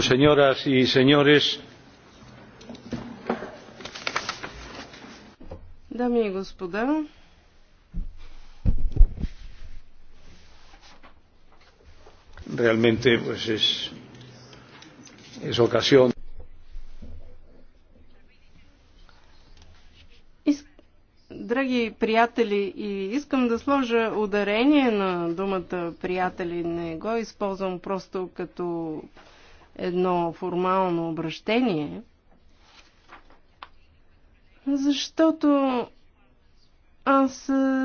señoras y señores. Дами и господа, realmente pues es, es ocasión. Драги приятели, и искам да сложа ударение на думата приятели. Не го използвам просто като едно формално обращение, защото аз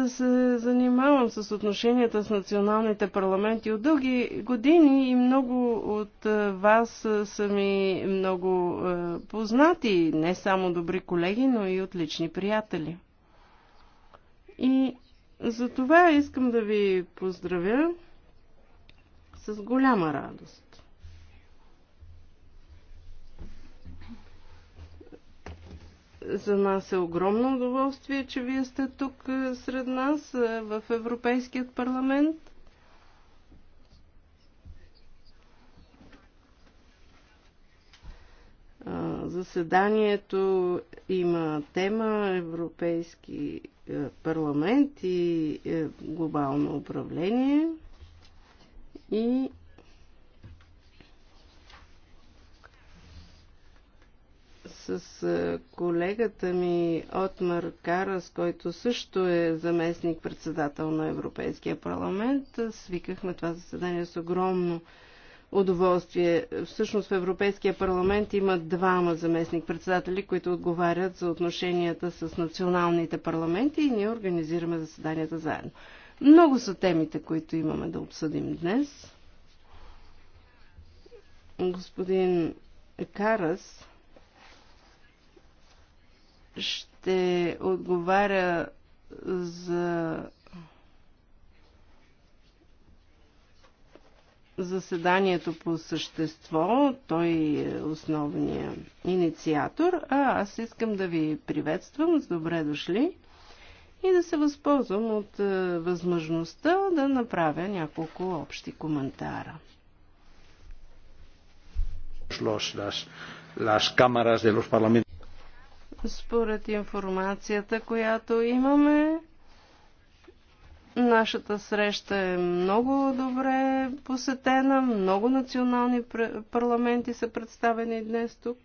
се занимавам с отношенията с националните парламенти от дълги години и много от е, вас са ми много е, познати, не само добри колеги, но и отлични приятели. И за това искам да ви поздравя с голяма радост. За нас е огромно удоволствие, че вие сте тук е, сред нас е, в Европейският парламент. Заседанието има тема Европейски е, парламент и глобално управление и с колегата ми Отмар Карас, който също е заместник-председател на Европейския парламент. Свикахме това заседание с огромно удоволствие. Всъщност в Европейския парламент има двама заместник-председатели, които отговарят за отношенията с националните парламенти и ние организираме заседанията заедно. Много са темите, които имаме да обсъдим днес. Господин Карас ще отговаря за заседанието по същество. Той е основният инициатор, а аз искам да ви приветствам с добре дошли и да се възползвам от е, възможността да направя няколко общи коментара. las, las cámaras de los parlamentos. Според информацията, която имаме, нашата среща е много добре посетена, много национални парламенти са представени днес тук.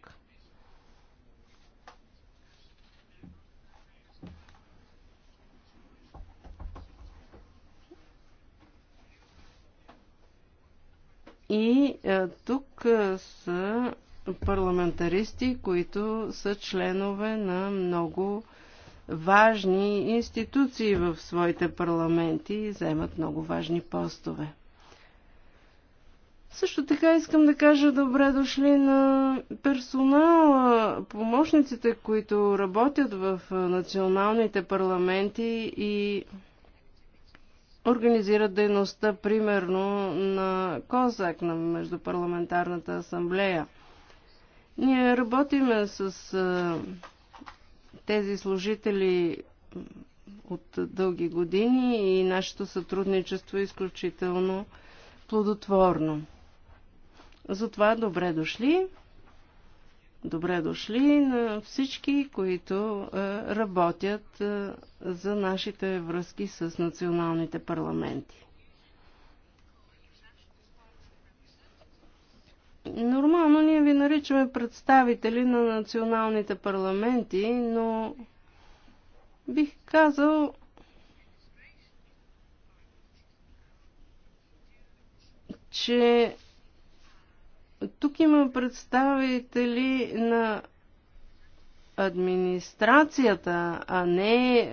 И е, тук е, са парламентаристи, които са членове на много важни институции в своите парламенти и заемат много важни постове. Също така искам да кажа добре дошли на персонала, помощниците, които работят в националните парламенти и организират дейността, примерно, на КОЗАК, на Междупарламентарната асамблея – ние работиме с а, тези служители от дълги години и нашето сътрудничество е изключително плодотворно. Затова добре дошли. Добре дошли на всички, които работят за нашите връзки с националните парламенти. Нормално ние ви наричаме представители на националните парламенти, но бих казал, че тук има представители на администрацията, а не е,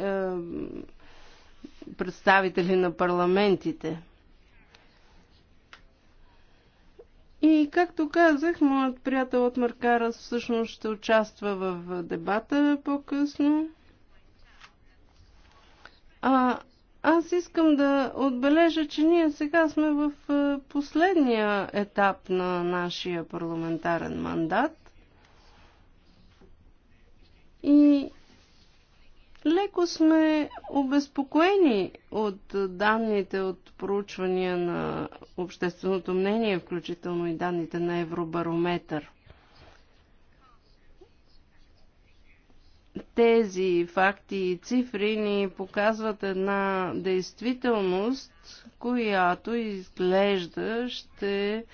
представители на парламентите. И както казах, моят приятел от Маркара всъщност ще участва в дебата по-късно. А, аз искам да отбележа, че ние сега сме в последния етап на нашия парламентарен мандат. И Леко сме обезпокоени от данните от проучвания на общественото мнение, включително и данните на Евробарометър. Тези факти и цифри ни показват една действителност, която изглежда ще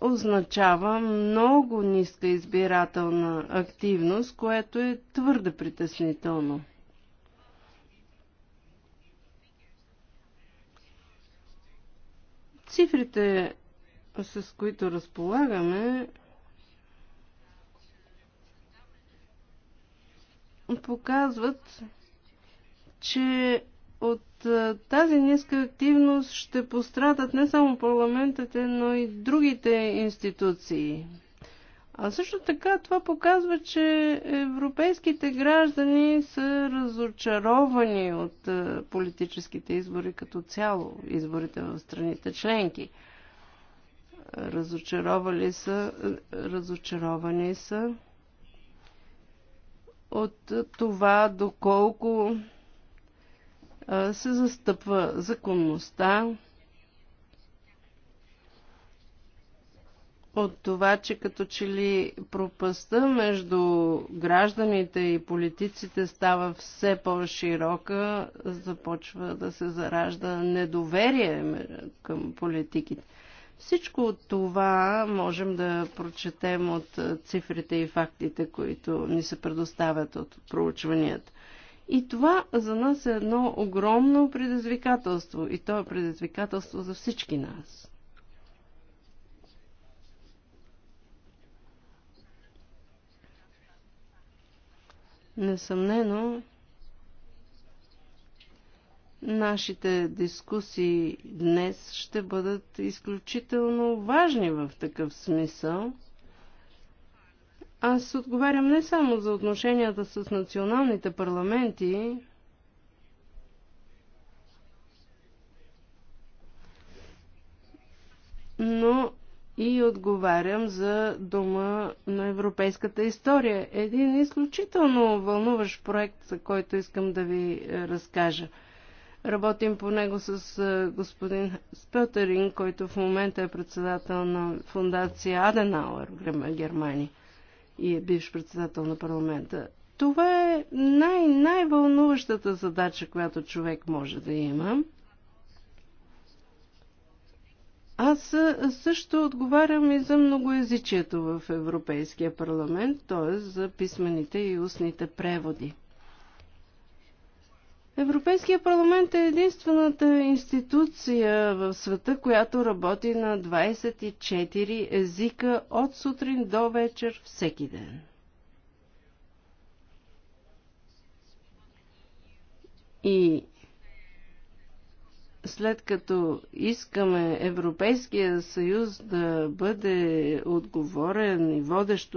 означава много ниска избирателна активност, което е твърде притеснително. Цифрите, с които разполагаме, показват, че от е, тази ниска активност ще пострадат не само парламентите, но и другите институции. А също така това показва, че европейските граждани са разочаровани от е, политическите избори като цяло, изборите в страните членки. Разочаровали са, разочаровани са от това доколко се застъпва законността от това, че като че ли пропаста между гражданите и политиците става все по-широка, започва да се заражда недоверие към политиките. Всичко от това можем да прочетем от цифрите и фактите, които ни се предоставят от проучванията. И това за нас е едно огромно предизвикателство. И то е предизвикателство за всички нас. Несъмнено, нашите дискусии днес ще бъдат изключително важни в такъв смисъл – аз отговарям не само за отношенията с националните парламенти, но и отговарям за Дома на европейската история. Един изключително вълнуващ проект, за който искам да ви е, разкажа. Работим по него с е, господин Спелтерин, който в момента е председател на фундация Аденауер в Германия и е бивш председател на парламента. Това е най- най-вълнуващата задача, която човек може да има. Аз също отговарям и за многоязичието в Европейския парламент, т.е. за писмените и устните преводи. Европейския парламент е единствената институция в света, която работи на 24 езика от сутрин до вечер всеки ден. И след като искаме Европейския съюз да бъде отговорен и водещ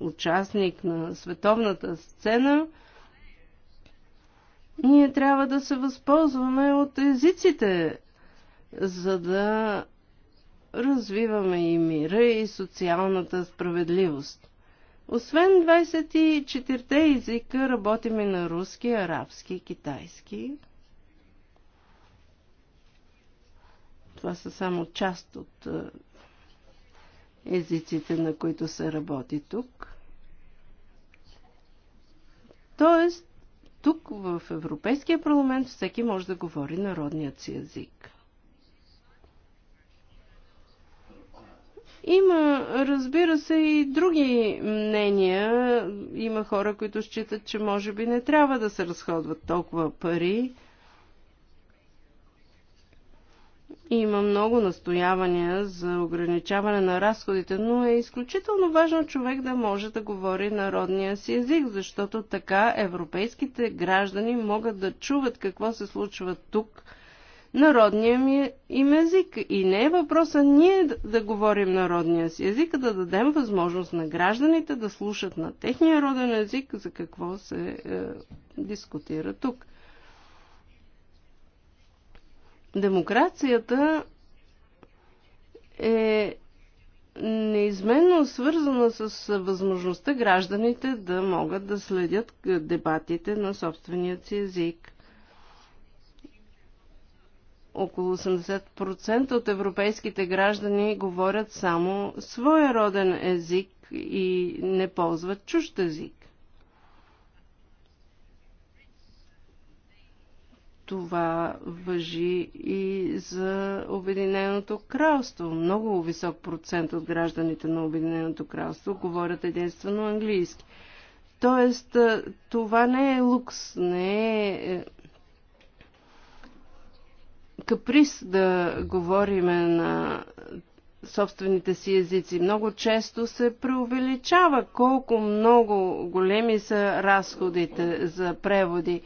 участник на световната сцена, ние трябва да се възползваме от езиците, за да развиваме и мира и социалната справедливост. Освен 24-те езика работим и на руски, арабски, китайски. Това са само част от е, езиците, на които се работи тук. Тоест, тук в Европейския парламент всеки може да говори народният си език. Има, разбира се, и други мнения. Има хора, които считат, че може би не трябва да се разходват толкова пари. Има много настоявания за ограничаване на разходите, но е изключително важно човек да може да говори народния си език, защото така европейските граждани могат да чуват какво се случва тук народния ми им език. И не е въпроса ние да, да говорим народния си език, а да дадем възможност на гражданите да слушат на техния роден език за какво се е, дискутира тук. Демокрацията е неизменно свързана с възможността гражданите да могат да следят дебатите на собственият си език. Около 80% от европейските граждани говорят само своя роден език и не ползват чужд език. Това въжи и за Обединеното кралство. Много висок процент от гражданите на Обединеното кралство говорят единствено английски. Тоест, това не е лукс, не е, е каприз да говориме на собствените си езици. Много често се преувеличава колко много големи са разходите за преводи.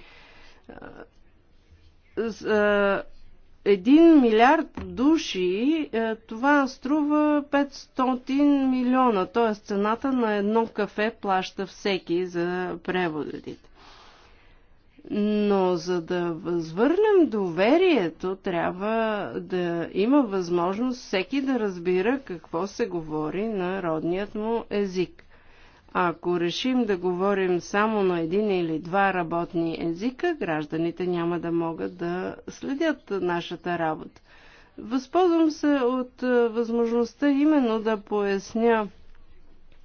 За е, един милиард души, е, това струва 500 милиона, т.е. цената на едно кафе плаща всеки за преводите. Но за да възвърнем доверието, трябва да има възможност всеки да разбира какво се говори на родният му език. Ако решим да говорим само на един или два работни езика, гражданите няма да могат да следят нашата работа. Възползвам се от е, възможността именно да поясня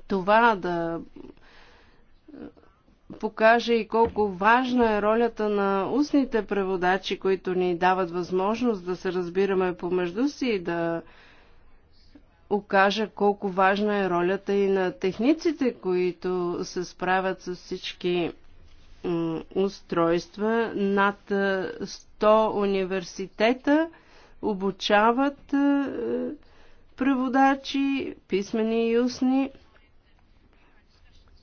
това, да е, покаже и колко важна е ролята на устните преводачи, които ни дават възможност да се разбираме помежду си и да окажа колко важна е ролята и на техниците, които се справят с всички устройства. Над 100 университета обучават преводачи, писмени и устни.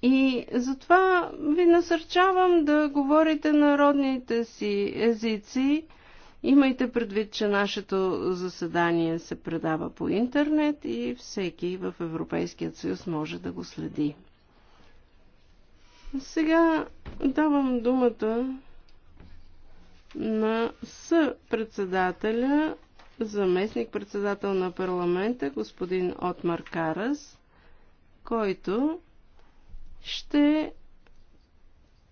И затова ви насърчавам да говорите народните си езици Имайте предвид, че нашето заседание се предава по интернет и всеки в Европейският съюз може да го следи. Сега давам думата на съпредседателя, заместник председател на парламента, господин Отмар Карас, който ще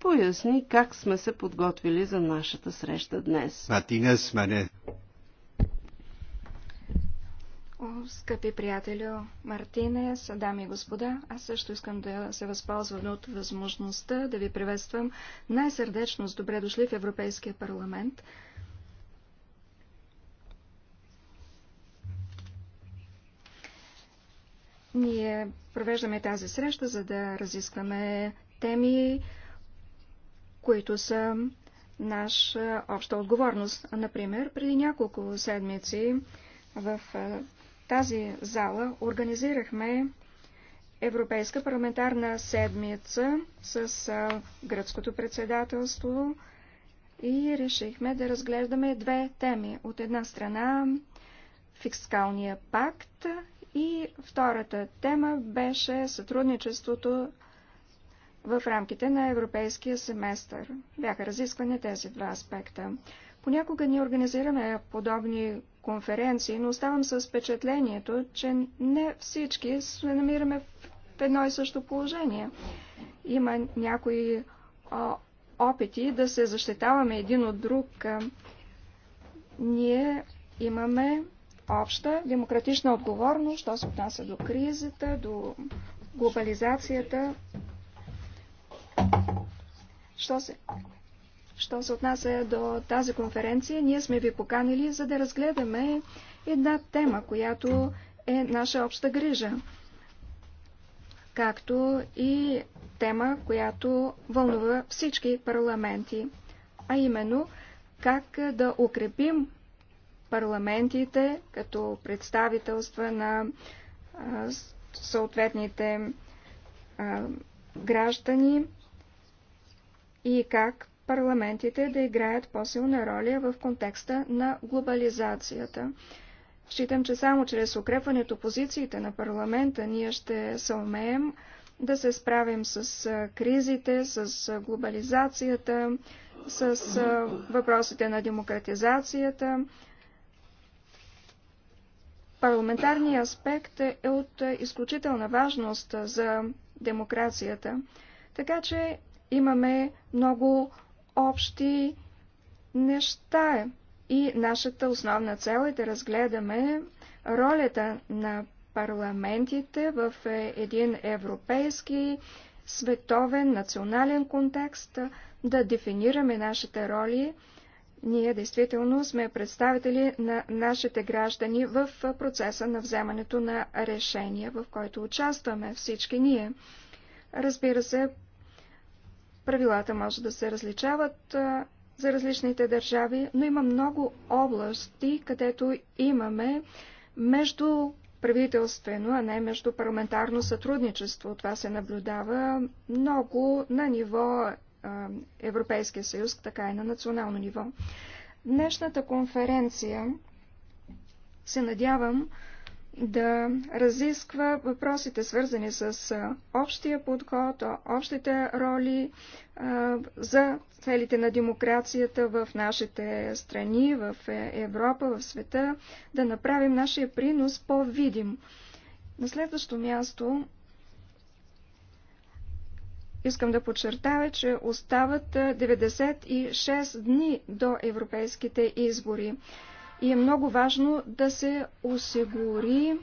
поясни как сме се подготвили за нашата среща днес. Матинес, мене. О, скъпи приятелю Мартинес, дами и господа, аз също искам да се възползвам от възможността да ви приветствам най-сърдечно с добре дошли в Европейския парламент. Ние провеждаме тази среща, за да разискваме теми, които са наша обща отговорност. Например, преди няколко седмици в тази зала организирахме Европейска парламентарна седмица с гръцкото председателство и решихме да разглеждаме две теми. От една страна фискалния пакт и втората тема беше сътрудничеството в рамките на европейския семестър. Бяха разисквани тези два аспекта. Понякога ние организираме подобни конференции, но оставам с впечатлението, че не всички се намираме в едно и също положение. Има някои о, опити да се защитаваме един от друг. ние имаме обща демократична отговорност, що се отнася до кризата, до глобализацията, Що се, що се отнася до тази конференция, ние сме ви поканили, за да разгледаме една тема, която е наша обща грижа, както и тема, която вълнува всички парламенти, а именно как да укрепим парламентите като представителства на съответните граждани и как парламентите да играят по-силна роля в контекста на глобализацията. Считам, че само чрез укрепването позициите на парламента ние ще се умеем да се справим с кризите, с глобализацията, с въпросите на демократизацията. Парламентарният аспект е от изключителна важност за демокрацията. Така че имаме много общи неща. И нашата основна цел е да разгледаме ролята на парламентите в един европейски, световен, национален контекст, да дефинираме нашите роли. Ние действително сме представители на нашите граждани в процеса на вземането на решения, в който участваме всички ние. Разбира се, Правилата може да се различават за различните държави, но има много области, където имаме между правителствено, а не между парламентарно сътрудничество. Това се наблюдава много на ниво Европейския съюз, така и на национално ниво. Днешната конференция се надявам да разисква въпросите, свързани с общия подход, общите роли за целите на демокрацията в нашите страни, в е, Европа, в света, да направим нашия принос по-видим. На следващо място искам да подчертая, че остават 96 дни до европейските избори и е много важно да се осигури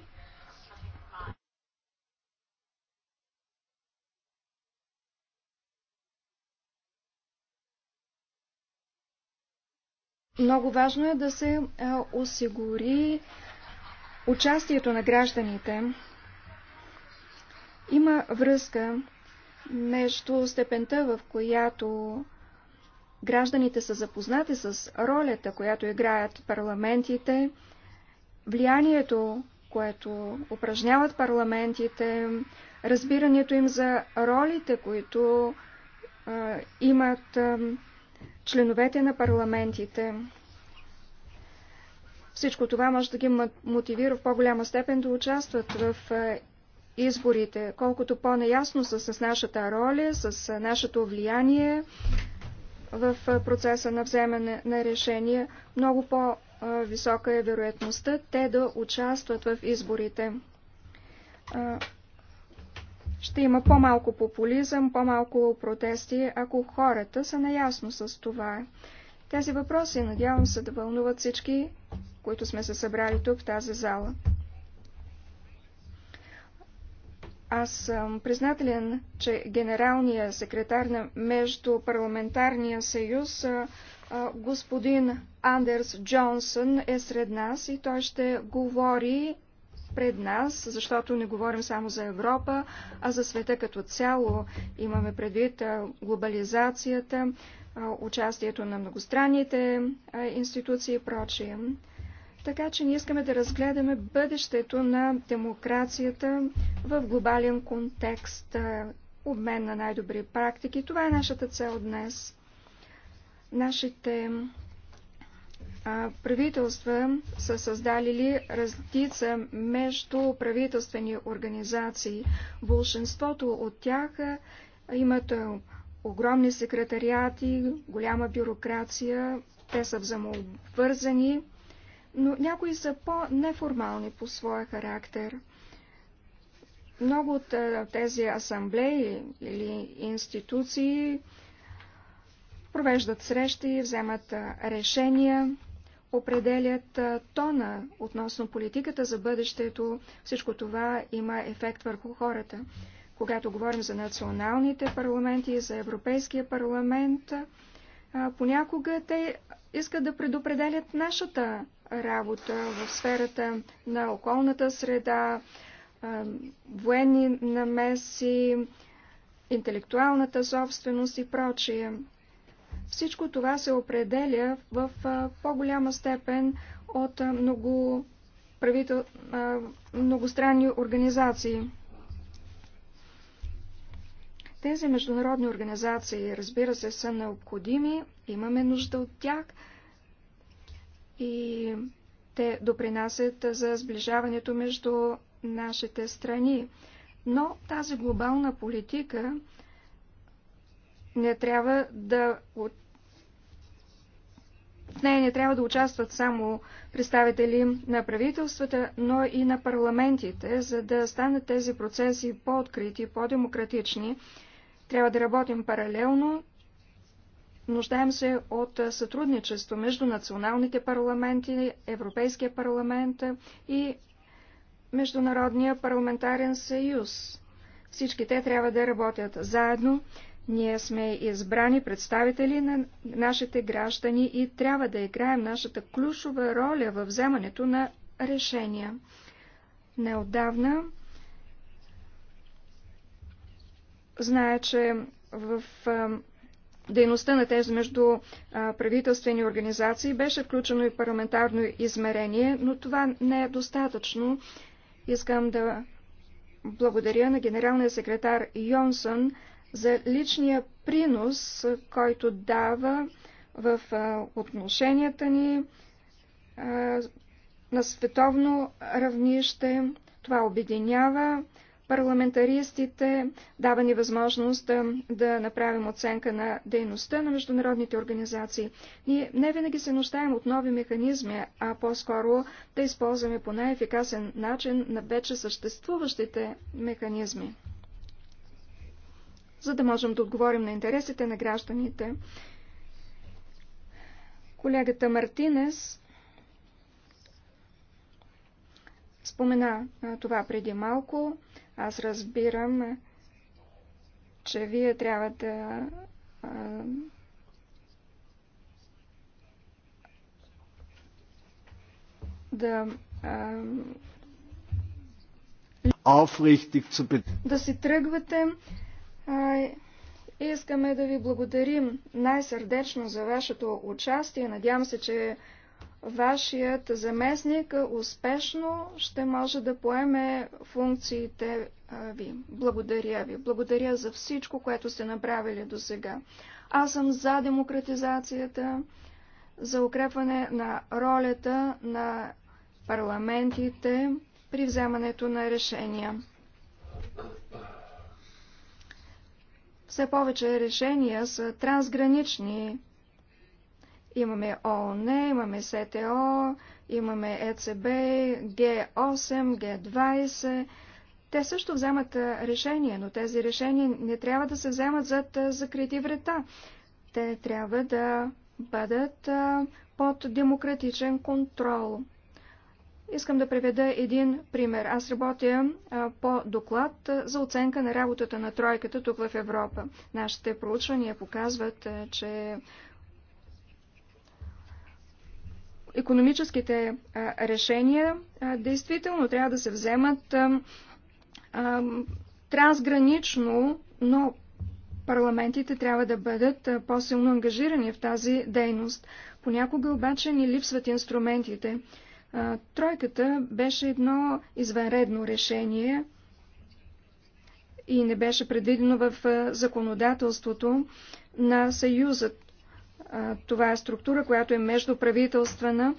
Много важно е да се е, осигури участието на гражданите. Има връзка между степента, в която Гражданите са запознати с ролята, която играят парламентите, влиянието, което упражняват парламентите, разбирането им за ролите, които а, имат а, членовете на парламентите. Всичко това може да ги мотивира в по-голяма степен да участват в изборите. Колкото по-наясно са с нашата роля, с нашето влияние, в процеса на вземане на решения, много по-висока е вероятността те да участват в изборите. Ще има по-малко популизъм, по-малко протести, ако хората са наясно с това. Тези въпроси, надявам се, да вълнуват всички, които сме се събрали тук в тази зала. Аз съм признателен, че генералният секретар на Междупарламентарния съюз, господин Андерс Джонсън, е сред нас и той ще говори пред нас, защото не говорим само за Европа, а за света като цяло. Имаме предвид глобализацията, участието на многостранните институции и прочие. Така че ние искаме да разгледаме бъдещето на демокрацията в глобален контекст, обмен на най-добри практики. Това е нашата цел днес. Нашите правителства са създали разлица между правителствени организации. Большинството от тях имат огромни секретариати, голяма бюрокрация, те са взаимовързани но някои са по-неформални по своя характер. Много от тези асамблеи или институции провеждат срещи, вземат решения, определят тона относно политиката за бъдещето. Всичко това има ефект върху хората. Когато говорим за националните парламенти, за Европейския парламент, понякога те искат да предопределят нашата работа в сферата на околната среда, военни намеси, интелектуалната собственост и прочие. Всичко това се определя в по-голяма степен от много правител... многостранни организации. Тези международни организации, разбира се, са необходими, имаме нужда от тях – и те допринасят за сближаването между нашите страни. Но тази глобална политика не трябва да в нея не трябва да участват само представители на правителствата, но и на парламентите, за да станат тези процеси по-открити, по-демократични. Трябва да работим паралелно, Нуждаем се от сътрудничество между националните парламенти, Европейския парламент и Международния парламентарен съюз. Всички те трябва да работят заедно. Ние сме избрани представители на нашите граждани и трябва да играем нашата ключова роля във вземането на решения. Неодавна зная, че в дейността на тези между правителствени организации беше включено и парламентарно измерение, но това не е достатъчно. Искам да благодаря на генералния секретар Йонсън за личния принос, който дава в отношенията ни на световно равнище. Това обединява парламентаристите, дава ни възможност да, да направим оценка на дейността на международните организации. Ние не винаги се нуждаем от нови механизми, а по-скоро да използваме по най-ефикасен начин на вече съществуващите механизми, за да можем да отговорим на интересите на гражданите. Колегата Мартинес спомена това преди малко. Аз разбирам, че вие трябва да да да си тръгвате. искаме да ви благодарим най-сърдечно за вашето участие. Надявам се, че вашият заместник успешно ще може да поеме функциите ви. Благодаря ви. Благодаря за всичко, което сте направили до сега. Аз съм за демократизацията, за укрепване на ролята на парламентите при вземането на решения. Все повече решения са трансгранични Имаме ООН, имаме СТО, имаме ЕЦБ, Г8, Г20. Те също вземат решения, но тези решения не трябва да се вземат зад закрити врата. Те трябва да бъдат под демократичен контрол. Искам да приведа един пример. Аз работя по доклад за оценка на работата на тройката тук в Европа. Нашите проучвания показват, че економическите решения действително трябва да се вземат трансгранично, но парламентите трябва да бъдат по-силно ангажирани в тази дейност. Понякога обаче ни липсват инструментите. Тройката беше едно извънредно решение и не беше предвидено в законодателството на Съюзът. Това е структура, която е междуправителствена.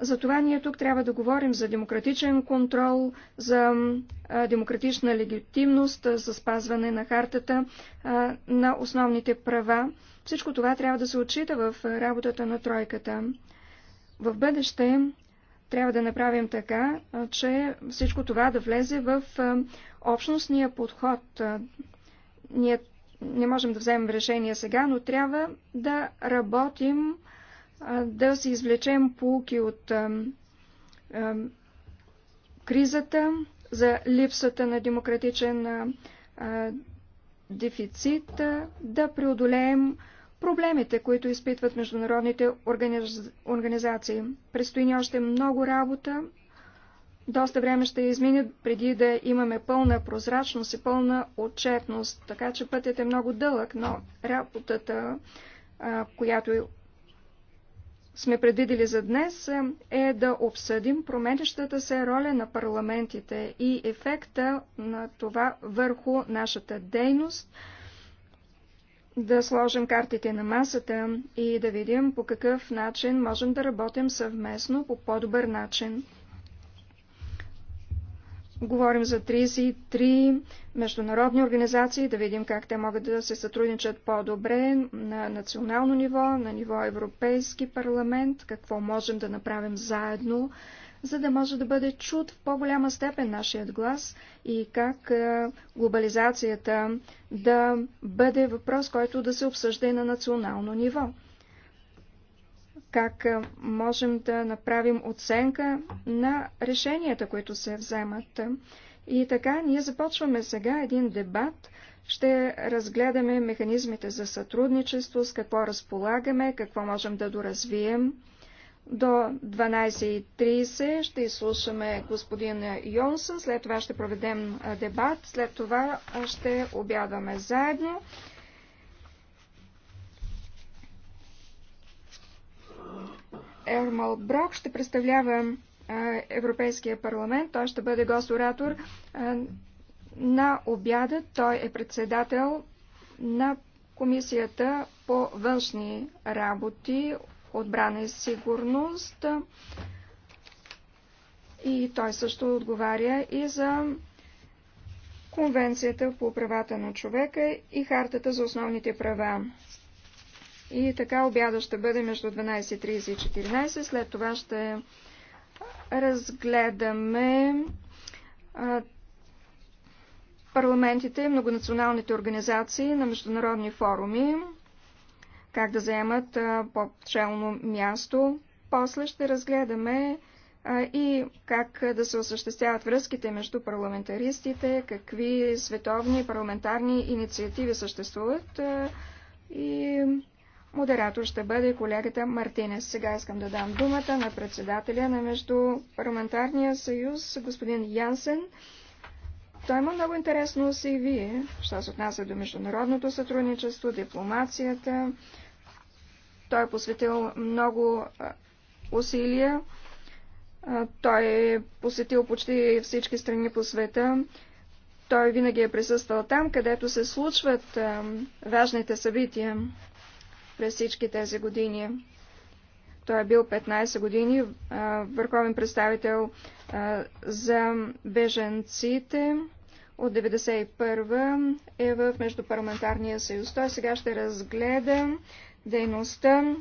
Затова ние тук трябва да говорим за демократичен контрол, за демократична легитимност, за спазване на хартата на основните права. Всичко това трябва да се отчита в работата на тройката. В бъдеще трябва да направим така, че всичко това да влезе в общностния подход. Ние не можем да вземем решение сега, но трябва да работим, да си извлечем полки от кризата, за липсата на демократичен дефицит, да преодолеем проблемите, които изпитват международните организации. Предстои ни още много работа, доста време ще измине преди да имаме пълна прозрачност и пълна отчетност. Така че пътят е много дълъг, но работата, която сме предвидели за днес, е да обсъдим променящата се роля на парламентите и ефекта на това върху нашата дейност, да сложим картите на масата и да видим по какъв начин можем да работим съвместно по по-добър начин. Говорим за 33 международни организации, да видим как те могат да се сътрудничат по-добре на национално ниво, на ниво Европейски парламент, какво можем да направим заедно, за да може да бъде чут в по-голяма степен нашият глас и как е, глобализацията да бъде въпрос, който да се обсъжда и на национално ниво как можем да направим оценка на решенията, които се вземат. И така, ние започваме сега един дебат. Ще разгледаме механизмите за сътрудничество, с какво разполагаме, какво можем да доразвием. До 12.30 ще изслушаме господин Йонсън, след това ще проведем дебат, след това ще обядваме заедно. Ермал Брок ще представлява Европейския парламент. Той ще бъде госоратор на обяда. Той е председател на Комисията по външни работи, отбрана и сигурност. И той също отговаря и за Конвенцията по правата на човека и Хартата за основните права. И така обяда ще бъде между 12.30 и 14. След това ще разгледаме парламентите, многонационалните организации на международни форуми, как да заемат по-челно място. После ще разгледаме и как да се осъществяват връзките между парламентаристите, какви световни парламентарни инициативи съществуват и Модератор ще бъде колегата Мартинес. Сега искам да дам думата на председателя на Междупарламентарния съюз, господин Янсен. Той има много интересно си вие, що се отнася до международното сътрудничество, дипломацията. Той е посветил много усилия. Той е посетил почти всички страни по света. Той винаги е присъствал там, където се случват важните събития през всички тези години. Той е бил 15 години върховен представител за беженците. От 1991 е в Междупарламентарния съюз. Той сега ще разгледа дейността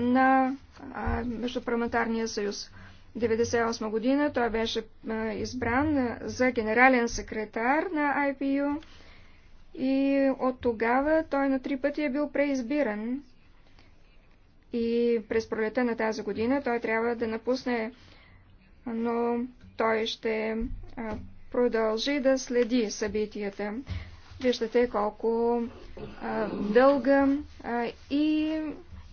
на Междупарламентарния съюз. 1998 година той беше избран за генерален секретар на IPU и от тогава той на три пъти е бил преизбиран. И през пролета на тази година той трябва да напусне, но той ще продължи да следи събитията. Виждате колко а, дълга а, и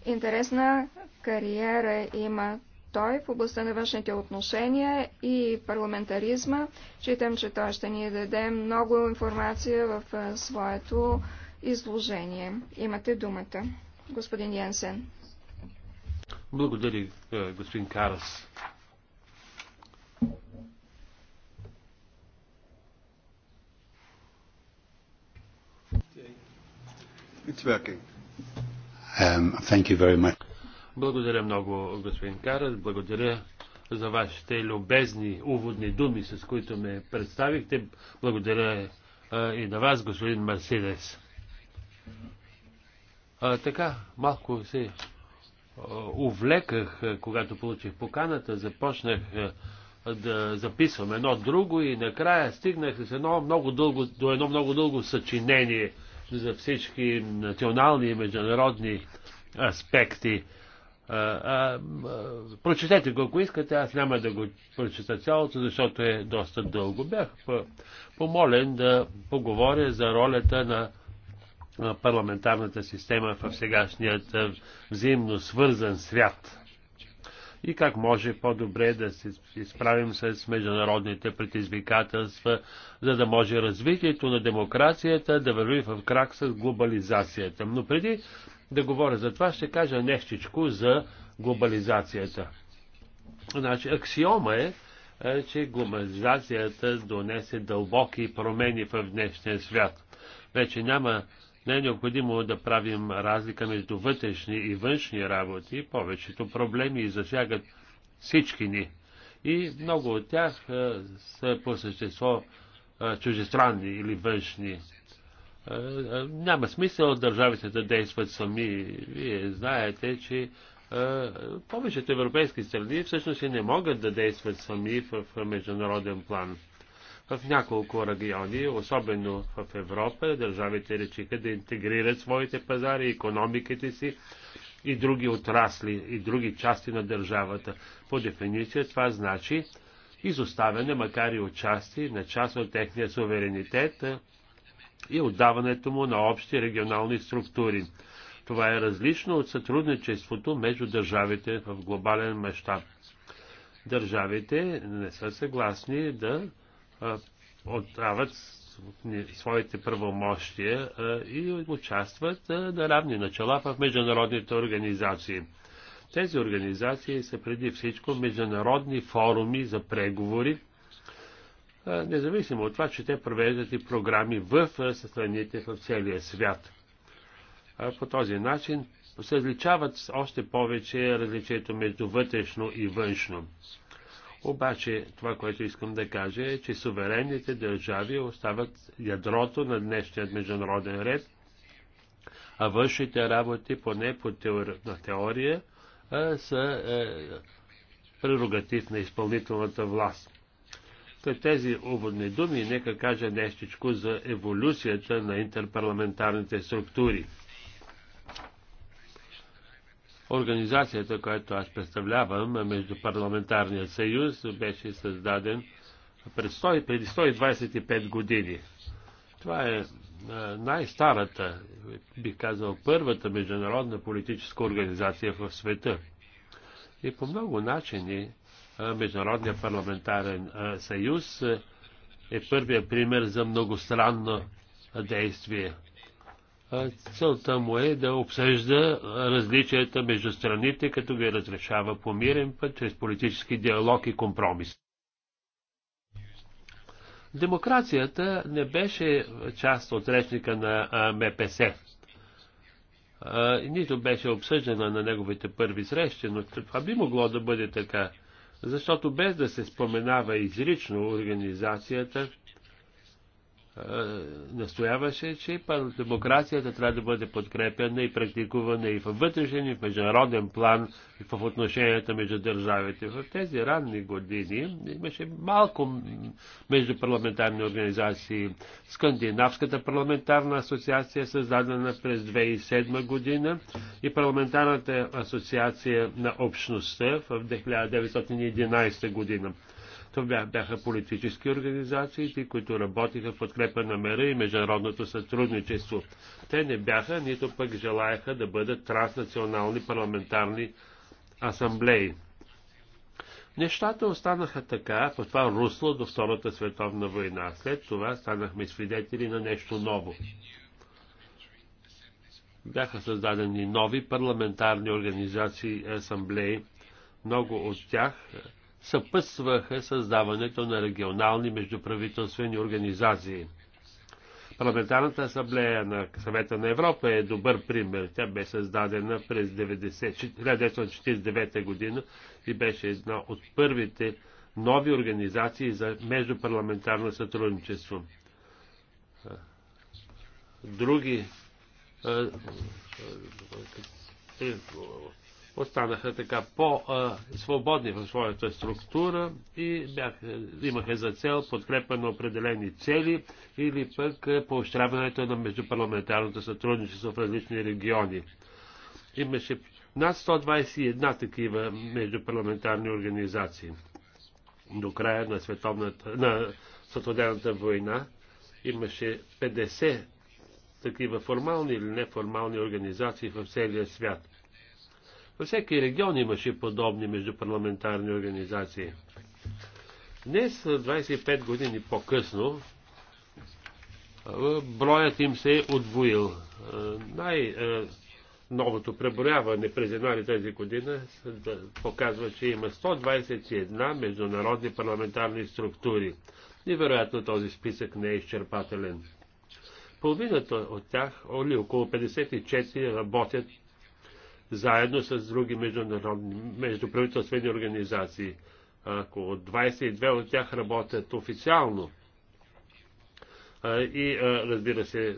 интересна кариера има той в областта на външните отношения и парламентаризма. Читам, че той ще ни даде много информация в своето изложение. Имате думата, господин Янсен. Благодаря, господин Карас. It's working. Um, thank you very much. Благодаря много, господин Карат. Благодаря за вашите любезни уводни думи, с които ме представихте. Благодаря и на вас, господин Марсидес. А, така, малко се увлеках, когато получих поканата, започнах да записвам едно друго и накрая стигнах с едно много дълго, до едно много дълго съчинение за всички национални и международни аспекти а, а, прочетете го, ако искате. Аз няма да го прочета цялото, защото е доста дълго. Бях помолен да поговоря за ролята на парламентарната система в сегашният взаимно свързан свят и как може по-добре да се изправим с международните предизвикателства, за да може развитието на демокрацията да върви в крак с глобализацията. Но преди да говоря за това, ще кажа нещичко за глобализацията. Значи, аксиома е, е, че глобализацията донесе дълбоки промени в днешния свят. Вече няма, не е необходимо да правим разлика между вътрешни и външни работи. Повечето проблеми засягат всички ни. И много от тях е, са по същество е, чужестранни или външни. Е, е, няма смисъл държавите да действат сами. Вие знаете, че е, повечето европейски страни всъщност и не могат да действат сами в международен план. В няколко региони, особено в Европа, държавите речиха да интегрират своите пазари, економиките си и други отрасли, и други части на държавата. По дефиниция това значи изоставяне, макар и отчасти, на част от техния суверенитет и отдаването му на общи регионални структури. Това е различно от сътрудничеството между държавите в глобален мащаб. Държавите не са съгласни да отдават своите правомощия и участват на равни начала в международните организации. Тези организации са преди всичко международни форуми за преговори, независимо от това, че те провеждат и програми в страните в целия свят. По този начин се различават още повече различието между вътрешно и външно. Обаче това, което искам да кажа е, че суверенните държави остават ядрото на днешния международен ред, а външните работи, поне по теори... на теория, са е, прерогатив на изпълнителната власт. След тези уводни думи, нека кажа нещичко за еволюцията на интерпарламентарните структури. Организацията, която аз представлявам, Междупарламентарният съюз, беше създаден пред 100, преди 125 години. Това е, е най-старата, бих казал, първата международна политическа организация в света. И по много начини Международния парламентарен съюз е първият пример за многостранно действие. Целта му е да обсъжда различията между страните, като ги разрешава по мирен път, чрез политически диалог и компромис. Демокрацията не беше част от речника на МПС. Нито беше обсъждана на неговите първи срещи, но това би могло да бъде така защото без да се споменава изрично организацията, настояваше, че демокрацията трябва да бъде подкрепена и практикувана и в вътрешен, и в международен план, и в отношенията между държавите. В тези ранни години имаше малко междупарламентарни организации. Скандинавската парламентарна асоциация, създадена през 2007 година, и парламентарната асоциация на общността в 1911 година. Това бяха политически организации, които работиха в подкрепа на мера и международното сътрудничество. Те не бяха, нито пък желаяха да бъдат транснационални парламентарни асамблеи. Нещата останаха така по това русло до Втората световна война. След това станахме свидетели на нещо ново. Бяха създадени нови парламентарни организации и асамблеи. Много от тях съпътстваха създаването на регионални междуправителствени организации. Парламентарната асамблея на Съвета на Европа е добър пример. Тя бе създадена през 1949 година и беше една от първите нови организации за междупарламентарно сътрудничество. Други останаха така по-свободни в своята структура и бяха, имаха за цел подкрепа на определени цели или пък е, поощряването на междупарламентарното сътрудничество в различни региони. Имаше над 121 такива междупарламентарни организации. До края на, световната, на Световната война имаше 50 такива формални или неформални организации в целия свят. Във всеки регион имаше подобни междупарламентарни организации. Днес, 25 години по-късно, броят им се е отвоил. Най-новото преброяване през януари тази година показва, че има 121 международни парламентарни структури. И вероятно този списък не е изчерпателен. Половината от тях, или около 54, работят заедно с други международни междуправителствени организации. Ако 22 от тях работят официално, и разбира се,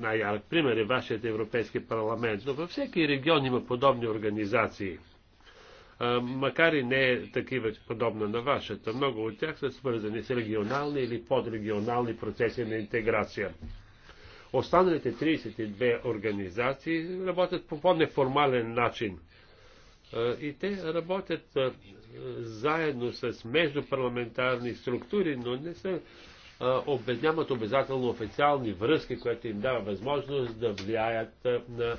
най-ярък пример е вашият Европейски парламент, но във всеки регион има подобни организации. Макар и не е такива подобна на вашата, много от тях са свързани с регионални или подрегионални процеси на интеграция. Останалите 32 организации работят по по-неформален начин. И те работят заедно с междупарламентарни структури, но не са нямат обязателно официални връзки, което им дава възможност да влияят на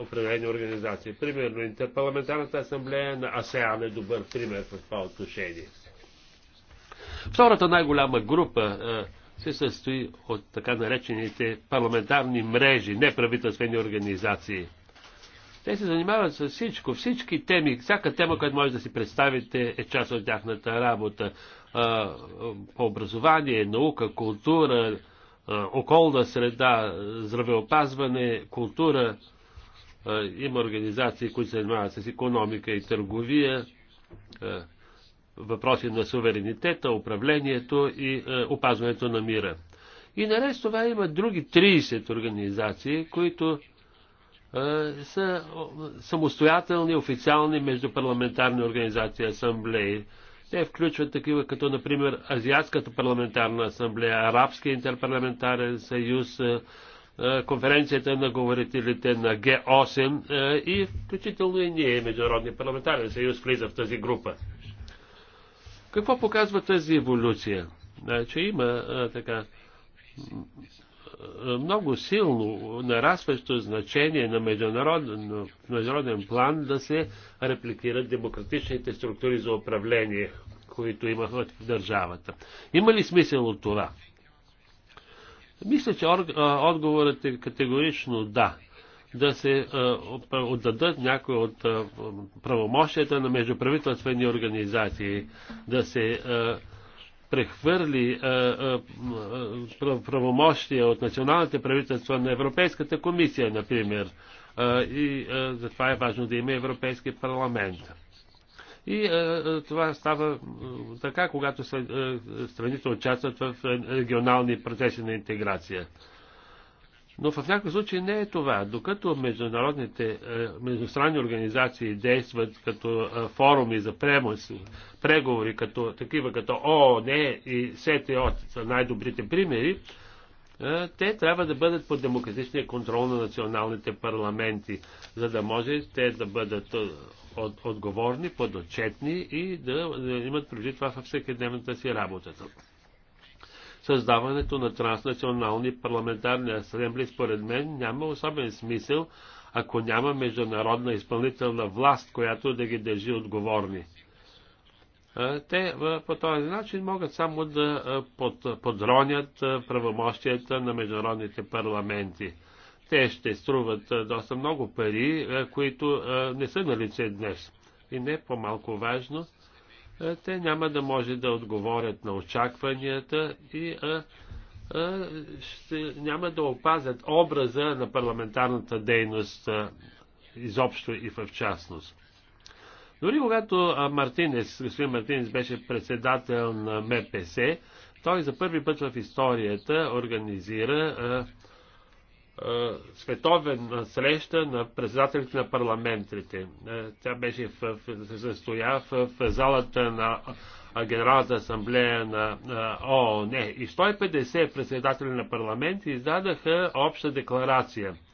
определени организации. Примерно Интерпарламентарната асамблея на АСЕАН е добър пример в това отношение. Втората най-голяма група се състои от така наречените парламентарни мрежи, неправителствени организации. Те се занимават с всичко, всички теми, всяка тема, която може да си представите, е част от тяхната работа. По образование, наука, култура, околна среда, здравеопазване, култура. Има организации, които се занимават с економика и търговия, въпроси на суверенитета, управлението и е, опазването на мира. И наред с това има други 30 организации, които е, са самостоятелни, официални междупарламентарни организации, асамблеи. Те включват такива като, например, Азиатската парламентарна асамблея, Арабския интерпарламентарен съюз, е, конференцията на говорителите на Г8 и включително и ние, Международния парламентарен съюз, влиза в тази група. Какво показва тази еволюция? Че има така много силно нарастващо значение на международен, международен план да се репликират демократичните структури за управление, които има в държавата. Има ли смисъл от това? Мисля, че отговорът е категорично да да се е, отдадат някои от е, правомощията на междуправителствени организации, да се е, прехвърли правомощия от националните правителства на Европейската комисия, например. И затова е важно да има Европейски парламент. И а, това става така, когато страните участват в регионални процеси на интеграция. Но в някакъв случай не е това. Докато международните, е, междустранни организации действат като е, форуми за премос, преговори, като, такива като ООН и СТО са най-добрите примери, е, те трябва да бъдат под демократичния контрол на националните парламенти, за да може те да бъдат от, отговорни, подотчетни и да, да имат преди това във всекидневната си работа създаването на транснационални парламентарни асембли според мен, няма особен смисъл, ако няма международна изпълнителна власт, която да ги държи отговорни. Те по този начин могат само да подронят правомощията на международните парламенти. Те ще струват доста много пари, които не са на лице днес. И не по-малко важно – е, те няма да може да отговорят на очакванията и а, е, а, е, ще, няма да опазят образа на парламентарната дейност а, изобщо и в частност. Дори когато Мартинес, господин Мартинес беше председател на МПС, той за първи път в историята организира а, световен среща на председателите на парламентите. Тя беше в, в, състоя в, в залата на Генералната асамблея на ООН и 150 председатели на парламенти издадаха обща декларация –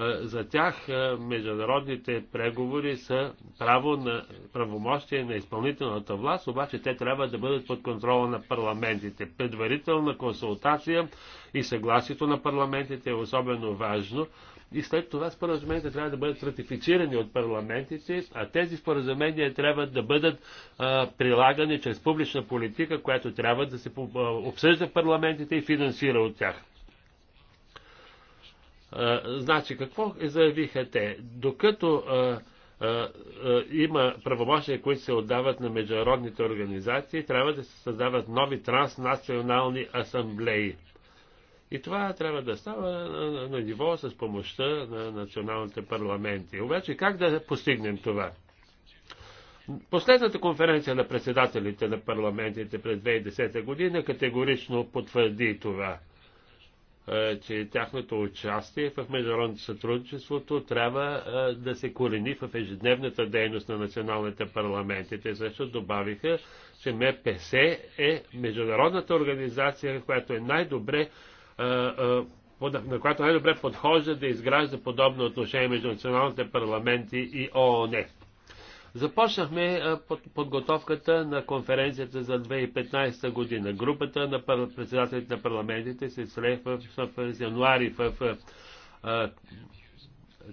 е, за тях е, международните преговори са право на правомощие на изпълнителната власт, обаче те трябва да бъдат под контрола на парламентите. Предварителна консултация и съгласието на парламентите е особено важно. И след това споразумените трябва да бъдат ратифицирани от парламентите, а тези споразумения трябва да бъдат а, е, прилагани чрез публична политика, която трябва да се обсъжда в парламентите и финансира от тях. Значи какво заявиха те? Докато има правомощия, които се отдават на международните организации, трябва да се създават нови транснационални асамблеи. И това трябва да става на, на ниво с помощта на националните парламенти. Обаче как да постигнем това? Последната конференция на председателите на парламентите през 2010 година категорично потвърди това – е, че тяхното участие в международното сътрудничеството трябва е, да се корени в ежедневната дейност на националните парламенти. Те също добавиха, че МПС е международната организация, която е най-добре е, на която най-добре подхожда да изгражда подобно отношение между националните парламенти и ООН. Започнахме подготовката на конференцията за 2015 година. Групата на председателите на парламентите се сре в, в, в януари в, в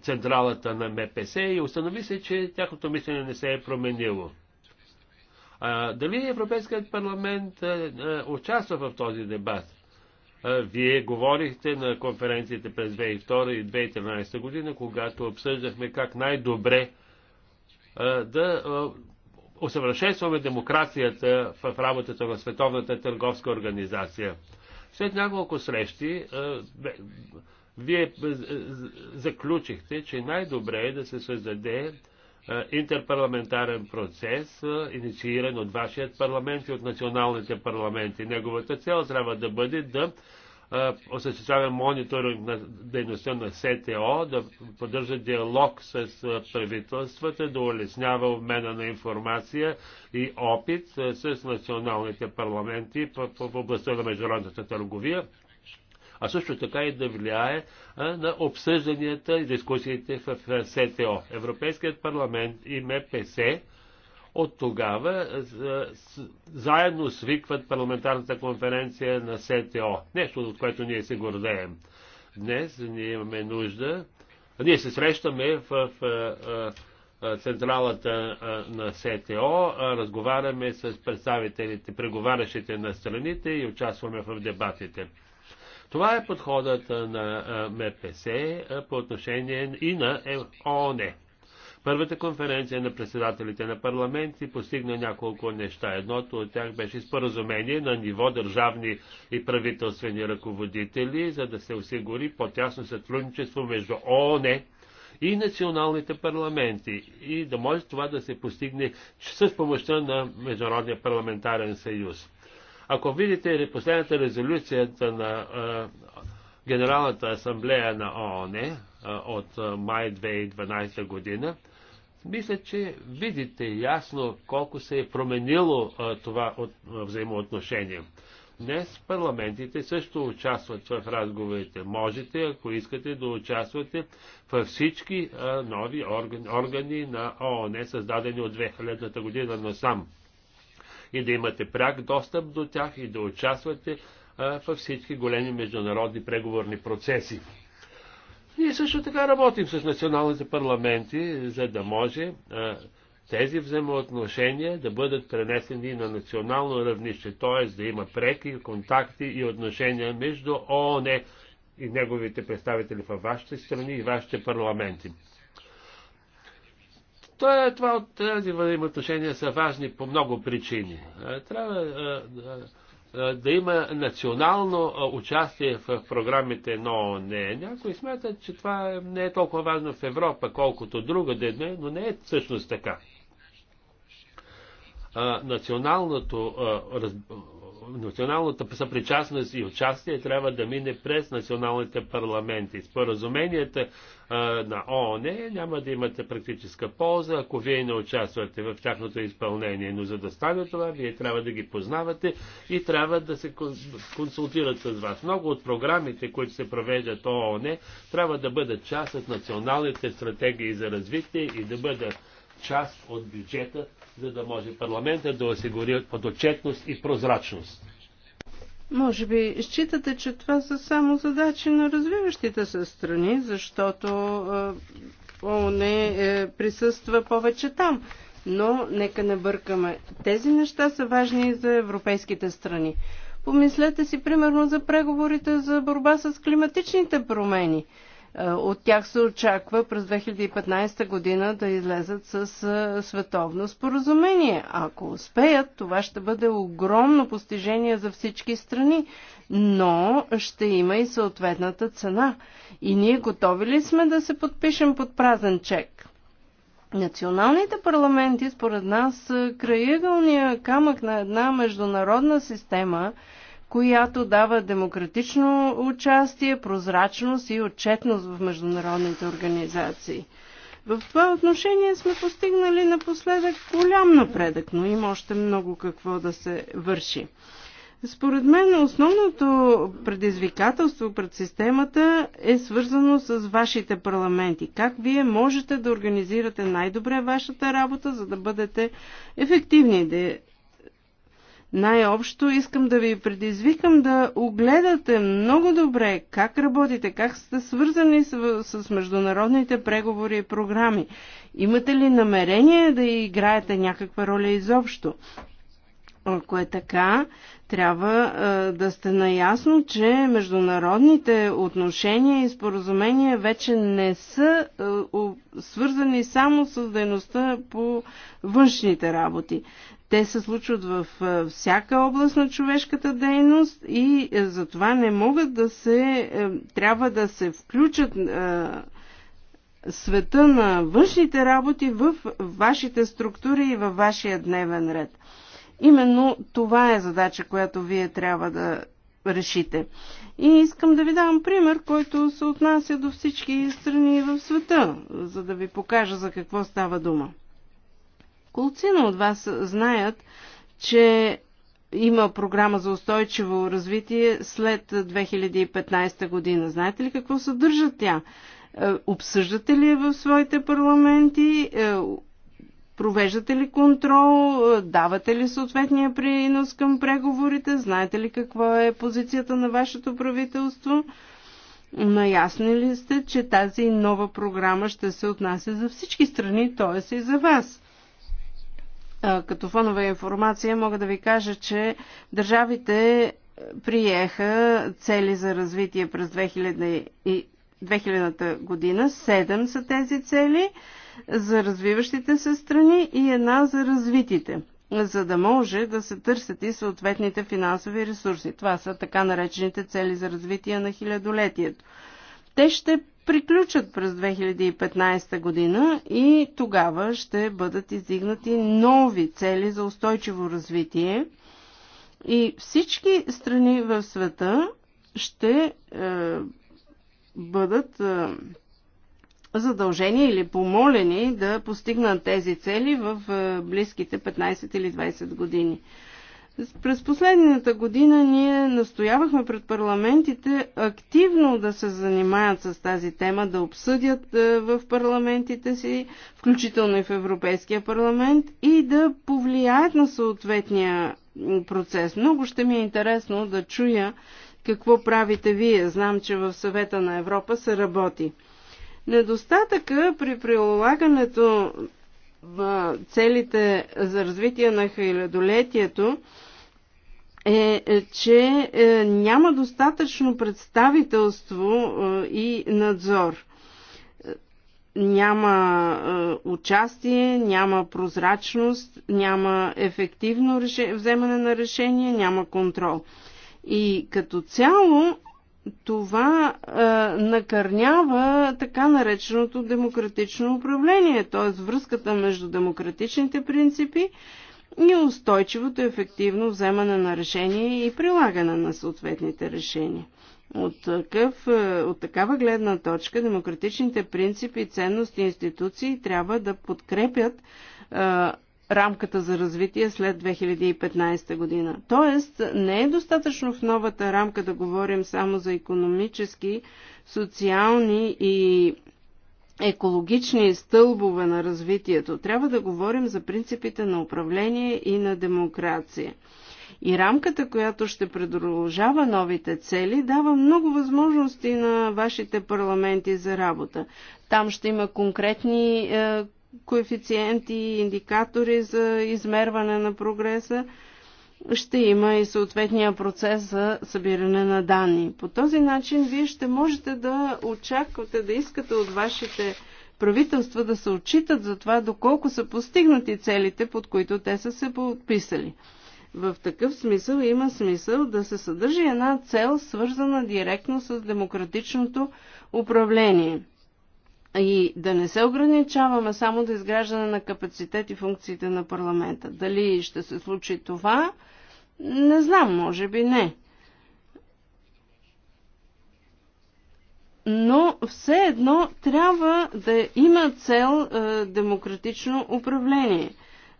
централата на МПС и установи се, че тяхното мислене не се е променило. А, дали Европейският парламент а, а, участва в този дебат? А, вие говорихте на конференциите през 2002 и 2013 година, когато обсъждахме как най-добре да усъвършенстваме демокрацията в работата в Световната търговска организация. След няколко срещи вие заключихте, че най-добре е да се създаде интерпарламентарен процес, иницииран от вашият парламент и от националните парламенти. Неговата цел трябва да бъде да осъществява мониторинг на дейността на СТО, да поддържа диалог с правителствата, да улеснява обмена на информация и опит с националните парламенти в областта на международната търговия, а също така и да влияе на обсъжданията и дискусиите в СТО. Европейският парламент и МПС от тогава заедно свикват парламентарната конференция на СТО. Нещо, от което ние се гордеем. Днес ние имаме нужда. Ние се срещаме в, централата на СТО, разговаряме с представителите, преговарящите на страните и участваме в дебатите. Това е подходът на МПС по отношение и на е ООН. Е. Първата конференция на председателите на парламенти постигна няколко неща. Едното от тях беше споразумение на ниво държавни и правителствени ръководители, за да се осигури по-тясно сътрудничество между ООН и националните парламенти и да може това да се постигне с помощта на Международния парламентарен съюз. Ако видите последната резолюцията на а, Генералната асамблея на ООН, от май 2012 година, мисля, че видите ясно колко се е променило това взаимоотношение. Днес парламентите също участват в разговорите. Можете, ако искате, да участвате във всички нови органи, органи на ООН, създадени от 2000 година насам. И да имате пряк достъп до тях и да участвате във всички големи международни преговорни процеси. Ние също така работим с националните парламенти, за да може а, тези взаимоотношения да бъдат пренесени на национално равнище, т.е. да има преки контакти и отношения между ООН и неговите представители във вашите страни и вашите парламенти. Той е това от тези взаимоотношения са важни по много причини. Трябва а, да има национално участие в програмите на ООН. Някои смятат, че това не е толкова важно в Европа, колкото друга ден, но не е всъщност така. Националното националната съпричастност и участие трябва да мине през националните парламенти. Споразуменията на ООН няма да имате практическа полза, ако вие не участвате в тяхното изпълнение. Но за да стане това, вие трябва да ги познавате и трябва да се консултират с вас. Много от програмите, които се провеждат ООН, трябва да бъдат част от националните стратегии за развитие и да бъдат част от бюджета за да може парламента да осигури подотчетност и прозрачност. Може би считате, че това са само задачи на развиващите се страни, защото е, ООН е, присъства повече там. Но нека не бъркаме. Тези неща са важни и за европейските страни. Помислете си примерно за преговорите за борба с климатичните промени. Е, от тях се очаква през 2015 година да излезат с е, световно споразумение. Ако успеят, това ще бъде огромно постижение за всички страни, но ще има и съответната цена. И ние готови ли сме да се подпишем под празен чек? Националните парламенти, според нас, са е, краигълния камък на една международна система – която дава демократично участие, прозрачност и отчетност в международните организации. В това отношение сме постигнали напоследък голям напредък, но има още много какво да се върши. Според мен основното предизвикателство пред системата е свързано с вашите парламенти. Как вие можете да организирате най-добре вашата работа, за да бъдете ефективни, да най-общо искам да ви предизвикам да огледате много добре как работите, как сте свързани с, с международните преговори и програми. Имате ли намерение да играете някаква роля изобщо? Ако е така, трябва а, да сте наясно, че международните отношения и споразумения вече не са а, свързани само с дейността по външните работи. Те се случват в всяка област на човешката дейност и затова не могат да се, трябва да се включат света на външните работи в вашите структури и във вашия дневен ред. Именно това е задача, която вие трябва да решите. И искам да ви дам пример, който се отнася до всички страни в света, за да ви покажа за какво става дума колцина от вас знаят, че има програма за устойчиво развитие след 2015 година. Знаете ли какво съдържа тя? Е, обсъждате ли в своите парламенти? Е, провеждате ли контрол? Е, давате ли съответния принос към преговорите? Знаете ли каква е позицията на вашето правителство? Наясни ли сте, че тази нова програма ще се отнася за всички страни, т.е. и за вас? като фонова информация мога да ви кажа, че държавите приеха цели за развитие през 2000, 2000 година. Седем са тези цели за развиващите се страни и една за развитите, за да може да се търсят и съответните финансови ресурси. Това са така наречените цели за развитие на хилядолетието. Те ще приключат през 2015 година и тогава ще бъдат издигнати нови цели за устойчиво развитие и всички страни в света ще е, бъдат е, задължени или помолени да постигнат тези цели в е, близките 15 или 20 години. През последната година ние настоявахме пред парламентите активно да се занимаят с тази тема, да обсъдят е, в парламентите си, включително и в Европейския парламент, и да повлияят на съответния процес. Много ще ми е интересно да чуя какво правите вие. Знам, че в съвета на Европа се работи. Недостатъка при прилагането целите за развитие на хилядолетието е, е, че е, няма достатъчно представителство е, и надзор. Няма е, участие, няма прозрачност, няма ефективно реше... вземане на решение, няма контрол. И като цяло това е, накърнява така нареченото демократично управление, т.е. връзката между демократичните принципи Неустойчивото, ефективно вземане на решения и прилагане на съответните решения. От, такъв, е, от такава гледна точка демократичните принципи, ценности и институции трябва да подкрепят е, рамката за развитие след 2015 година. Тоест, не е достатъчно в новата рамка да говорим само за економически, социални и екологични стълбове на развитието. Трябва да говорим за принципите на управление и на демокрация. И рамката, която ще продължава новите цели, дава много възможности на вашите парламенти за работа. Там ще има конкретни е, коефициенти индикатори за измерване на прогреса ще има и съответния процес за събиране на данни. По този начин вие ще можете да очаквате, да искате от вашите правителства да се отчитат за това доколко са постигнати целите, под които те са се подписали. В такъв смисъл има смисъл да се съдържи една цел, свързана директно с демократичното управление – и да не се ограничаваме само до изграждане на капацитет и функциите на парламента. Дали ще се случи това, не знам, може би не. Но все едно трябва да има цел е, демократично управление,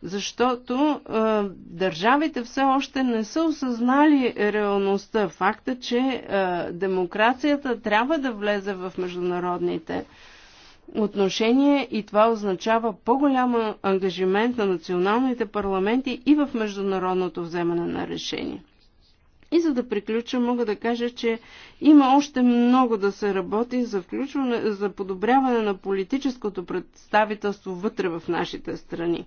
защото е, държавите все още не са осъзнали реалността. Факта, че е, демокрацията трябва да влезе в международните отношение и това означава по-голям ангажимент на националните парламенти и в международното вземане на решение. И за да приключа, мога да кажа, че има още много да се работи за, включване, за подобряване на политическото представителство вътре в нашите страни.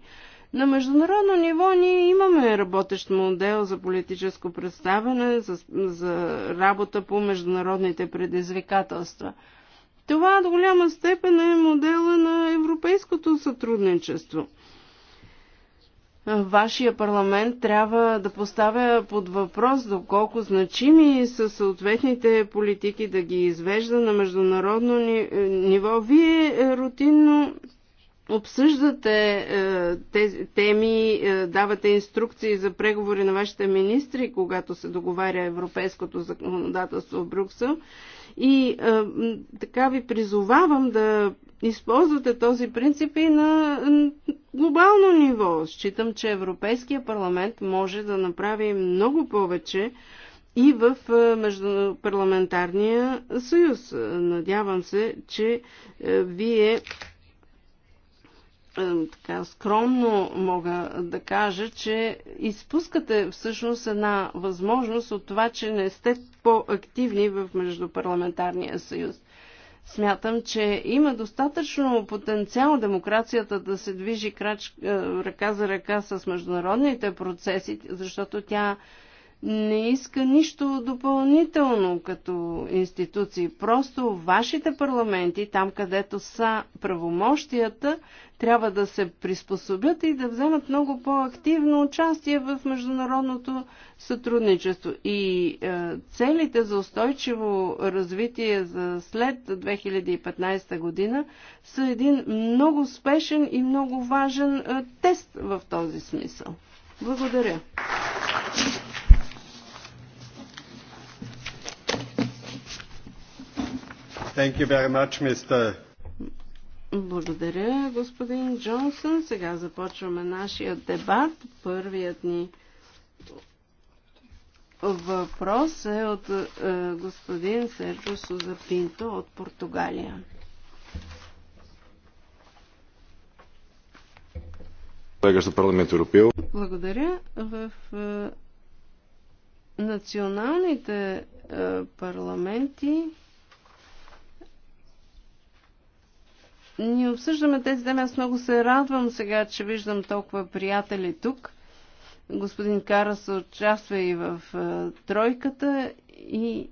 На международно ниво ние имаме работещ модел за политическо представяне, за, за работа по международните предизвикателства – това до голяма степен е модела на европейското сътрудничество. Вашия парламент трябва да поставя под въпрос доколко значими са съответните политики да ги извежда на международно ниво. Вие е, рутинно обсъждате е, тези теми, е, давате инструкции за преговори на вашите министри, когато се договаря европейското законодателство в Брюксел. И а, е, така ви призовавам да използвате този принцип и на глобално ниво. Считам, че Европейския парламент може да направи много повече и в е, Междупарламентарния съюз. Надявам се, че е, вие е, така скромно мога да кажа, че изпускате всъщност една възможност от това, че не сте по-активни в Междупарламентарния съюз. Смятам, че има достатъчно потенциал демокрацията да се движи крач, е, ръка за ръка с международните процеси, защото тя не иска нищо допълнително като институции. Просто вашите парламенти, там където са правомощията, трябва да се приспособят и да вземат много по-активно участие в международното сътрудничество. И е, целите за устойчиво развитие за след 2015 година са един много спешен и много важен е, тест в този смисъл. Благодаря. Thank you very much, Mr. Благодаря, господин Джонсън. Сега започваме нашия дебат. Първият ни въпрос е от е, господин Серджо Сузапинто от Португалия. Благодаря. В е, националните е, парламенти Ние обсъждаме тези теми. Аз много се радвам сега, че виждам толкова приятели тук. Господин Карас участва и в е, тройката и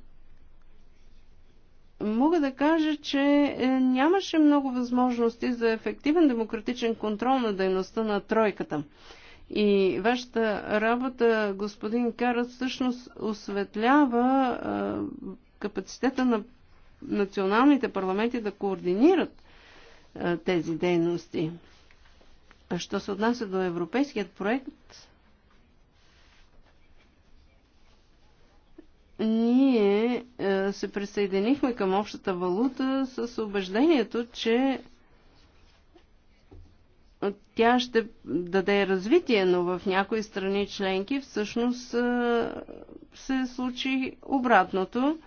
мога да кажа, че е, нямаше много възможности за ефективен демократичен контрол на дейността на тройката. И вашата работа, господин Карас, всъщност осветлява е, капацитета на националните парламенти да координират тези дейности. Що се отнася до европейският проект, ние се присъединихме към общата валута с убеждението, че тя ще даде развитие, но в някои страни членки всъщност се случи обратното.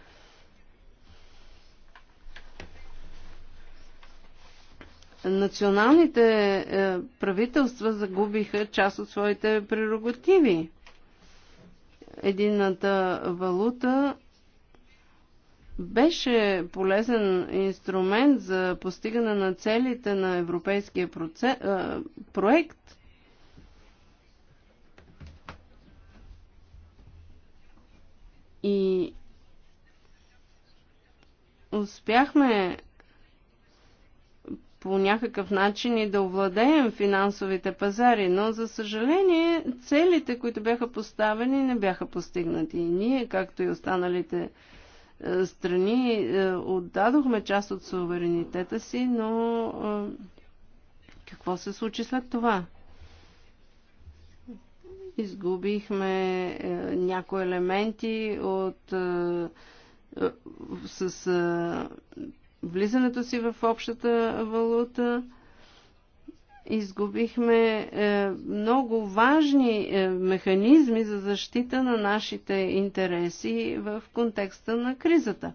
националните е, правителства загубиха част от своите прерогативи. Едината валута беше полезен инструмент за постигане на целите на европейския а, е, проект. И успяхме по някакъв начин и да овладеем финансовите пазари, но за съжаление целите, които бяха поставени, не бяха постигнати. И ние, както и останалите е, страни, е, отдадохме част от суверенитета си, но е, какво се случи след това? Изгубихме някои елементи от с влизането си в общата валута изгубихме е, много важни е, механизми за защита на нашите интереси в контекста на кризата.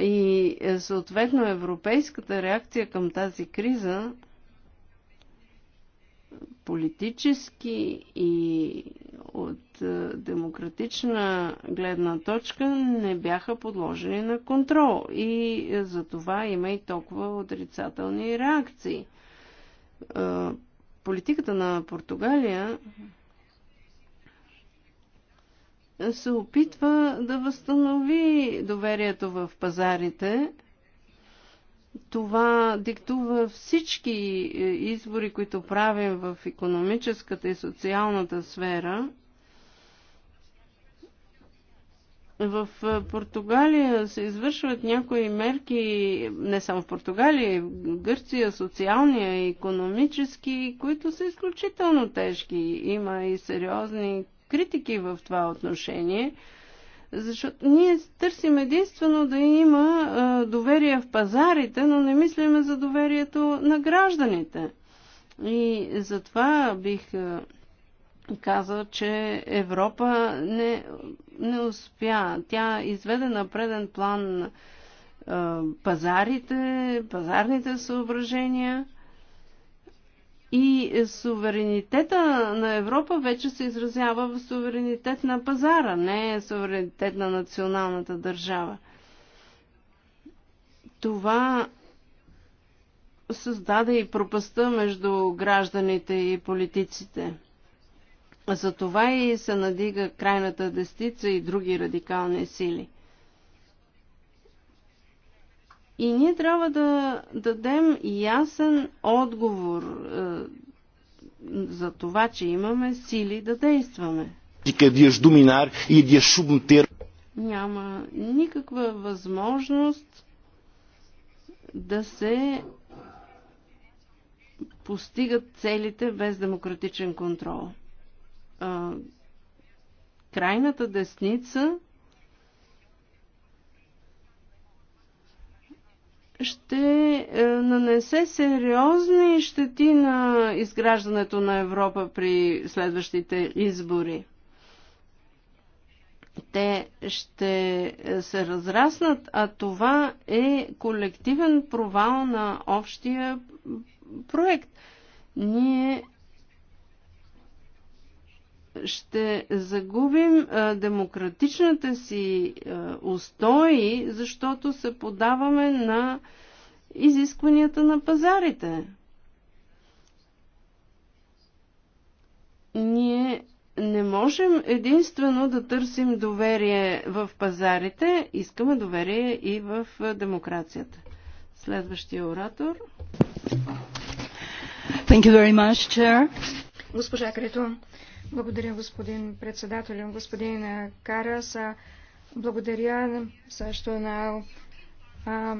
И е, съответно европейската реакция към тази криза политически и от е, демократична гледна точка не бяха подложени на контрол и е, за това има и толкова отрицателни реакции. Е, политиката на Португалия се опитва да възстанови доверието в пазарите – това диктува всички е, избори, които правим в економическата и социалната сфера. В е, Португалия се извършват някои мерки, не само в Португалия, в Гърция, социалния и економически, които са изключително тежки. Има и сериозни критики в това отношение. Защото ние търсим единствено да има а, доверие в пазарите, но не мислиме за доверието на гражданите. И затова бих а, казал, че Европа не, не успя. Тя изведе на преден план а, пазарите, пазарните съображения и суверенитета на Европа вече се изразява в суверенитет на пазара, не суверенитет на националната държава. Това създаде и пропаста между гражданите и политиците. Затова и се надига крайната дестица и други радикални сили. И ние трябва да дадем ясен отговор е, за това, че имаме сили да действаме. Няма никаква възможност да се постигат целите без демократичен контрол. крайната десница ще е, нанесе сериозни щети на изграждането на Европа при следващите избори. Те ще се разраснат, а това е колективен провал на общия проект. Ние ще загубим демократичната си устои, защото се подаваме на изискванията на пазарите. Ние не можем единствено да търсим доверие в пазарите, искаме доверие и в демокрацията. Следващия оратор. Thank you very much, Chair. Госпожа Крето, благодаря, господин председател, господин Карас. Благодаря също на а,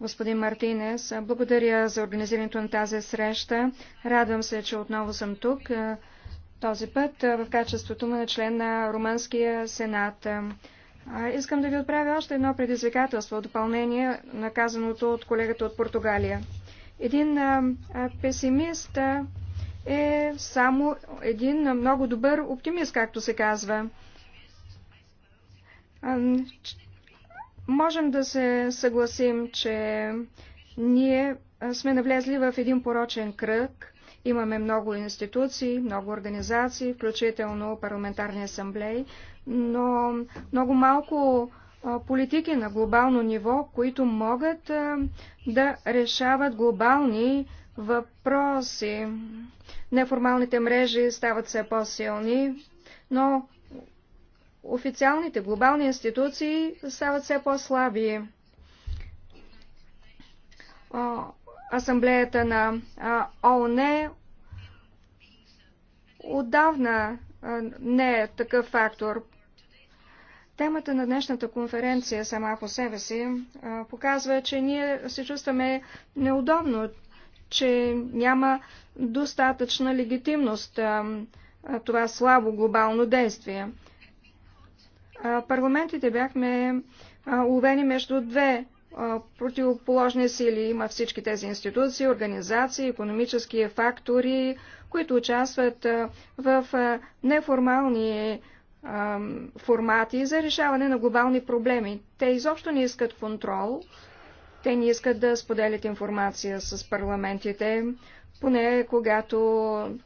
господин Мартинес. Благодаря за организирането на тази среща. Радвам се, че отново съм тук. Този път в качеството му на член на Румънския сенат. Искам да ви отправя още едно предизвикателство, допълнение на казаното от колегата от Португалия. Един песимист е само един много добър оптимист, както се казва. Можем да се съгласим, че ние сме навлезли в един порочен кръг. Имаме много институции, много организации, включително парламентарни асамблеи, но много малко политики на глобално ниво, които могат да решават глобални въпроси. Неформалните мрежи стават все по-силни, но официалните глобални институции стават все по-слаби. Асамблеята на ООН отдавна не е такъв фактор. Темата на днешната конференция сама по себе си показва, че ние се чувстваме неудобно, че няма достатъчна легитимност това слабо глобално действие. Парламентите бяхме уловени между две противоположни сили. Има всички тези институции, организации, економически фактори, които участват в неформални формати за решаване на глобални проблеми. Те изобщо не искат контрол, те не искат да споделят информация с парламентите, поне когато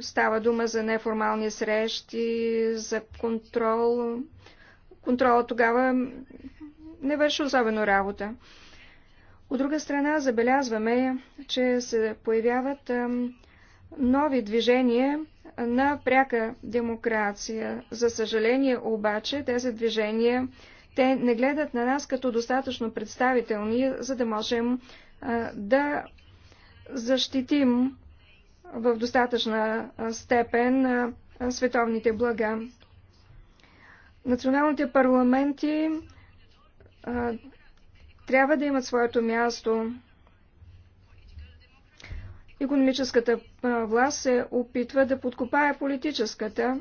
става дума за неформални срещи, за контрол. Контролът тогава не върши особено работа. От друга страна забелязваме, че се появяват нови движения на пряка демокрация. За съжаление обаче тези движения те не гледат на нас като достатъчно представителни, за да можем да защитим в достатъчна степен световните блага. Националните парламенти трябва да имат своето място. Економическата власт се опитва да подкопае политическата.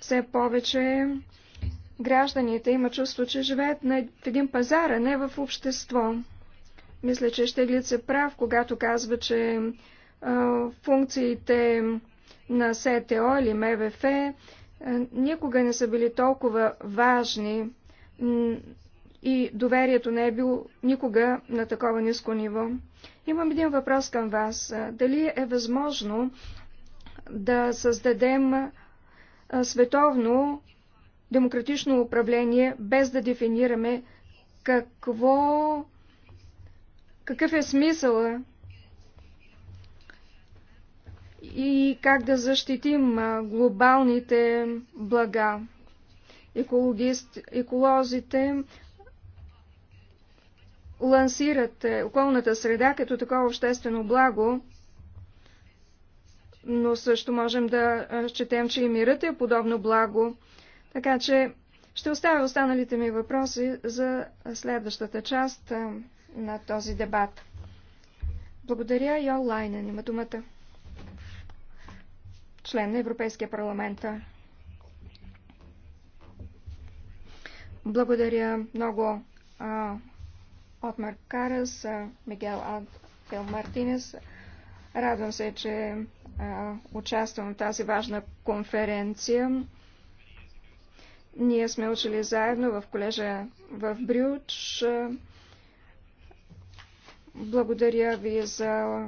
Все повече гражданите има чувство, че живеят на един пазар, а не в общество. Мисля, че Щеглиц е прав, когато казва, че а, функциите на СТО или МВФ а, никога не са били толкова важни и доверието не е било никога на такова ниско ниво. Имам един въпрос към вас. Дали е възможно да създадем световно демократично управление, без да дефинираме какво, какъв е смисъла и как да защитим глобалните блага. Екологист, еколозите лансират е, околната среда като такова обществено благо, но също можем да четем, че и мирът е подобно благо. Така че ще оставя останалите ми въпроси за следващата част на този дебат. Благодаря и онлайнен има думата. Член на Европейския парламент. Благодаря много а, Отмар Карас, а, Мигел Ангел Мартинес. Радвам се, че а, участвам в тази важна конференция. Ние сме учили заедно в колежа в Брюч. Благодаря ви за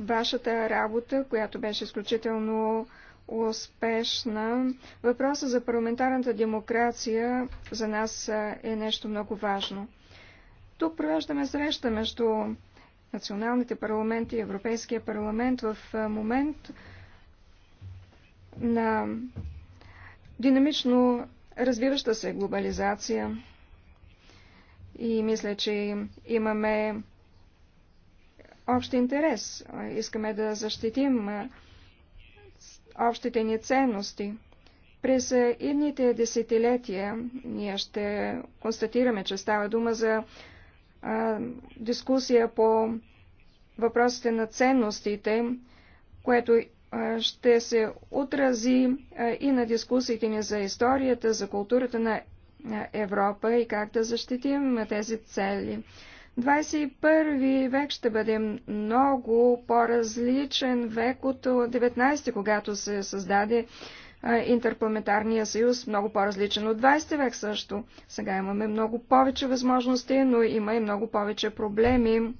вашата работа, която беше изключително успешна. Въпроса за парламентарната демокрация за нас е нещо много важно. Тук провеждаме среща между националните парламенти и Европейския парламент в момент на динамично развиваща се глобализация и мисля, че имаме общ интерес. Искаме да защитим общите ни ценности. През идните десетилетия ние ще констатираме, че става дума за дискусия по въпросите на ценностите, което ще се отрази и на дискусиите ни за историята, за културата на Европа и как да защитим тези цели. 21 век ще бъде много по-различен век от 19, когато се създаде Интерпланетарния съюз, много по-различен от 20 век също. Сега имаме много повече възможности, но има и много повече проблеми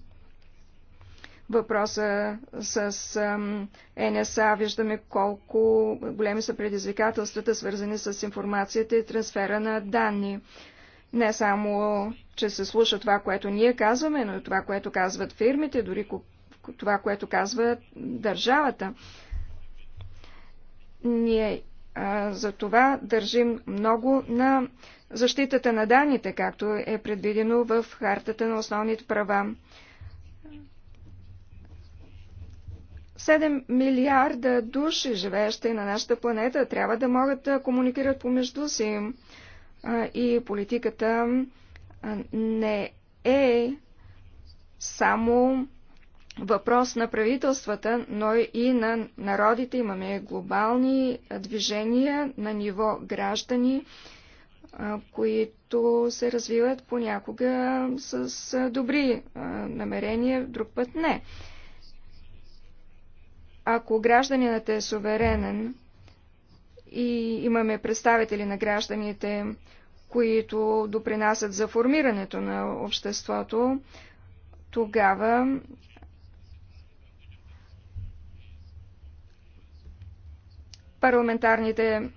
въпроса с НСА. Виждаме колко големи са предизвикателствата, свързани с информацията и трансфера на данни. Не само, че се слуша това, което ние казваме, но и това, което казват фирмите, дори това, което казва държавата. Ние а, за това държим много на защитата на данните, както е предвидено в Хартата на основните права. 7 милиарда души, живеещи на нашата планета, трябва да могат да комуникират помежду си. И политиката не е само въпрос на правителствата, но и на народите. Имаме глобални движения на ниво граждани, които се развиват понякога с добри намерения, друг път не. Ако гражданинът е суверенен и имаме представители на гражданите, които допринасят за формирането на обществото, тогава парламентарните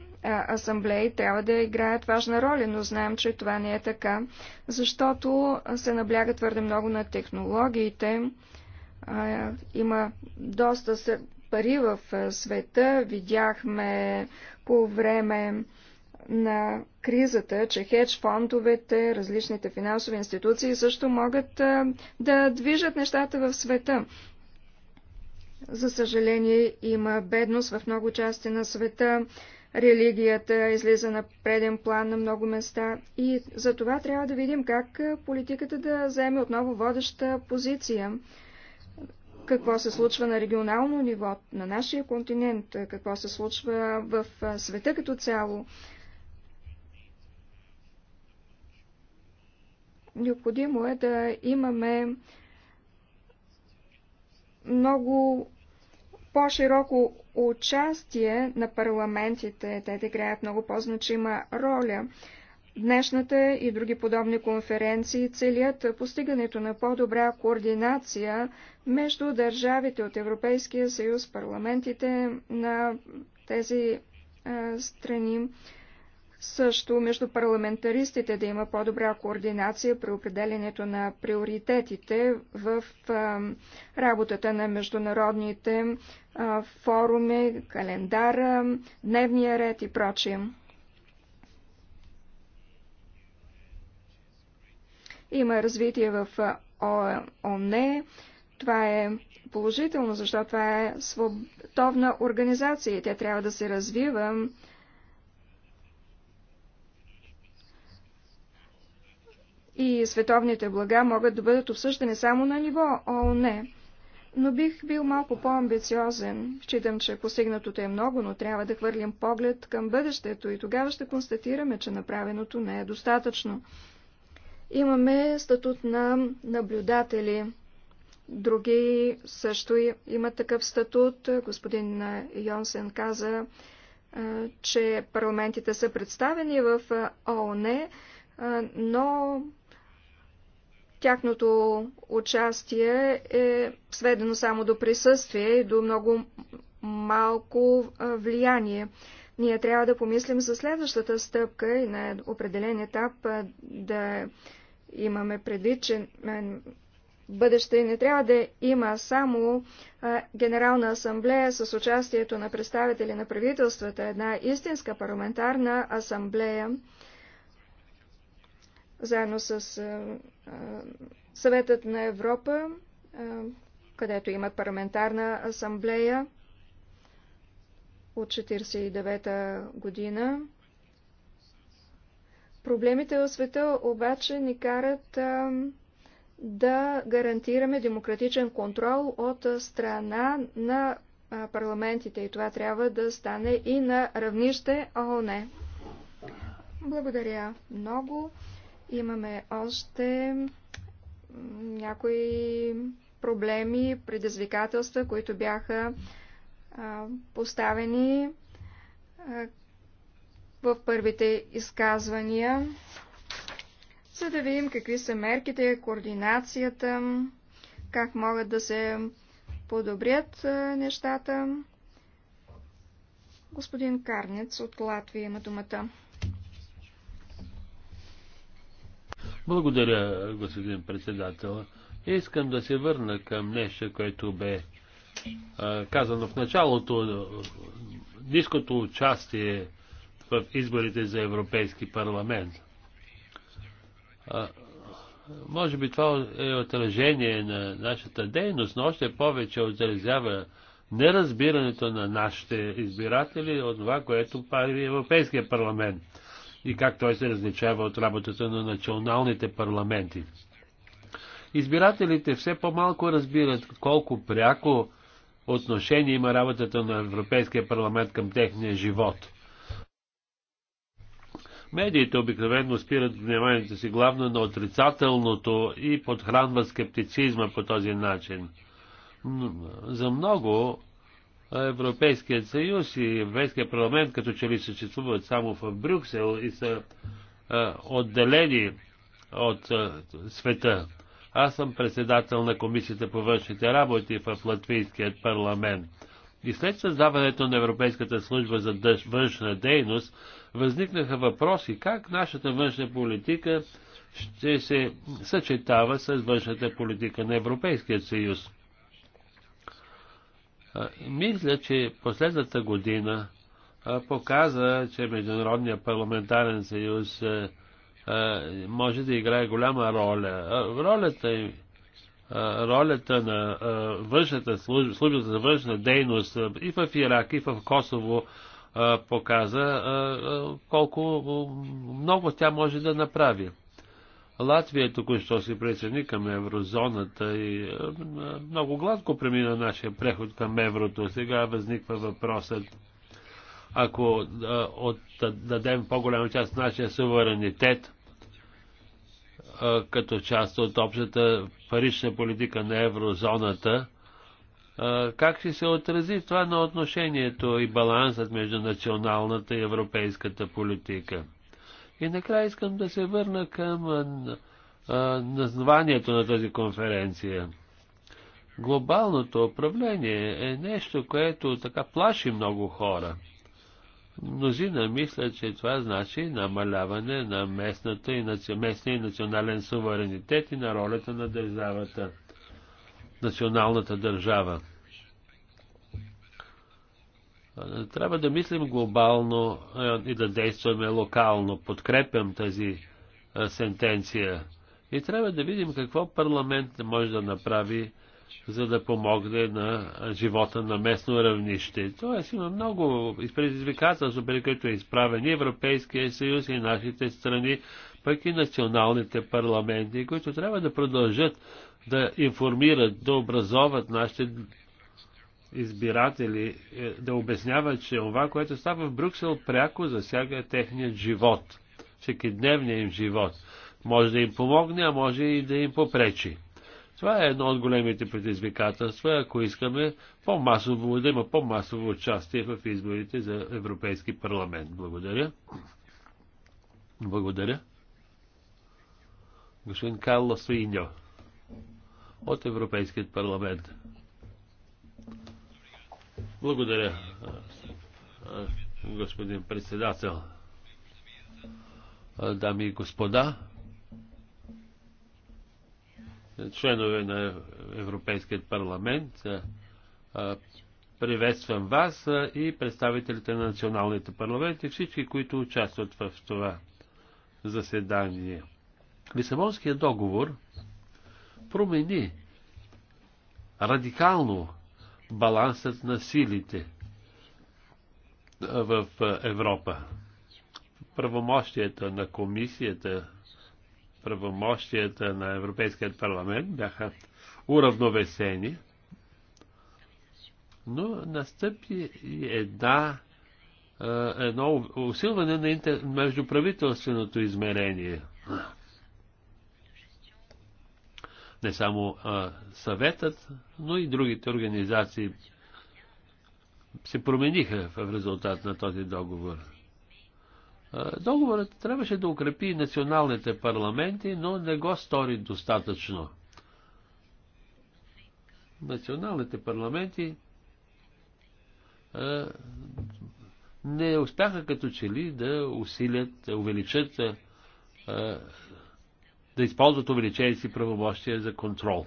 асамблеи трябва да играят важна роля, но знаем, че това не е така, защото се набляга твърде много на технологиите, има доста пари в света. Видяхме по време на кризата, че хедж фондовете, различните финансови институции също могат да движат нещата в света. За съжаление, има бедност в много части на света. Религията излиза на преден план на много места и за това трябва да видим как политиката да вземе отново водеща позиция какво се случва на регионално ниво, на нашия континент, какво се случва в света като цяло. Необходимо е да имаме много по-широко участие на парламентите. Те да играят много по-значима роля. Днешната и други подобни конференции целят постигането на по-добра координация между държавите от Европейския съюз, парламентите на тези а, е, страни, също между парламентаристите да има по-добра координация при определенето на приоритетите в а, е, работата на международните а, е, форуми, календара, дневния ред и прочие. Има развитие в ОНЕ. Това е положително, защото това е свободна организация и тя трябва да се развива. И световните блага могат да бъдат обсъждани само на ниво ООН. Е. Но бих бил малко по-амбициозен. Считам, че постигнатото е много, но трябва да хвърлим поглед към бъдещето и тогава ще констатираме, че направеното не е достатъчно. Имаме статут на наблюдатели. Други също имат такъв статут. Господин Йонсен каза, че парламентите са представени в ООН, но тяхното участие е сведено само до присъствие и до много малко влияние. Ние трябва да помислим за следващата стъпка и на определен етап да имаме предвид, че бъдеще не трябва да има само а, Генерална асамблея с участието на представители на правителствата, една истинска парламентарна асамблея, заедно с а, а, Съветът на Европа, където имат парламентарна асамблея от 1949 година. Проблемите в света обаче ни карат а, да гарантираме демократичен контрол от страна на парламентите и това трябва да стане и на равнище ООН. Благодаря много. Имаме още някои проблеми, предизвикателства, които бяха поставени в първите изказвания, за да видим какви са мерките, координацията, как могат да се подобрят нещата. Господин Карнец от Латвия има думата. Благодаря, господин председател. Искам да се върна към нещо, което бе казано в началото. Ниското участие в изборите за Европейски парламент. А, може би това е отражение на нашата дейност, но още повече отразява неразбирането на нашите избиратели от това, което прави Европейския парламент и как той се различава от работата на националните парламенти. Избирателите все по-малко разбират колко пряко отношение има работата на Европейския парламент към техния живот – Медиите обикновено спират вниманието си главно на отрицателното и подхранват скептицизма по този начин. За много Европейският съюз и Европейския парламент като че ли съществуват само в Брюксел и са отделени от света. Аз съм председател на Комисията по външните работи в Латвийският парламент. И след създаването на Европейската служба за външна дейност, възникнаха въпроси как нашата външна политика ще се съчетава с външната политика на Европейския съюз. Мисля, че последната година показа, че Международният парламентарен съюз може да играе голяма роля. Ролята, ролята на външната служба, службата за външна дейност и в Ирак, и в Косово показа колко много тя може да направи. Латвия е току-що се присъедини към еврозоната и много гладко премина нашия преход към еврото. Сега възниква въпросът, ако дадем по-голяма част на нашия суверенитет, като част от общата парична политика на еврозоната, как ще се отрази това на отношението и балансът между националната и европейската политика? И накрая искам да се върна към названието на тази конференция. Глобалното управление е нещо, което така плаши много хора. Мнозина мисля, че това значи намаляване на местната и, наци... местния и национален суверенитет и на ролята на държавата националната държава. Трябва да мислим глобално и да действаме локално. Подкрепям тази сентенция. И трябва да видим какво парламент може да направи, за да помогне на живота на местно равнище. Тоест има много предизвикателства, при които е изправен и Европейския съюз, и нашите страни, пък и националните парламенти, които трябва да продължат да информират, да образоват нашите избиратели, е, да обясняват, че това, което става в Брюксел, пряко засяга техният живот, всекидневния им живот. Може да им помогне, а може и да им попречи. Това е едно от големите предизвикателства, ако искаме по-масово, да има по-масово участие в изборите за Европейски парламент. Благодаря. Благодаря. Господин Карлос Суиньо от Европейският парламент. Благодаря, господин председател. Дами и господа, членове на Европейският парламент, приветствам вас и представителите на националните парламенти, всички, които участват в това заседание. Лисабонският договор промени радикално балансът на силите в Европа. Правомощията на комисията, правомощията на Европейския парламент бяха уравновесени, но настъпи и една, едно усилване на междуправителственото измерение не само а, съветът, но и другите организации се промениха в резултат на този договор. договорът трябваше да укрепи националните парламенти, но не го стори достатъчно. Националните парламенти а, не успяха като че ли да усилят, увеличат а, да използват увеличени си правомощия за контрол.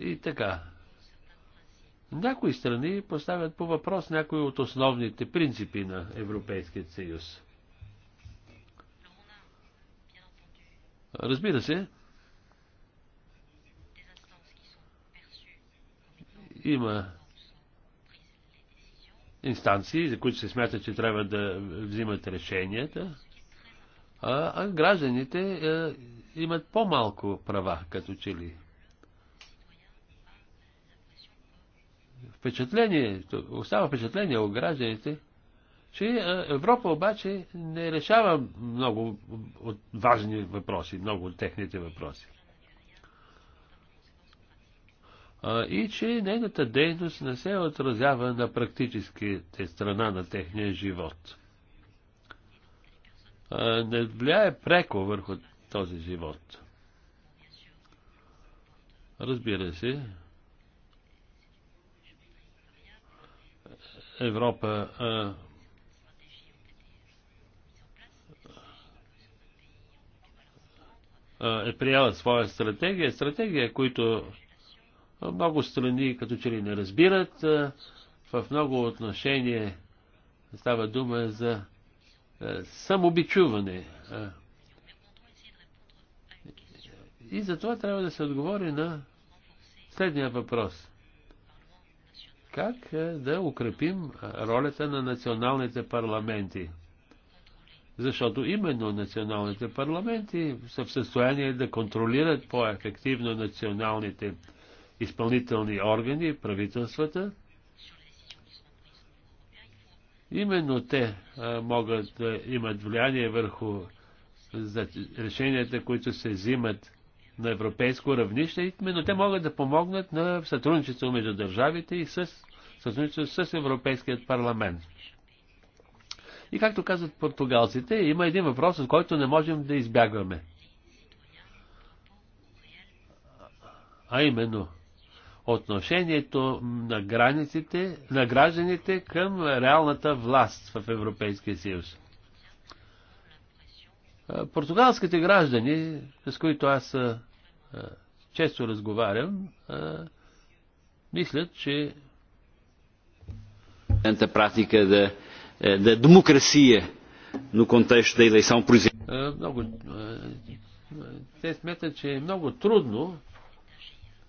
И така. Някои страни поставят по въпрос някои от основните принципи на Европейския съюз. Разбира се, има инстанции, за които се смята, че трябва да взимат решенията, а, а гражданите а, имат по-малко права, като че ли. Впечатление, остава впечатление от гражданите, че Европа обаче не решава много от важни въпроси, много от техните въпроси и че нейната дейност не се отразява на практическите страна на техния живот. Не влияе преко върху този живот. Разбира се, Европа е приела своя стратегия, стратегия, които много страни като че ли не разбират. В много отношение става дума за самобичуване. И за това трябва да се отговори на следния въпрос. Как да укрепим ролята на националните парламенти? Защото именно националните парламенти са в състояние да контролират по-ефективно националните парламенти изпълнителни органи, правителствата. Именно те а, могат да имат влияние върху за решенията, които се взимат на европейско равнище, именно те могат да помогнат на сътрудничество между държавите и с сътрудничество с Европейският парламент. И както казват португалците, има един въпрос, от който не можем да избягваме. А именно, отношението на границите, на гражданите към реалната власт в Европейския съюз. Португалските граждани, с които аз често разговарям, мислят, че практика да, е, да е демокрация но контекст да е само Много, те смятат, че е много трудно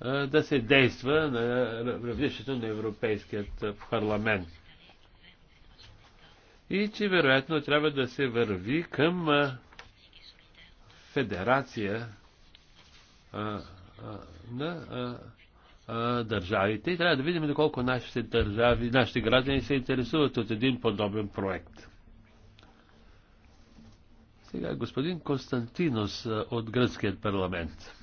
да се действа на равнището на Европейският парламент. И че вероятно трябва да се върви към федерация на държавите и трябва да видим доколко нашите държави, нашите граждани се интересуват от един подобен проект. Сега господин Константинос от гръцкият парламент.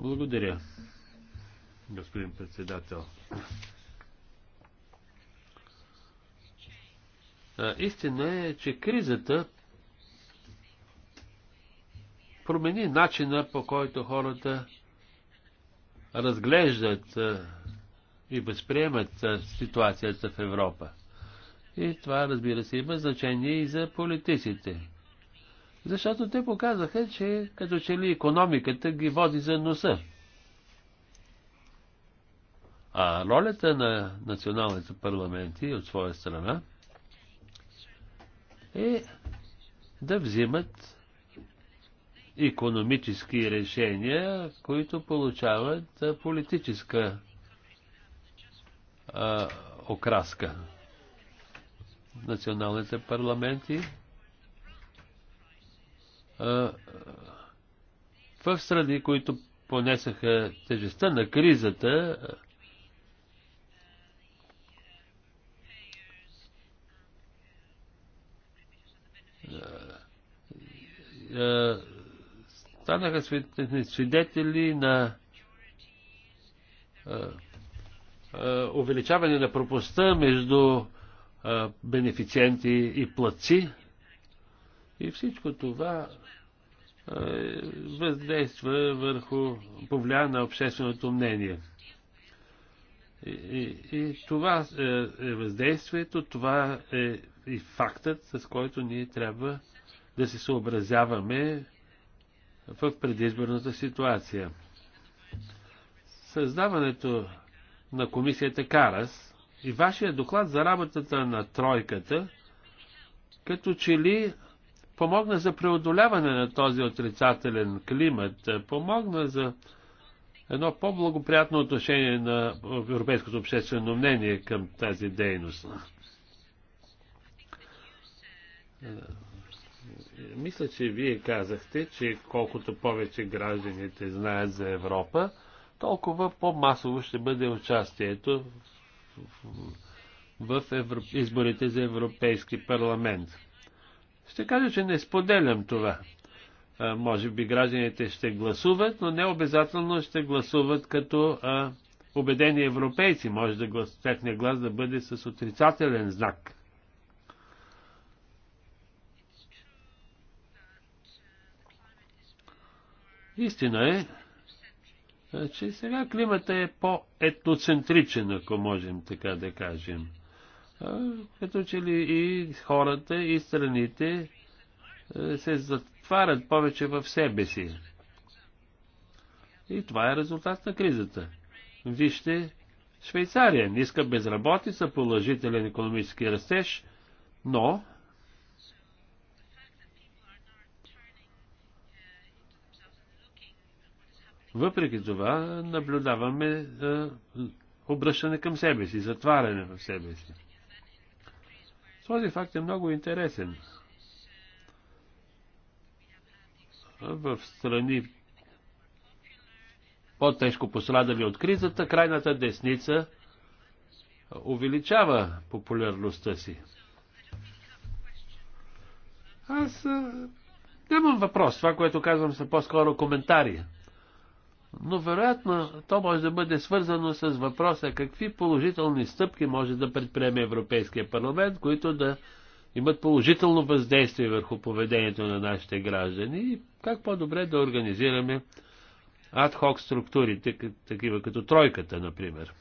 Благодаря, господин председател. Истина е, че кризата промени начина по който хората разглеждат и възприемат ситуацията в Европа. И това, разбира се, има значение и за политиците. Защото те показаха, че като че ли економиката ги води за носа. А ролята на националните парламенти от своя страна е да взимат економически решения, които получават политическа а, окраска. Националните парламенти в страни, които понесаха тежестта на кризата, станаха свидетели на увеличаване на пропуста между бенефициенти и платци. И всичко това е, въздейства върху, повлия на общественото мнение. И, и, и това е, е въздействието, това е и фактът, с който ние трябва да се съобразяваме в предизборната ситуация. Създаването на комисията Карас и вашия доклад за работата на тройката, като че ли помогна за преодоляване на този отрицателен климат, помогна за едно по-благоприятно отношение на европейското обществено мнение към тази дейност. Мисля, че вие казахте, че колкото повече гражданите знаят за Европа, толкова по-масово ще бъде участието в, в, в, в изборите за Европейски парламент. Ще кажа, че не споделям това. А, може би гражданите ще гласуват, но не обязателно ще гласуват като а, убедени европейци. Може да глас, техния глас да бъде с отрицателен знак. Истина е, че сега климата е по-етноцентричен, ако можем така да кажем като че ли и хората, и страните е, се затварят повече в себе си. И това е резултат на кризата. Вижте, Швейцария ниска безработица, положителен економически растеж, но въпреки това наблюдаваме е, обръщане към себе си, затваряне в себе си. Този факт е много интересен. В страни по-тежко пострадали от кризата, крайната десница увеличава популярността си. Аз нямам въпрос. Това, което казвам, са по-скоро коментари но вероятно то може да бъде свързано с въпроса какви положителни стъпки може да предприеме Европейския парламент, които да имат положително въздействие върху поведението на нашите граждани и как по-добре да организираме адхок структурите, такива като тройката, например.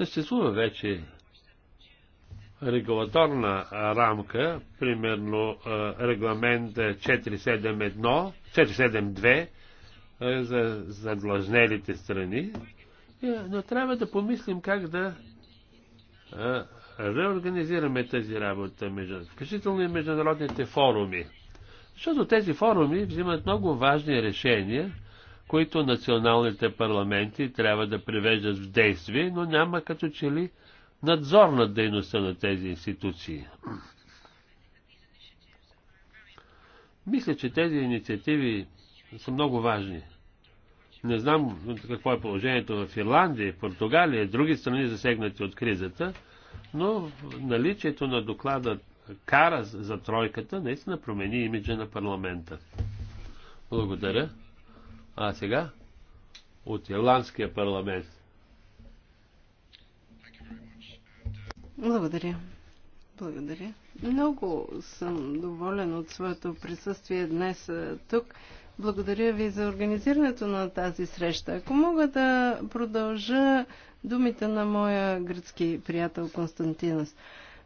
Съществува вече регулаторна рамка, примерно регламент 471, 472 за задлъжнелите страни, но трябва да помислим как да реорганизираме тази работа, включително и международните форуми. Защото тези форуми взимат много важни решения, които националните парламенти трябва да привеждат в действие, но няма като че ли надзор над дейността на тези институции. Мисля, че тези инициативи са много важни. Не знам какво е положението в Ирландия, Португалия и други страни засегнати от кризата, но наличието на доклада Кара за тройката наистина промени имиджа на парламента. Благодаря. А сега от Ирландския парламент. Благодаря. Благодаря. Много съм доволен от своето присъствие днес тук. Благодаря ви за организирането на тази среща. Ако мога да продължа думите на моя гръцки приятел Константинос.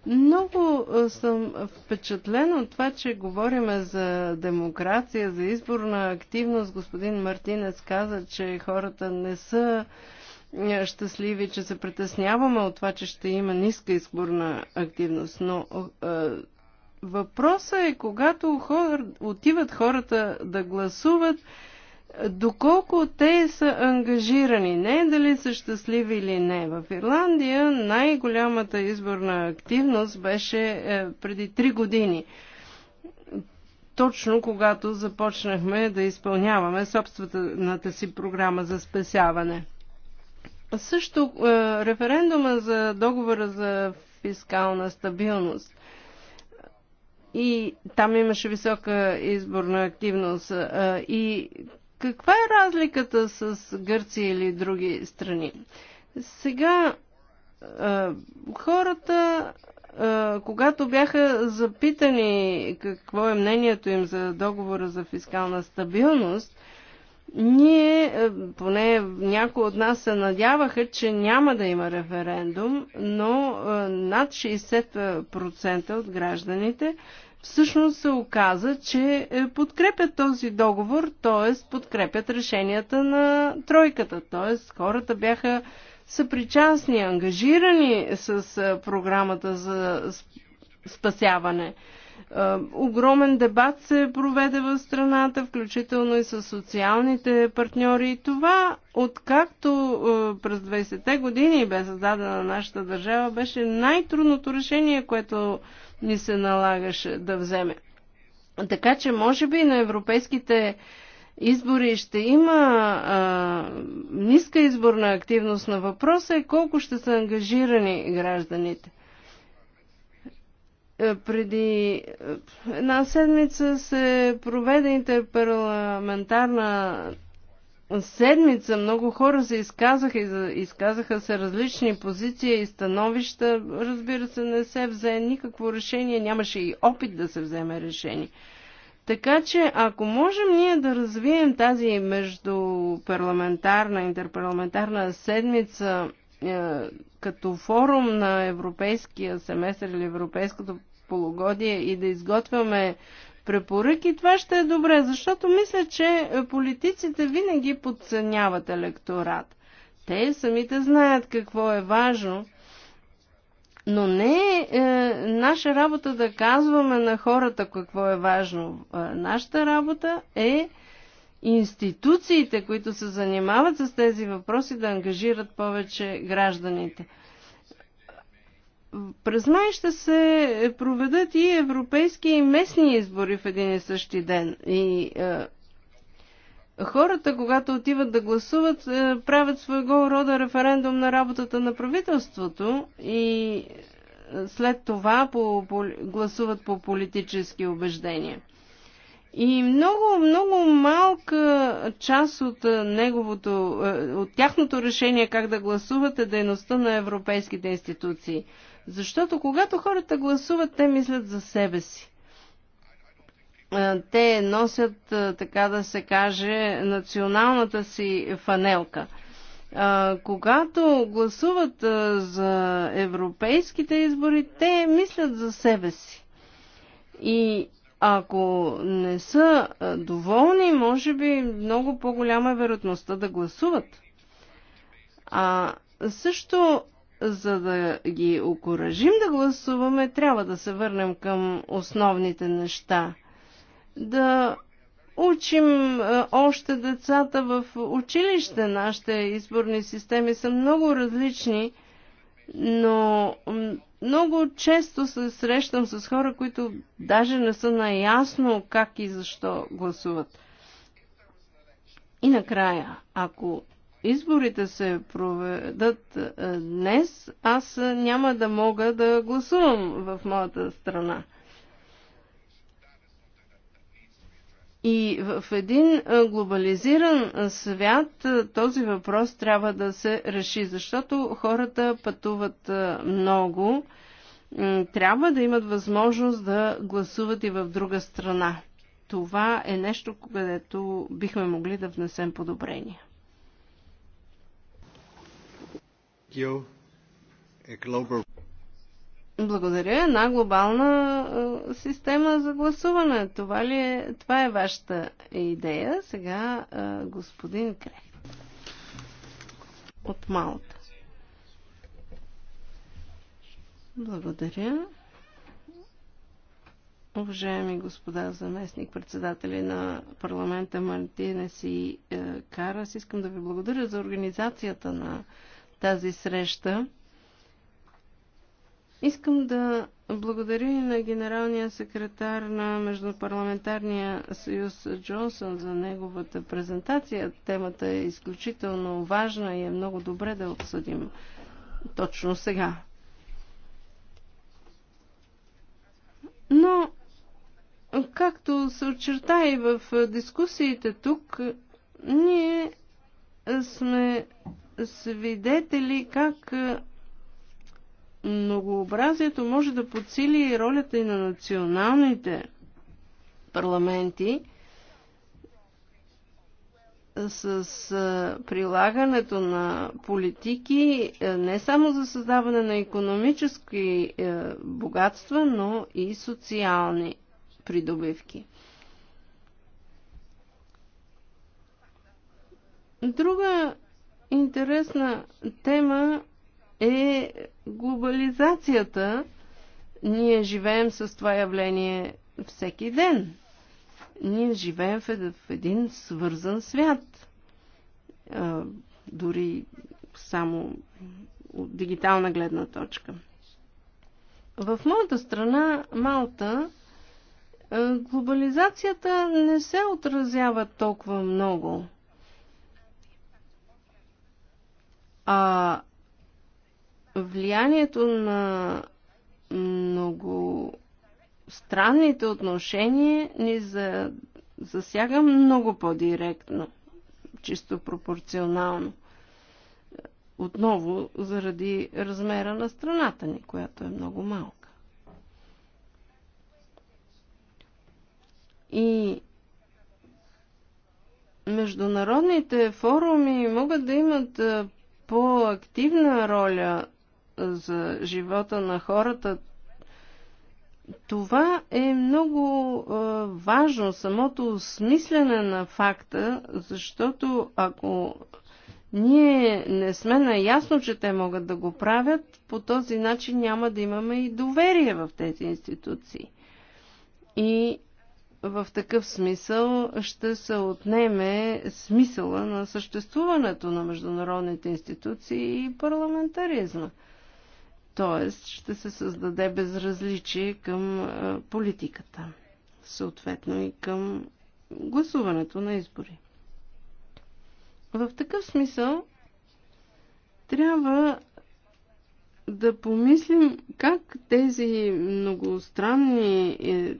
Много съм впечатлен от това, че говориме за демокрация, за изборна активност. Господин Мартинец каза, че хората не са щастливи, че се притесняваме от това, че ще има ниска изборна активност. Но е, въпросът е, когато хор, отиват хората да гласуват, доколко те са ангажирани, не е дали са щастливи или не. В Ирландия най-голямата изборна активност беше е, преди три години. Точно когато започнахме да изпълняваме собствената си програма за спасяване. Също е, референдума за договора за фискална стабилност – и там имаше висока изборна активност. И каква е разликата с Гърция или други страни? Сега хората, когато бяха запитани какво е мнението им за договора за фискална стабилност, ние, поне някои от нас се надяваха, че няма да има референдум, но над 60% от гражданите всъщност се оказа, че е, подкрепят този договор, т.е. подкрепят решенията на тройката, т.е. хората бяха съпричастни, ангажирани с е, програмата за спасяване. Е, огромен дебат се проведе в страната, включително и с социалните партньори. И това, откакто е, през 20-те години бе създадена нашата държава, беше най-трудното решение, което ни се налагаше да вземе. Така че, може би, на европейските избори ще има а, ниска изборна активност на въпроса е колко ще са ангажирани гражданите. Е, преди е, една седмица се проведе интерпарламентарна седмица. Много хора се изказаха и изказаха се различни позиции и становища. Разбира се, не се взе никакво решение, нямаше и опит да се вземе решение. Така че, ако можем ние да развием тази междупарламентарна, интерпарламентарна седмица е, като форум на европейския семестър или европейското полугодие и да изготвяме препоръки, това ще е добре, защото мисля, че политиците винаги подценяват електорат. Те самите знаят какво е важно, но не е, е наша работа да казваме на хората какво е важно. Е, нашата работа е институциите, които се занимават с тези въпроси, да ангажират повече гражданите. През май ще се проведат и европейски и местни избори в един и същи ден. И е, хората, когато отиват да гласуват, е, правят своего рода референдум на работата на правителството и е, след това по, по, гласуват по политически убеждения. И много, много малка част от е, неговото, е, от тяхното решение как да гласуват е дейността на европейските институции. Защото когато хората гласуват, те мислят за себе си. Е, те носят, така да се каже, националната си фанелка. когато гласуват за европейските избори, те мислят за себе си. И ако не са доволни, може би много по-голяма е вероятността да гласуват. А също, за да ги окоръжим да гласуваме, трябва да се върнем към основните неща. Да учим още децата в училище. Нашите изборни системи са много различни, но много често се срещам с хора, които даже не са наясно как и защо гласуват. И накрая, ако изборите се проведат е, днес, аз е, няма да мога да гласувам в моята страна. И в един глобализиран свят този въпрос трябва да се реши, защото хората пътуват много. Трябва да имат възможност да гласуват и в друга страна. Това е нещо, където бихме могли да внесем подобрения. Благодаря. Една глобална система за гласуване. Това, ли е, това е вашата идея. Сега господин Крех. от Малта. Благодаря. Уважаеми господа заместник председатели на парламента Мартинес и е, Карас, искам да ви благодаря за организацията на тази среща. Искам да благодаря и на генералния секретар на Междупарламентарния съюз Джонсън за неговата презентация. Темата е изключително важна и е много добре да обсъдим точно сега. Но, както се очерта и в дискусиите тук, ние сме свидетели как многообразието може да подсили и ролята и на националните парламенти с прилагането на политики не само за създаване на економически богатства, но и социални придобивки. Друга интересна тема е глобализацията. Ние живеем с това явление всеки ден. Ние живеем в един свързан свят. Дори само от дигитална гледна точка. В моята страна, Малта, глобализацията не се отразява толкова много. А влиянието на много странните отношения ни за, засяга много по-директно, чисто пропорционално. Отново заради размера на страната ни, която е много малка. И международните форуми могат да имат по-активна роля за живота на хората, това е много е, важно, самото осмислене на факта, защото ако ние не сме наясно, че те могат да го правят, по този начин няма да имаме и доверие в тези институции. И в такъв смисъл ще се отнеме смисъла на съществуването на международните институции и парламентаризма. Т.е. ще се създаде безразличие към политиката, съответно и към гласуването на избори. В такъв смисъл трябва да помислим как тези многостранни е,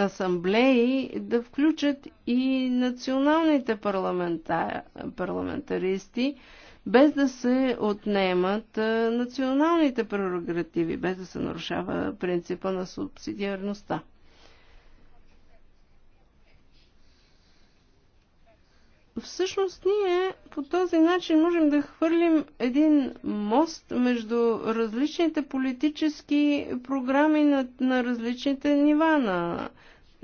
асамблеи да включат и националните парламентаристи, без да се отнемат националните прерогативи, без да се нарушава принципа на субсидиарността. всъщност ние по този начин можем да хвърлим един мост между различните политически програми на, на различните нива, на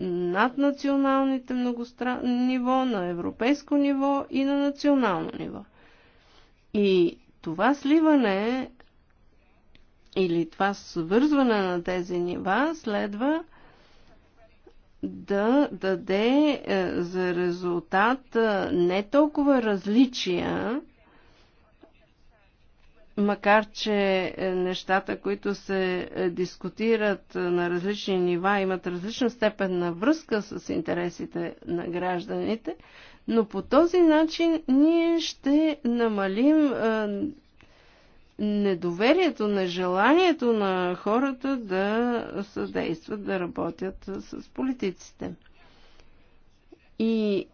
наднационалните многостран... ниво, на европейско ниво и на национално ниво. И това сливане или това свързване на тези нива следва да даде е, за резултат е, не толкова различия, макар че е, нещата, които се дискутират на различни нива, имат различна степен на връзка с интересите на гражданите, но по този начин ние ще намалим е, недоверието, нежеланието на хората да съдействат, да работят с политиците. И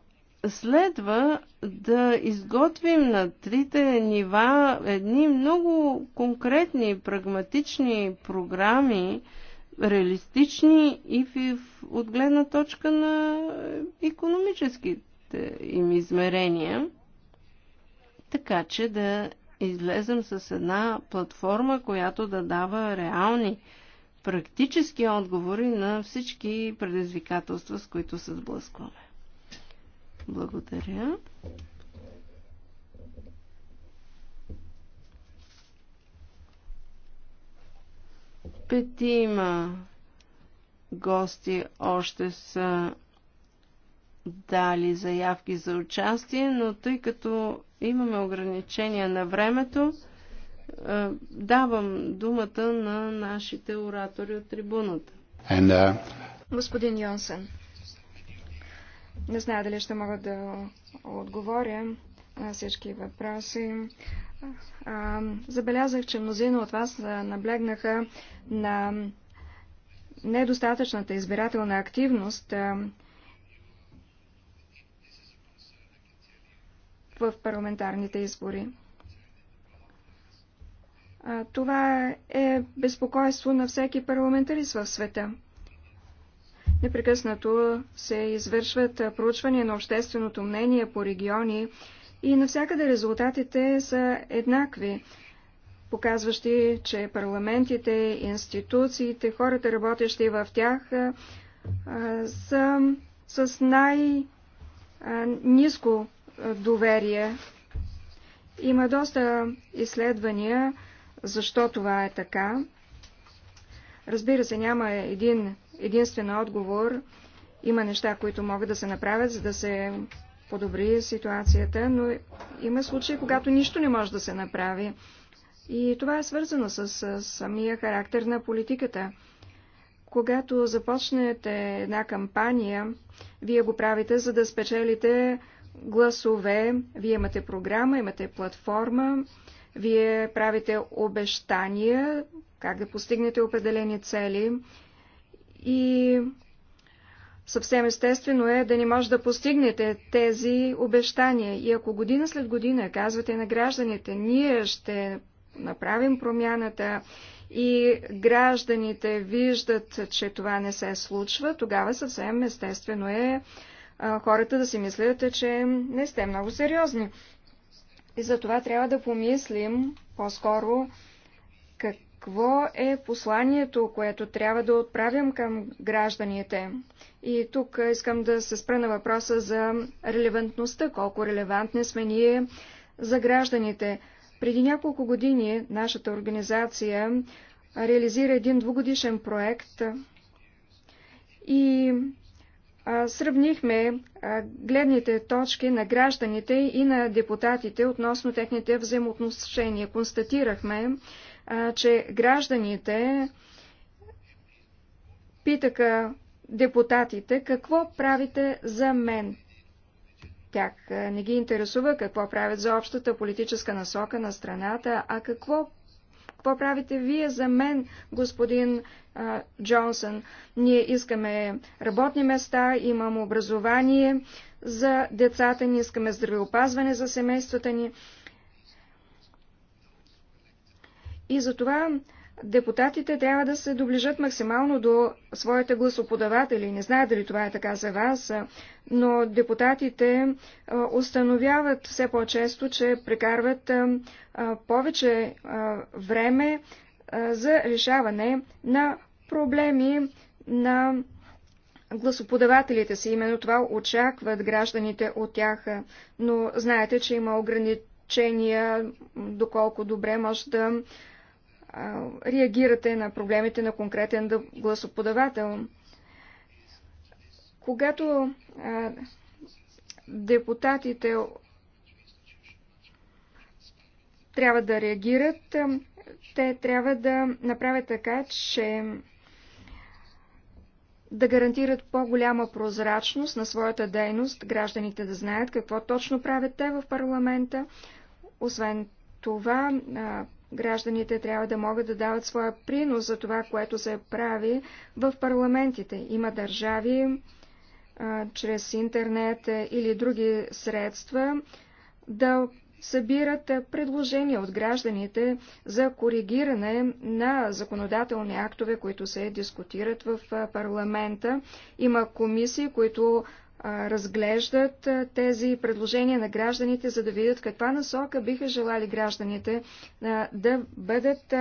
следва да изготвим на трите нива едни много конкретни, прагматични програми, реалистични и в, от гледна точка на економически им измерения, така че да излезем с една платформа, която да дава реални практически отговори на всички предизвикателства, с които се сблъскваме. Благодаря. Петима гости още са дали заявки за участие, но тъй като имаме ограничения на времето, е, давам думата на нашите оратори от трибуната. And, uh... Господин Йонсен, не знае дали ще мога да отговоря на всички въпроси. Забелязах, че мнозина от вас наблегнаха на недостатъчната избирателна активност в парламентарните избори. Това е безпокойство на всеки парламентарист в света. Непрекъснато се извършват проучвания на общественото мнение по региони и навсякъде резултатите са еднакви, показващи, че парламентите, институциите, хората работещи в тях са с най-низко доверие. Има доста изследвания, защо това е така. Разбира се, няма един единствен отговор. Има неща, които могат да се направят, за да се подобри ситуацията, но има случаи, когато нищо не може да се направи. И това е свързано с, с самия характер на политиката. Когато започнете една кампания, вие го правите, за да спечелите гласове. Вие имате програма, имате платформа, вие правите обещания, как да постигнете определени цели и съвсем естествено е да не може да постигнете тези обещания. И ако година след година казвате на гражданите, ние ще направим промяната и гражданите виждат, че това не се случва, тогава съвсем естествено е хората да си мислят, че не сте много сериозни. И за това трябва да помислим по-скоро какво е посланието, което трябва да отправим към гражданите. И тук искам да се спра на въпроса за релевантността, колко релевантни сме ние за гражданите. Преди няколко години нашата организация реализира един двугодишен проект и сравнихме гледните точки на гражданите и на депутатите относно техните взаимоотношения. Констатирахме, че гражданите питаха депутатите какво правите за мен. Тях не ги интересува какво правят за общата политическа насока на страната, а какво какво правите вие за мен, господин а, Джонсън? Ние искаме работни места, имам образование за децата ни, искаме здравеопазване за семействата ни. И затова депутатите трябва да се доближат максимално до своите гласоподаватели. Не знае дали това е така за вас, но депутатите установяват все по-често, че прекарват повече време за решаване на проблеми на гласоподавателите си. Именно това очакват гражданите от тях, но знаете, че има ограничения доколко добре може да реагирате на проблемите на конкретен гласоподавател. Когато а, депутатите трябва да реагират, те трябва да направят така, че да гарантират по-голяма прозрачност на своята дейност, гражданите да знаят какво точно правят те в парламента. Освен това, Гражданите трябва да могат да дават своя принос за това, което се прави в парламентите. Има държави, а, чрез интернет или други средства, да събират предложения от гражданите за коригиране на законодателни актове, които се дискутират в парламента. Има комисии, които разглеждат тези предложения на гражданите, за да видят каква насока биха желали гражданите да бъдат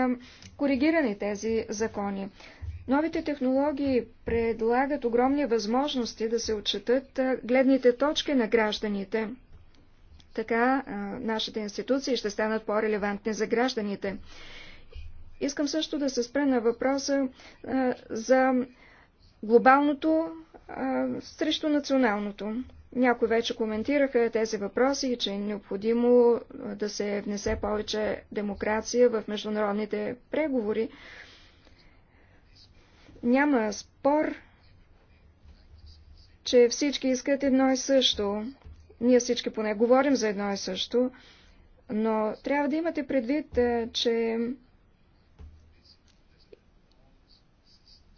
коригирани тези закони. Новите технологии предлагат огромни възможности да се отчитат гледните точки на гражданите. Така нашите институции ще станат по-релевантни за гражданите. Искам също да се спра на въпроса за глобалното а, срещу националното. Някои вече коментираха тези въпроси, че е необходимо да се внесе повече демокрация в международните преговори. Няма спор, че всички искат едно и също. Ние всички поне говорим за едно и също, но трябва да имате предвид, че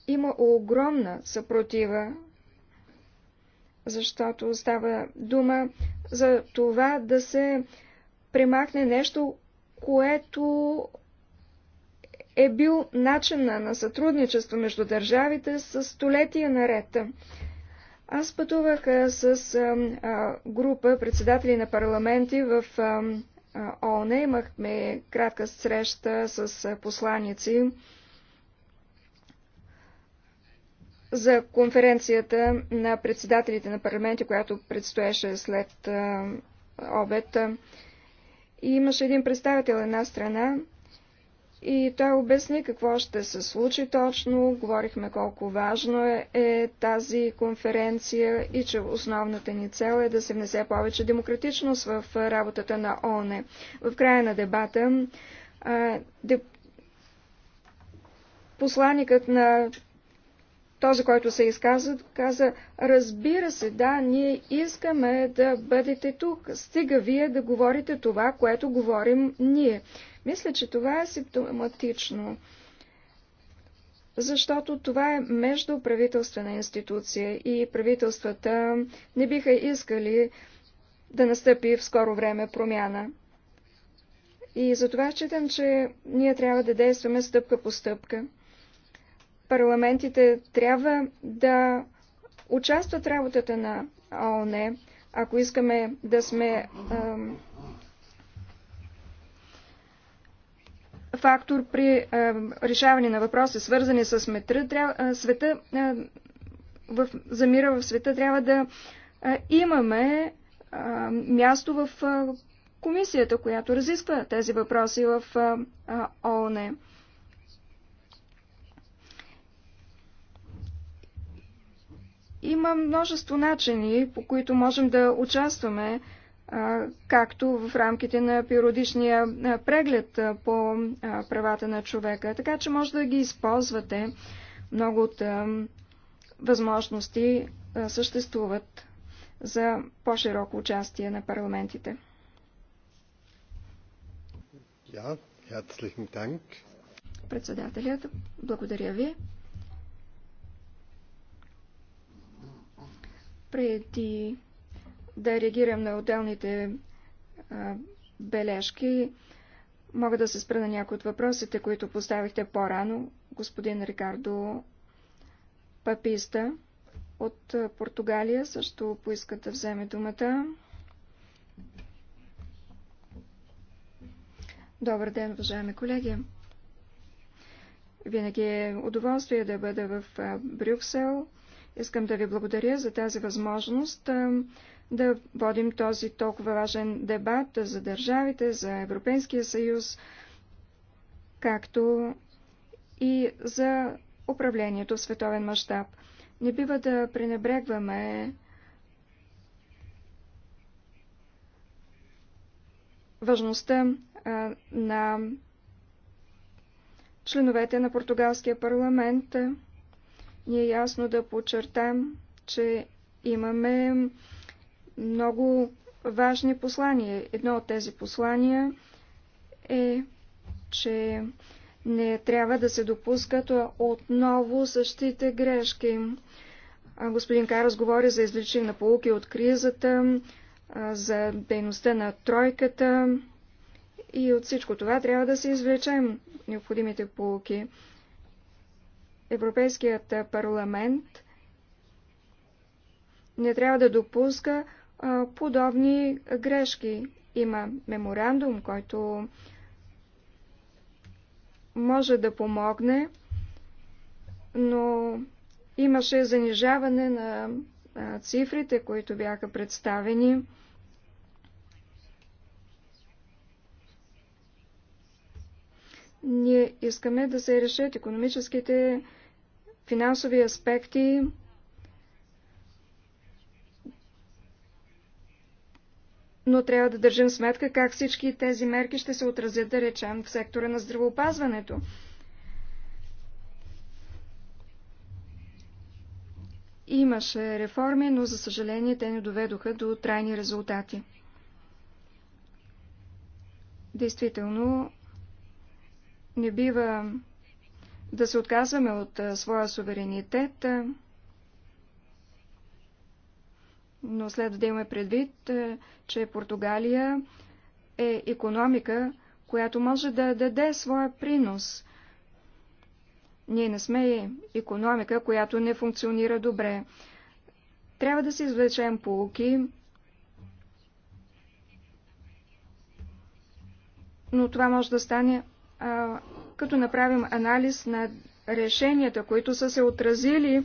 има огромна съпротива защото става дума за това да се премахне нещо, което е бил начин на сътрудничество между държавите с столетия наред. Аз пътувах с група председатели на парламенти в ООН. Имахме кратка среща с посланици за конференцията на председателите на парламенти, която предстоеше след обед. И имаше един представител една страна и той обясни какво ще се случи точно. Говорихме колко важно е, е тази конференция и че основната ни цел е да се внесе повече демократичност в работата на ОНЕ. В края на дебата посланикът посланникът на този, който се изказа, каза, разбира се, да, ние искаме да бъдете тук, стига вие да говорите това, което говорим ние. Мисля, че това е симптоматично, защото това е междуправителствена институция и правителствата не биха искали да настъпи в скоро време промяна. И затова считам, че ние трябва да действаме стъпка по стъпка парламентите трябва да участват в работата на ООН, ако искаме да сме фактор при ам, решаване на въпроси, свързани с метра, трябва, а, света, а, в, за мира в света, трябва да а, имаме а, място в а, комисията, която разисква тези въпроси в ООН. Има множество начини, по които можем да участваме, както в рамките на периодичния преглед по правата на човека. Така че може да ги използвате. Много от възможности съществуват за по-широко участие на парламентите. Ja, herzlichen Dank. Председателят, благодаря ви. Преди да реагирам на отделните а, бележки, мога да се спра на някои от въпросите, които поставихте по-рано. Господин Рикардо Паписта от Португалия също поиска да вземе думата. Добър ден, уважаеми колеги! Винаги е удоволствие да бъда в Брюксел. Искам да ви благодаря за тази възможност да водим този толкова важен дебат за държавите, за Европейския съюз, както и за управлението в световен мащаб. Не бива да пренебрегваме важността на членовете на португалския парламент. Ние ясно да подчертаем, че имаме много важни послания. Едно от тези послания е, че не трябва да се допускат отново същите грешки. Господин Карас говори за извличане на полуки от кризата, за дейността на тройката и от всичко това трябва да се извлечем необходимите полуки. Европейският парламент не трябва да допуска подобни грешки. Има меморандум, който може да помогне, но имаше занижаване на цифрите, които бяха представени. Ние искаме да се решат економическите финансови аспекти но трябва да държим сметка как всички тези мерки ще се отразят, да речем, в сектора на здравеопазването. Имаше реформи, но за съжаление те не доведоха до трайни резултати. Действително, не бива да се отказваме от своя суверенитет, но следва да имаме предвид, че Португалия е економика, която може да даде своя принос. Ние не сме економика, която не функционира добре. Трябва да се извлечем полуки, но това може да стане като направим анализ на решенията, които са се отразили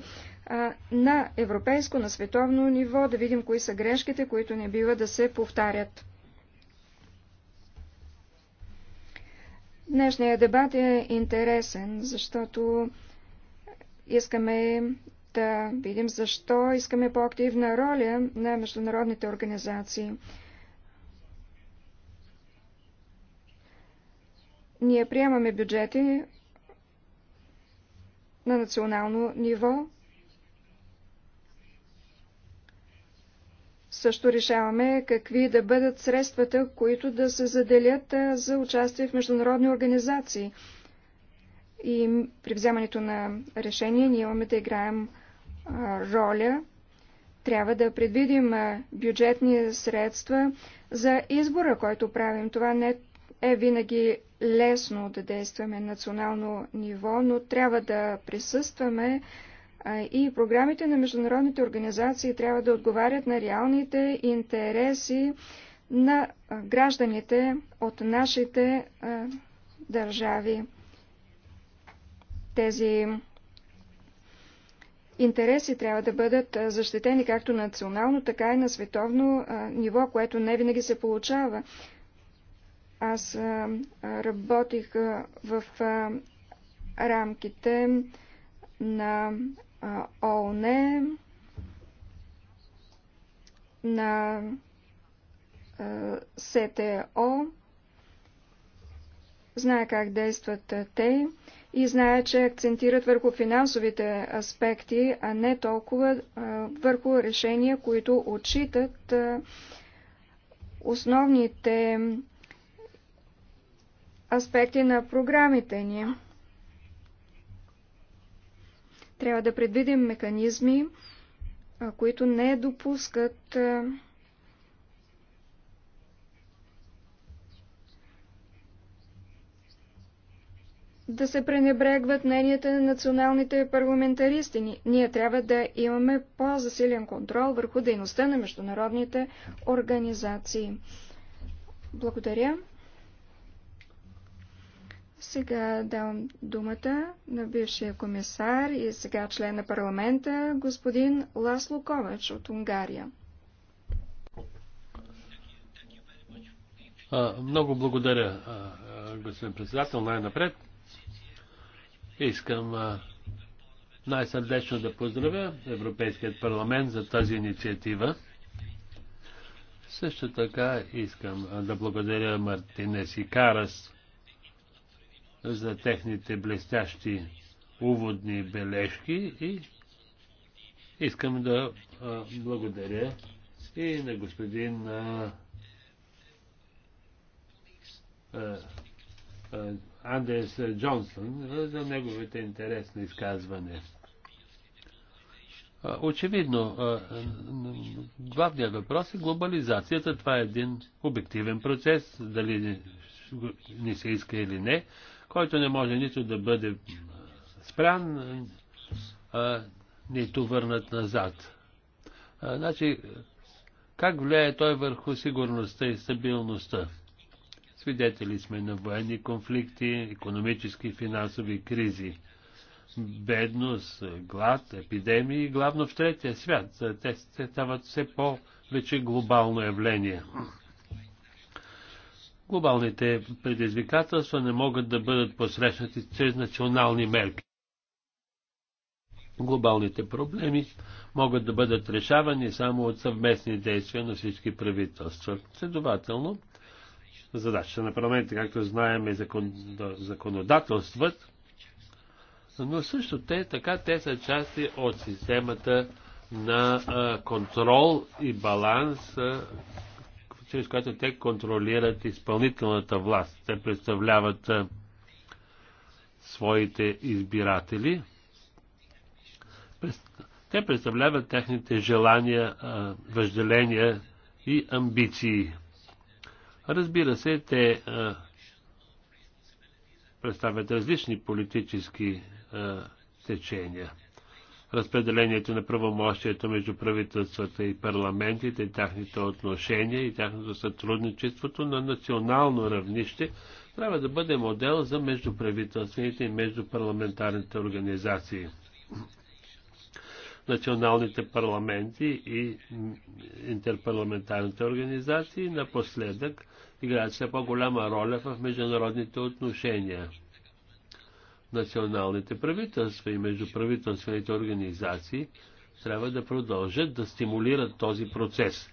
на европейско, на световно ниво, да видим кои са грешките, които не бива да се повтарят. Днешният дебат е интересен, защото искаме да видим защо искаме по-активна роля на международните организации. Ние приемаме бюджети на национално ниво. Също решаваме какви да бъдат средствата, които да се заделят за участие в международни организации. И при вземането на решение ние имаме да играем роля. Трябва да предвидим бюджетни средства за избора, който правим. Това не е винаги лесно да действаме на национално ниво, но трябва да присъстваме и програмите на международните организации трябва да отговарят на реалните интереси на гражданите от нашите държави. Тези интереси трябва да бъдат защитени както национално, така и на световно ниво, което не винаги се получава. Аз работих в рамките на ООН, на СТО, знае как действат те и знае, че акцентират върху финансовите аспекти, а не толкова върху решения, които отчитат основните аспекти на програмите ни. Трябва да предвидим механизми, които не допускат да се пренебрегват мненията на националните парламентаристи. Ние трябва да имаме по-засилен контрол върху дейността на международните организации. Благодаря. Сега давам думата на бившия комисар и сега член на парламента, господин Ласло Ковач от Унгария. Много благодаря, господин председател. Най-напред искам най-сърдечно да поздравя Европейският парламент за тази инициатива. Също така искам да благодаря Мартинес и Карас за техните блестящи уводни бележки и искам да благодаря и на господин Андерс Джонсън за неговите интересни изказвания. Очевидно, главният въпрос е глобализацията. Това е един обективен процес, дали ни се иска или не който не може нито да бъде спрян, а, нито върнат назад. А, значи, как влияе той върху сигурността и стабилността? Свидетели сме на военни конфликти, економически и финансови кризи, бедност, глад, епидемии, главно в третия свят. Те стават все по-вече глобално явление. Глобалните предизвикателства не могат да бъдат посрещнати чрез национални мерки. Глобалните проблеми могат да бъдат решавани само от съвместни действия на всички правителства. Следователно, задачата на парламента, както знаем, е закон, да законодателстват, но също те, така те са части от системата на а, контрол и баланс, а, чрез която те контролират изпълнителната власт. Те представляват своите избиратели. Те представляват техните желания, въжделения и амбиции. Разбира се, те представят различни политически течения разпределението на правомощието между правителствата и парламентите, тяхните отношения и тяхното сътрудничеството на национално равнище трябва да бъде модел за междуправителствените и междупарламентарните организации. Националните парламенти и интерпарламентарните организации напоследък играят все по-голяма роля в международните отношения – националните правителства и междуправителствените организации трябва да продължат да стимулират този процес.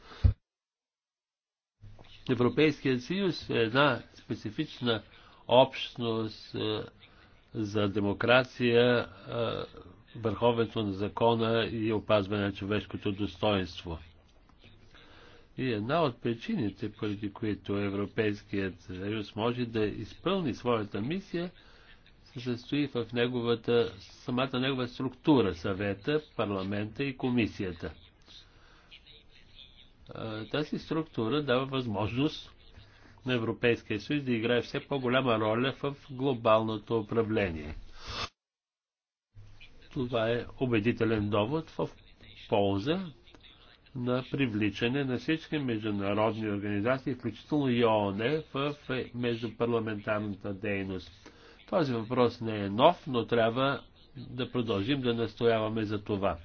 Европейският съюз е една специфична общност е, за демокрация, е, върховенство на закона и опазване на човешкото достоинство. И една от причините, поради които Европейският съюз може да изпълни своята мисия – състои в неговата, самата негова структура, съвета, парламента и комисията. Тази структура дава възможност на Европейския съюз да играе все по-голяма роля в глобалното управление. Това е убедителен довод в полза на привличане на всички международни организации, включително и ООН, в междупарламентарната дейност. Този въпрос не е нов, но трябва да продължим да настояваме за това.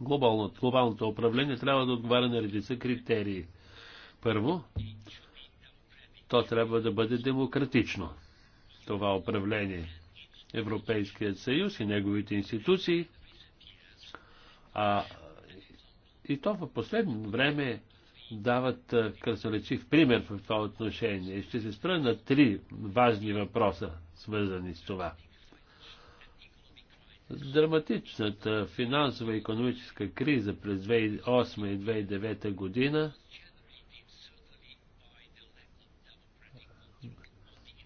Глобалното, глобалното управление трябва да отговаря на редица критерии. Първо, то трябва да бъде демократично. Това управление. Европейският съюз и неговите институции. А, и то в последно време дават красноречив пример в това отношение. Ще се спра на три важни въпроса свързани с това. Драматичната финансова и економическа криза през 2008 и 2009 година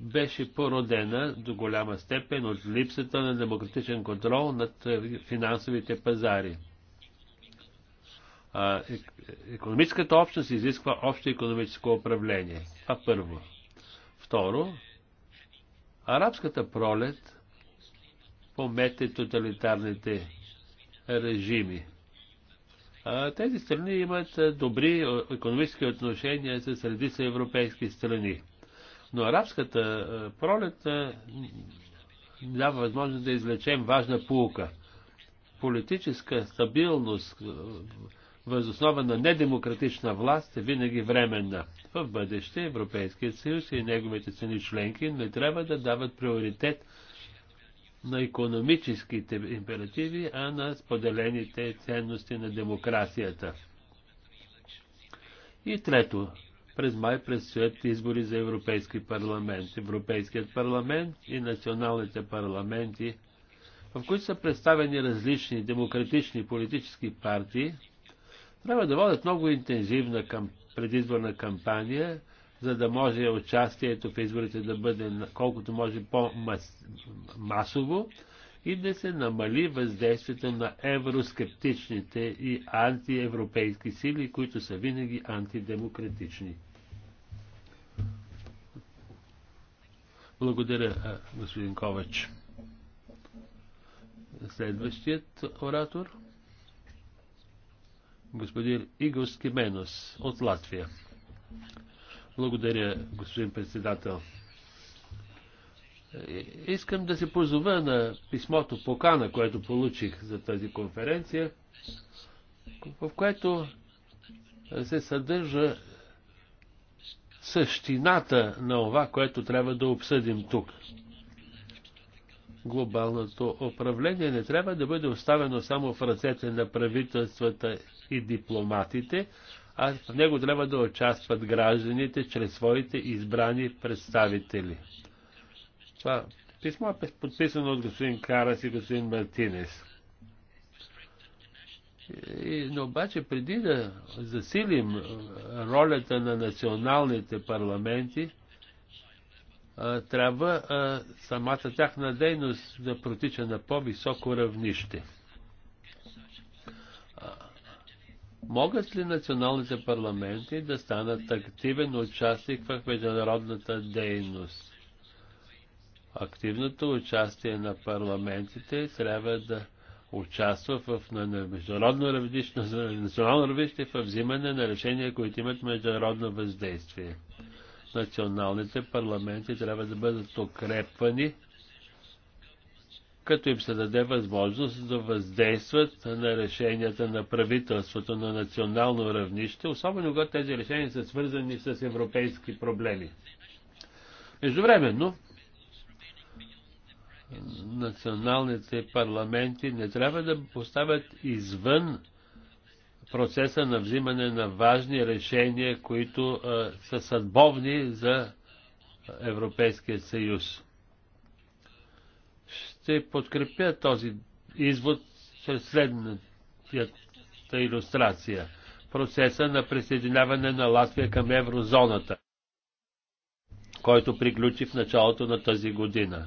беше породена до голяма степен от липсата на демократичен контрол над финансовите пазари. Економическата общност изисква общо економическо управление. Това първо. Второ, Арабската пролет помете тоталитарните режими. А тези страни имат добри економически отношения с редица европейски страни. Но арабската пролет дава възможност да излечем важна полука. Политическа стабилност, възоснова на недемократична власт е винаги временна. В бъдеще Европейският съюз и неговите цени членки не трябва да дават приоритет на економическите императиви, а на споделените ценности на демокрацията. И трето, през май предстоят избори за Европейски парламент. Европейският парламент и националните парламенти, в които са представени различни демократични политически партии, трябва да водят много интензивна кам... предизборна кампания, за да може участието в изборите да бъде колкото може по-масово и да се намали въздействието на евроскептичните и антиевропейски сили, които са винаги антидемократични. Благодаря, господин Ковач. Следващият оратор господин Игос Кименос от Латвия. Благодаря, господин председател. Е, искам да се позова на писмото покана, което получих за тази конференция, в което се съдържа същината на това, което трябва да обсъдим тук. Глобалното управление не трябва да бъде оставено само в ръцете на правителствата и дипломатите, а в него трябва да участват гражданите чрез своите избрани представители. Това писмо е подписано от господин Карас и господин Мартинес. И, но обаче преди да засилим ролята на националните парламенти, а, трябва а, самата тяхна дейност да протича на по-високо равнище. Могат ли националните парламенти да станат активен участник в международната дейност? Активното участие на парламентите трябва да участва в, на, международно равнище, национално равнище в взимане на решения, които имат международно въздействие. Националните парламенти трябва да бъдат укрепвани като им се даде възможност да въздействат на решенията на правителството на национално равнище, особено когато тези решения са свързани с европейски проблеми. Междувременно, националните парламенти не трябва да поставят извън процеса на взимане на важни решения, които а, са съдбовни за Европейския съюз ще подкрепя този извод чрез следната иллюстрация. Процеса на присъединяване на Латвия към еврозоната, който приключи в началото на тази година.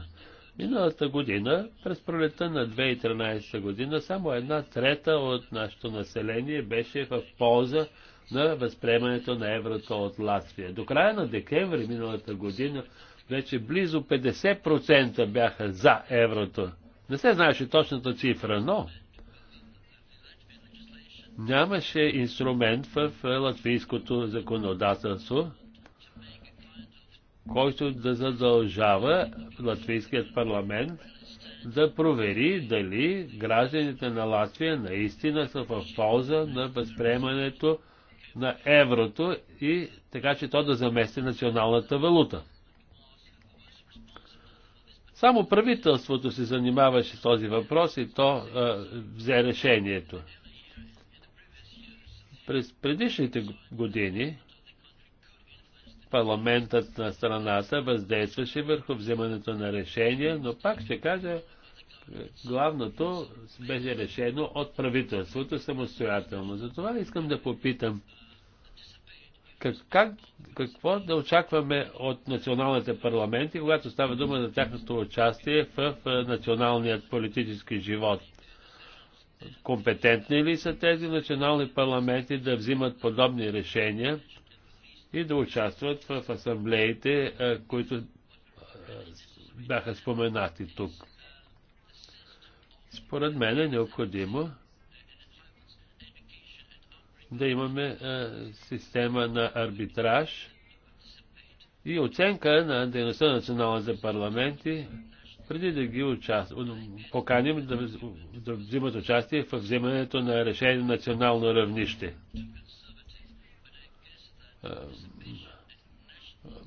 Миналата година, през пролета на 2013 година, само една трета от нашето население беше в полза на възприемането на еврото от Латвия. До края на декември миналата година вече близо 50% бяха за еврото. Не се знаеше точната цифра, но нямаше инструмент в латвийското законодателство, който да задължава латвийският парламент да провери дали гражданите на Латвия наистина са в полза на възприемането на еврото и така, че то да замести националната валута. Само правителството се занимаваше с този въпрос и то а, взе решението. През предишните години парламентът на страната въздействаше върху вземането на решения, но пак ще кажа, главното беше решено от правителството самостоятелно. Затова искам да попитам как, как, какво да очакваме от националните парламенти, когато става дума за тяхното участие в, в националният политически живот? Компетентни ли са тези национални парламенти да взимат подобни решения и да участват в асамблеите, които бяха споменати тук? Според мен е необходимо да имаме система на арбитраж и оценка на дейността на националните парламенти, преди да ги участ... поканим да, да взимат участие в взимането на решение на национално равнище.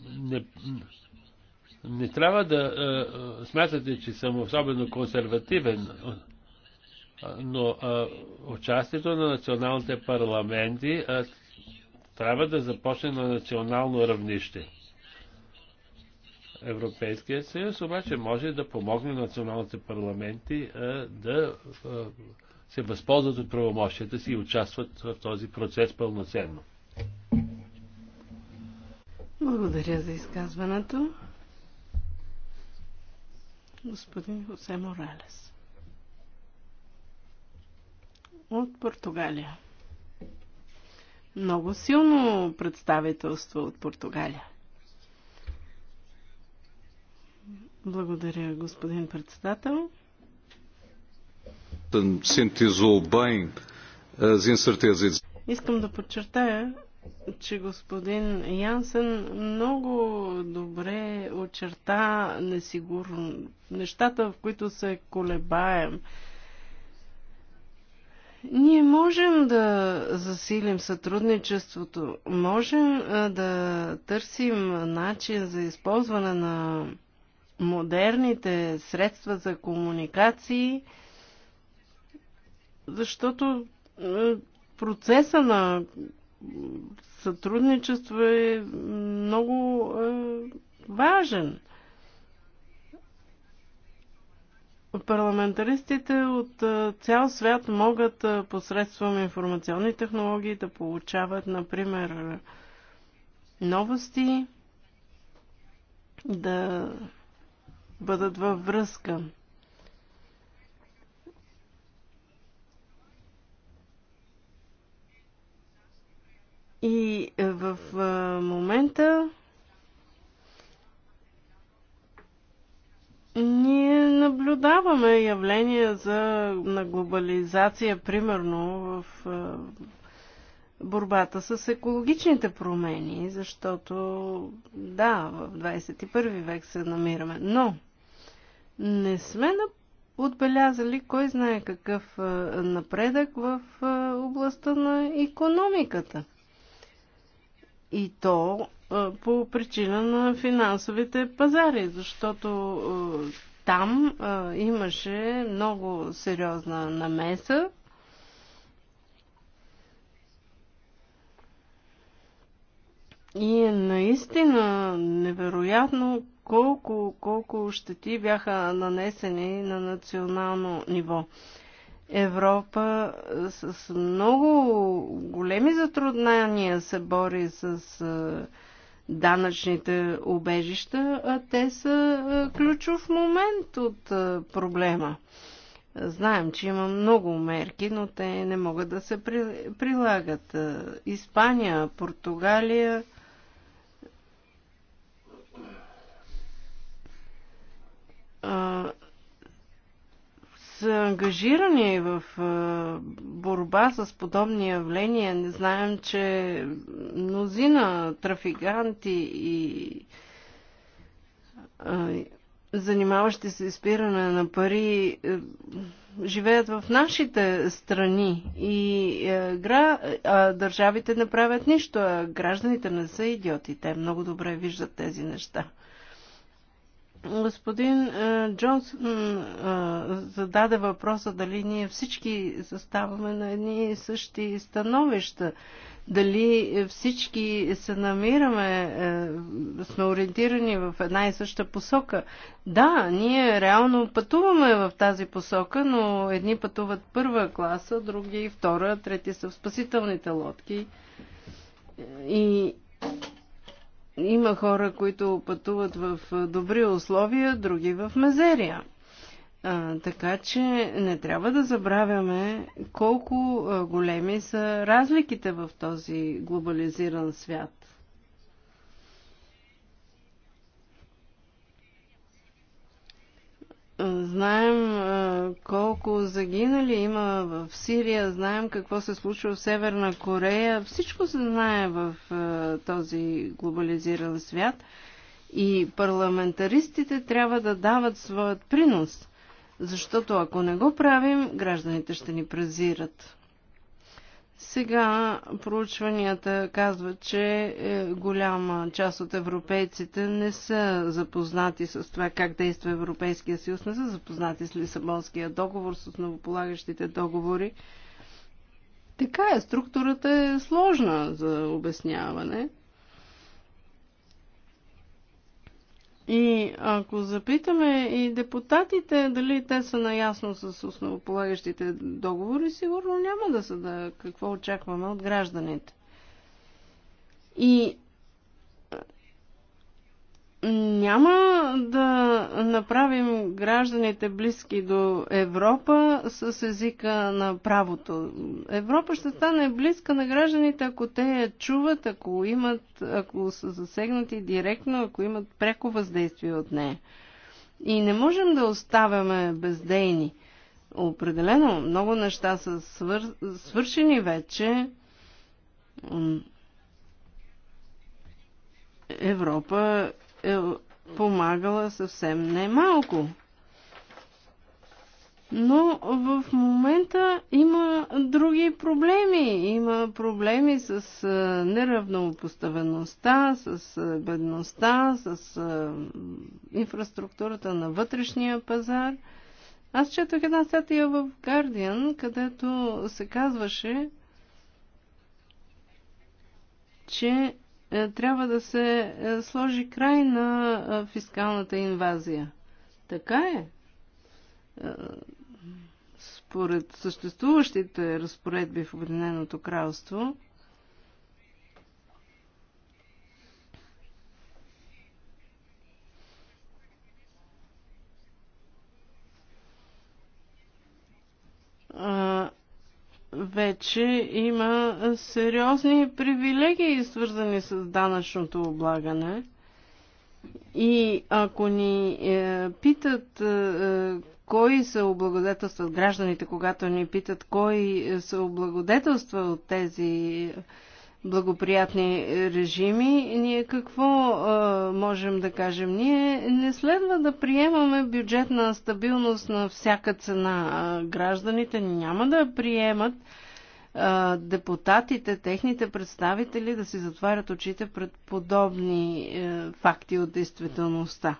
Не, не трябва да смятате, че съм особено консервативен но а, участието на националните парламенти а, трябва да започне на национално равнище. Европейският съюз обаче може да помогне националните парламенти а, да а, се възползват от правомощията си и участват в този процес пълноценно. Благодаря за изказването. Господин Хосе Моралес от Португалия. Много силно представителство от Португалия. Благодаря, господин председател. Искам да подчертая, че господин Янсен много добре очерта несигурно нещата, в които се колебаем ние можем да засилим сътрудничеството, можем да търсим начин за използване на модерните средства за комуникации, защото процеса на сътрудничество е много важен. парламентаристите от цял свят могат посредством информационни технологии да получават, например, новости, да бъдат във връзка. И е, в момента Ние наблюдаваме явления за, на глобализация, примерно в борбата с екологичните промени, защото да, в 21 век се намираме, но не сме отбелязали кой знае какъв напредък в областта на економиката. И то по причина на финансовите пазари, защото там имаше много сериозна намеса. И е наистина невероятно колко, колко щети бяха нанесени на национално ниво. Европа с много големи затруднения се бори с данъчните обежища, а те са ключов момент от проблема. Знаем, че има много мерки, но те не могат да се прилагат. Испания, Португалия са ангажирани в борба с подобни явления. Не знаем, че мнозина трафиканти и занимаващи се изпиране на пари е, живеят в нашите страни и е, гра... а държавите не правят нищо, а гражданите не са идиоти. Те много добре виждат тези неща. Господин е, Джонсън е, зададе въпроса дали ние всички заставаме на едни и същи становища, дали всички се намираме, е, сме ориентирани в една и съща посока. Да, ние реално пътуваме в тази посока, но едни пътуват първа класа, други втора, трети са в спасителните лодки. И има хора, които пътуват в добри условия, други в мезерия. А, така че не трябва да забравяме колко а, големи са разликите в този глобализиран свят. Знаем колко загинали има в Сирия, знаем какво се случва в Северна Корея. Всичко се знае в този глобализиран свят и парламентаристите трябва да дават своят принос, защото ако не го правим, гражданите ще ни презират. Сега проучванията казват, че е, голяма част от европейците не са запознати с това как действа Европейския съюз, не са запознати с Лисабонския договор, с новополагащите договори. Така е, структурата е сложна за обясняване – И ако запитаме и депутатите дали те са наясно с основополагащите договори, сигурно няма да са да какво очакваме от гражданите. И няма да направим гражданите близки до Европа с езика на правото. Европа ще стане близка на гражданите, ако те я чуват, ако имат, ако са засегнати директно, ако имат преко въздействие от нея. И не можем да оставяме бездейни. Определено, много неща са свър... свършени вече. Европа е помагала съвсем немалко. Но в момента има други проблеми. Има проблеми с е, неравнопоставеността, с е, бедността, с е, инфраструктурата на вътрешния пазар. Аз четох една статия в Guardian, където се казваше, че е, трябва да се е, сложи край на е, фискалната инвазия. Така е. Според съществуващите разпоредби в Обединеното кралство, а, вече има сериозни привилегии, свързани с данъчното облагане. И ако ни е, питат е, кой се облагодетелстват гражданите, когато ни питат кой се облагодетелства от тези е, благоприятни режими, ние какво а, можем да кажем? Ние не следва да приемаме бюджетна стабилност на всяка цена. Гражданите няма да приемат а, депутатите, техните представители да си затварят очите пред подобни а, е, факти от действителността.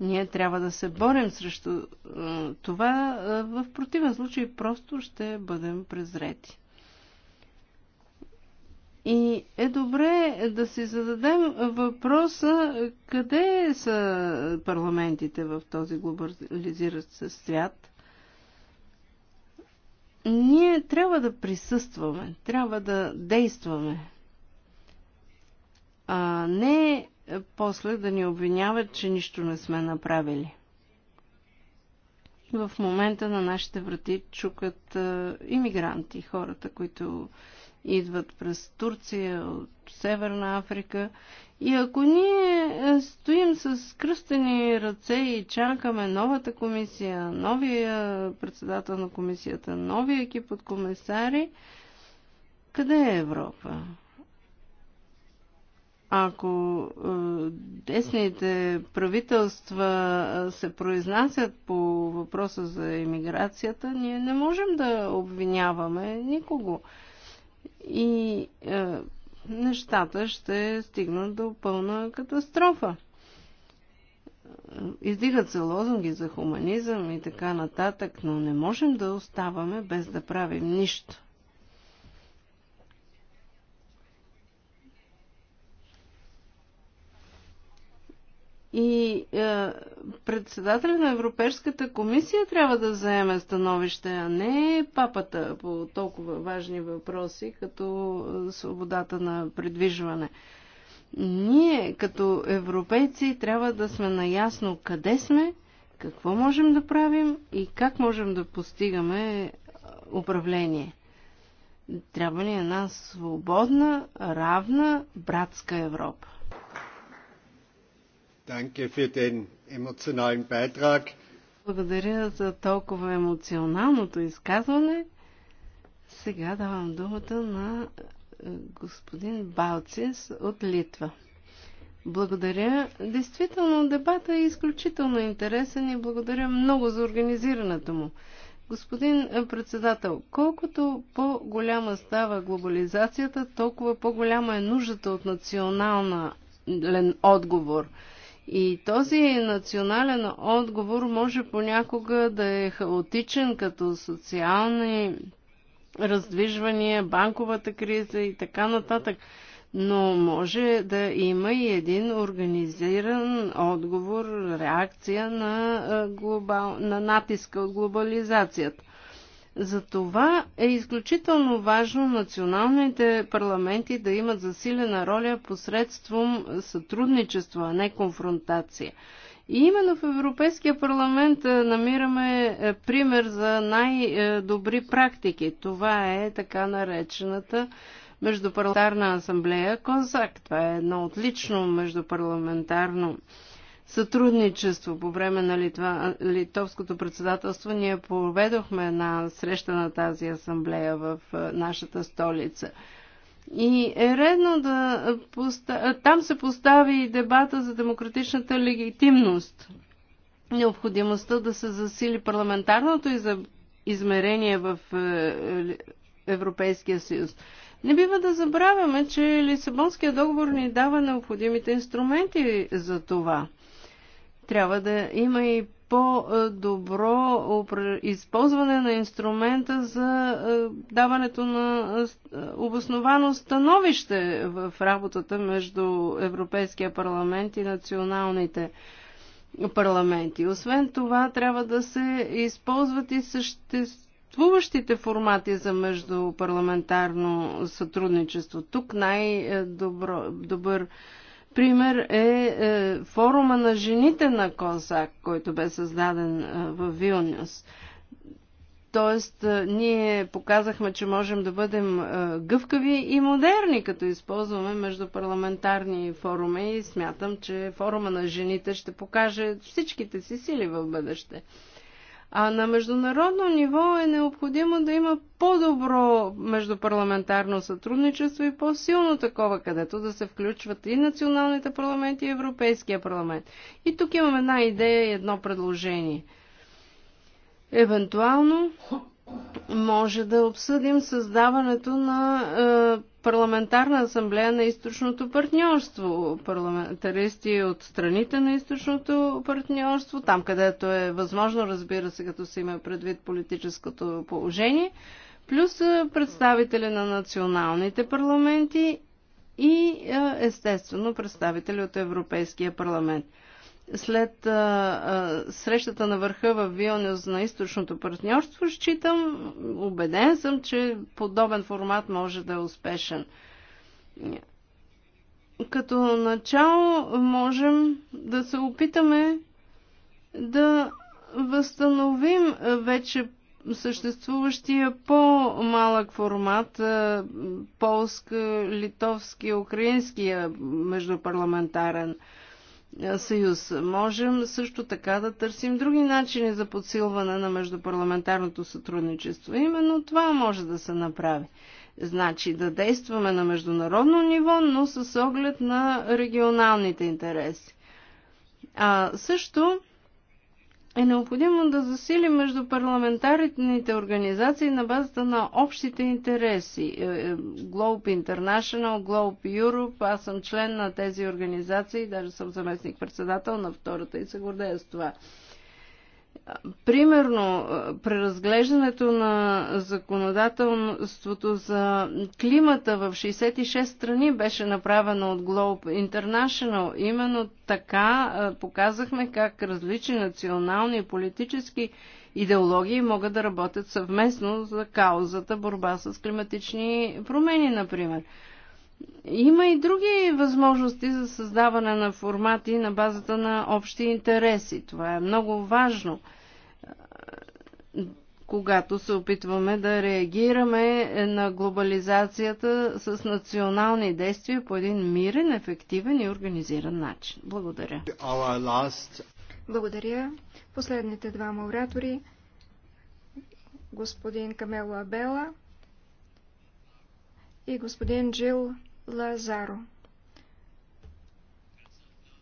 Ние трябва да се борим срещу а, е, това. А, е, в противен случай просто ще бъдем презрети. И е добре да си зададем въпроса къде са парламентите в този глобализиращ се свят. Ние трябва да присъстваме, трябва да действаме, а не после да ни обвиняват, че нищо не сме направили. В момента на нашите врати чукат иммигранти, хората, които идват през Турция, от Северна Африка. И ако ние е, стоим с кръстени ръце и чакаме новата комисия, новия председател на комисията, новия екип от комисари, къде е Европа? ако е, десните правителства е, се произнасят по въпроса за иммиграцията, ние не можем да обвиняваме никого и е, нещата ще стигнат до пълна катастрофа. Издигат се лозунги за хуманизъм и така нататък, но не можем да оставаме без да правим нищо. И е, председателя на Европейската комисия трябва да заеме становище, а не папата по толкова важни въпроси, като е, свободата на предвижване. Ние, като европейци, трябва да сме наясно къде сме, какво можем да правим и как можем да постигаме е, управление. Трябва ни една свободна, равна, братска Европа. Danke für den emotionalen Beitrag. Благодаря за толкова емоционалното изказване. Сега давам думата на е, господин Балцис от Литва. Благодаря. Действително, дебата е изключително интересен и благодаря много за организирането му. Господин е, председател, колкото по-голяма става глобализацията, толкова по-голяма е нуждата от национална отговор – и този национален отговор може понякога да е хаотичен, като социални раздвижвания, банковата криза и така нататък. Но може да има и един организиран отговор, реакция на, глобал... на натиска от глобализацията. Затова е изключително важно националните парламенти да имат засилена роля посредством сътрудничество, а не конфронтация. И именно в Европейския парламент е, намираме е, пример за най-добри практики. Това е така наречената Междупарламентарна асамблея Козак. Това е едно отлично междупарламентарно сътрудничество. По време на Литва, литовското председателство ние проведохме на среща на тази асамблея в нашата столица. И е редно да поста... там се постави и дебата за демократичната легитимност. Необходимостта да се засили парламентарното измерение в е, Европейския съюз. Не бива да забравяме, че Лисабонския договор ни дава необходимите инструменти за това. Трябва да има и по-добро използване на инструмента за е, даването на е, обосновано становище в работата между Европейския парламент и националните парламенти. Освен това, трябва да се използват и съществуващите формати за междупарламентарно сътрудничество. Тук най-добър Пример е, е форума на жените на Козак, който бе създаден е, в Вилнюс. Тоест, е, ние показахме, че можем да бъдем гъвкави и модерни, като използваме междупарламентарни форуми и смятам, че форума на жените ще покаже всичките си сили в бъдеще. А на международно ниво е необходимо да има по-добро междупарламентарно сътрудничество и по-силно такова, където да се включват и националните парламенти, и Европейския парламент. И тук имам една идея и едно предложение. Евентуално може да обсъдим създаването на е, парламентарна асамблея на източното партньорство. Парламентаристи от страните на източното партньорство, там където е възможно, разбира се, като се има предвид политическото положение, плюс е, представители на националните парламенти и е, естествено представители от Европейския парламент след а, а, срещата на върха в Вилнюс на източното партньорство, считам, убеден съм, че подобен формат може да е успешен. Като начало можем да се опитаме да възстановим вече съществуващия по-малък формат полско-литовски-украинския междупарламентарен парламентарен е, съюз. Можем също така да търсим други начини за подсилване на междупарламентарното сътрудничество. Именно това може да се направи. Значи да действаме на международно ниво, но с оглед на регионалните интереси. А също е необходимо да засили между парламентарните организации на базата на общите интереси. Е, е, Globe International, Globe Europe, аз съм член на тези организации, даже съм заместник-председател на втората и се гордея с това. Примерно, преразглеждането на законодателството за климата в 66 страни беше направено от Globe International. Именно така показахме как различни национални и политически идеологии могат да работят съвместно за каузата борба с климатични промени, например. Има и други възможности за създаване на формати на базата на общи интереси. Това е много важно, когато се опитваме да реагираме на глобализацията с национални действия по един мирен, ефективен и организиран начин. Благодаря. Last... Благодаря. Последните двама оратори. Господин Камело Абела и господин Джил Лазаро.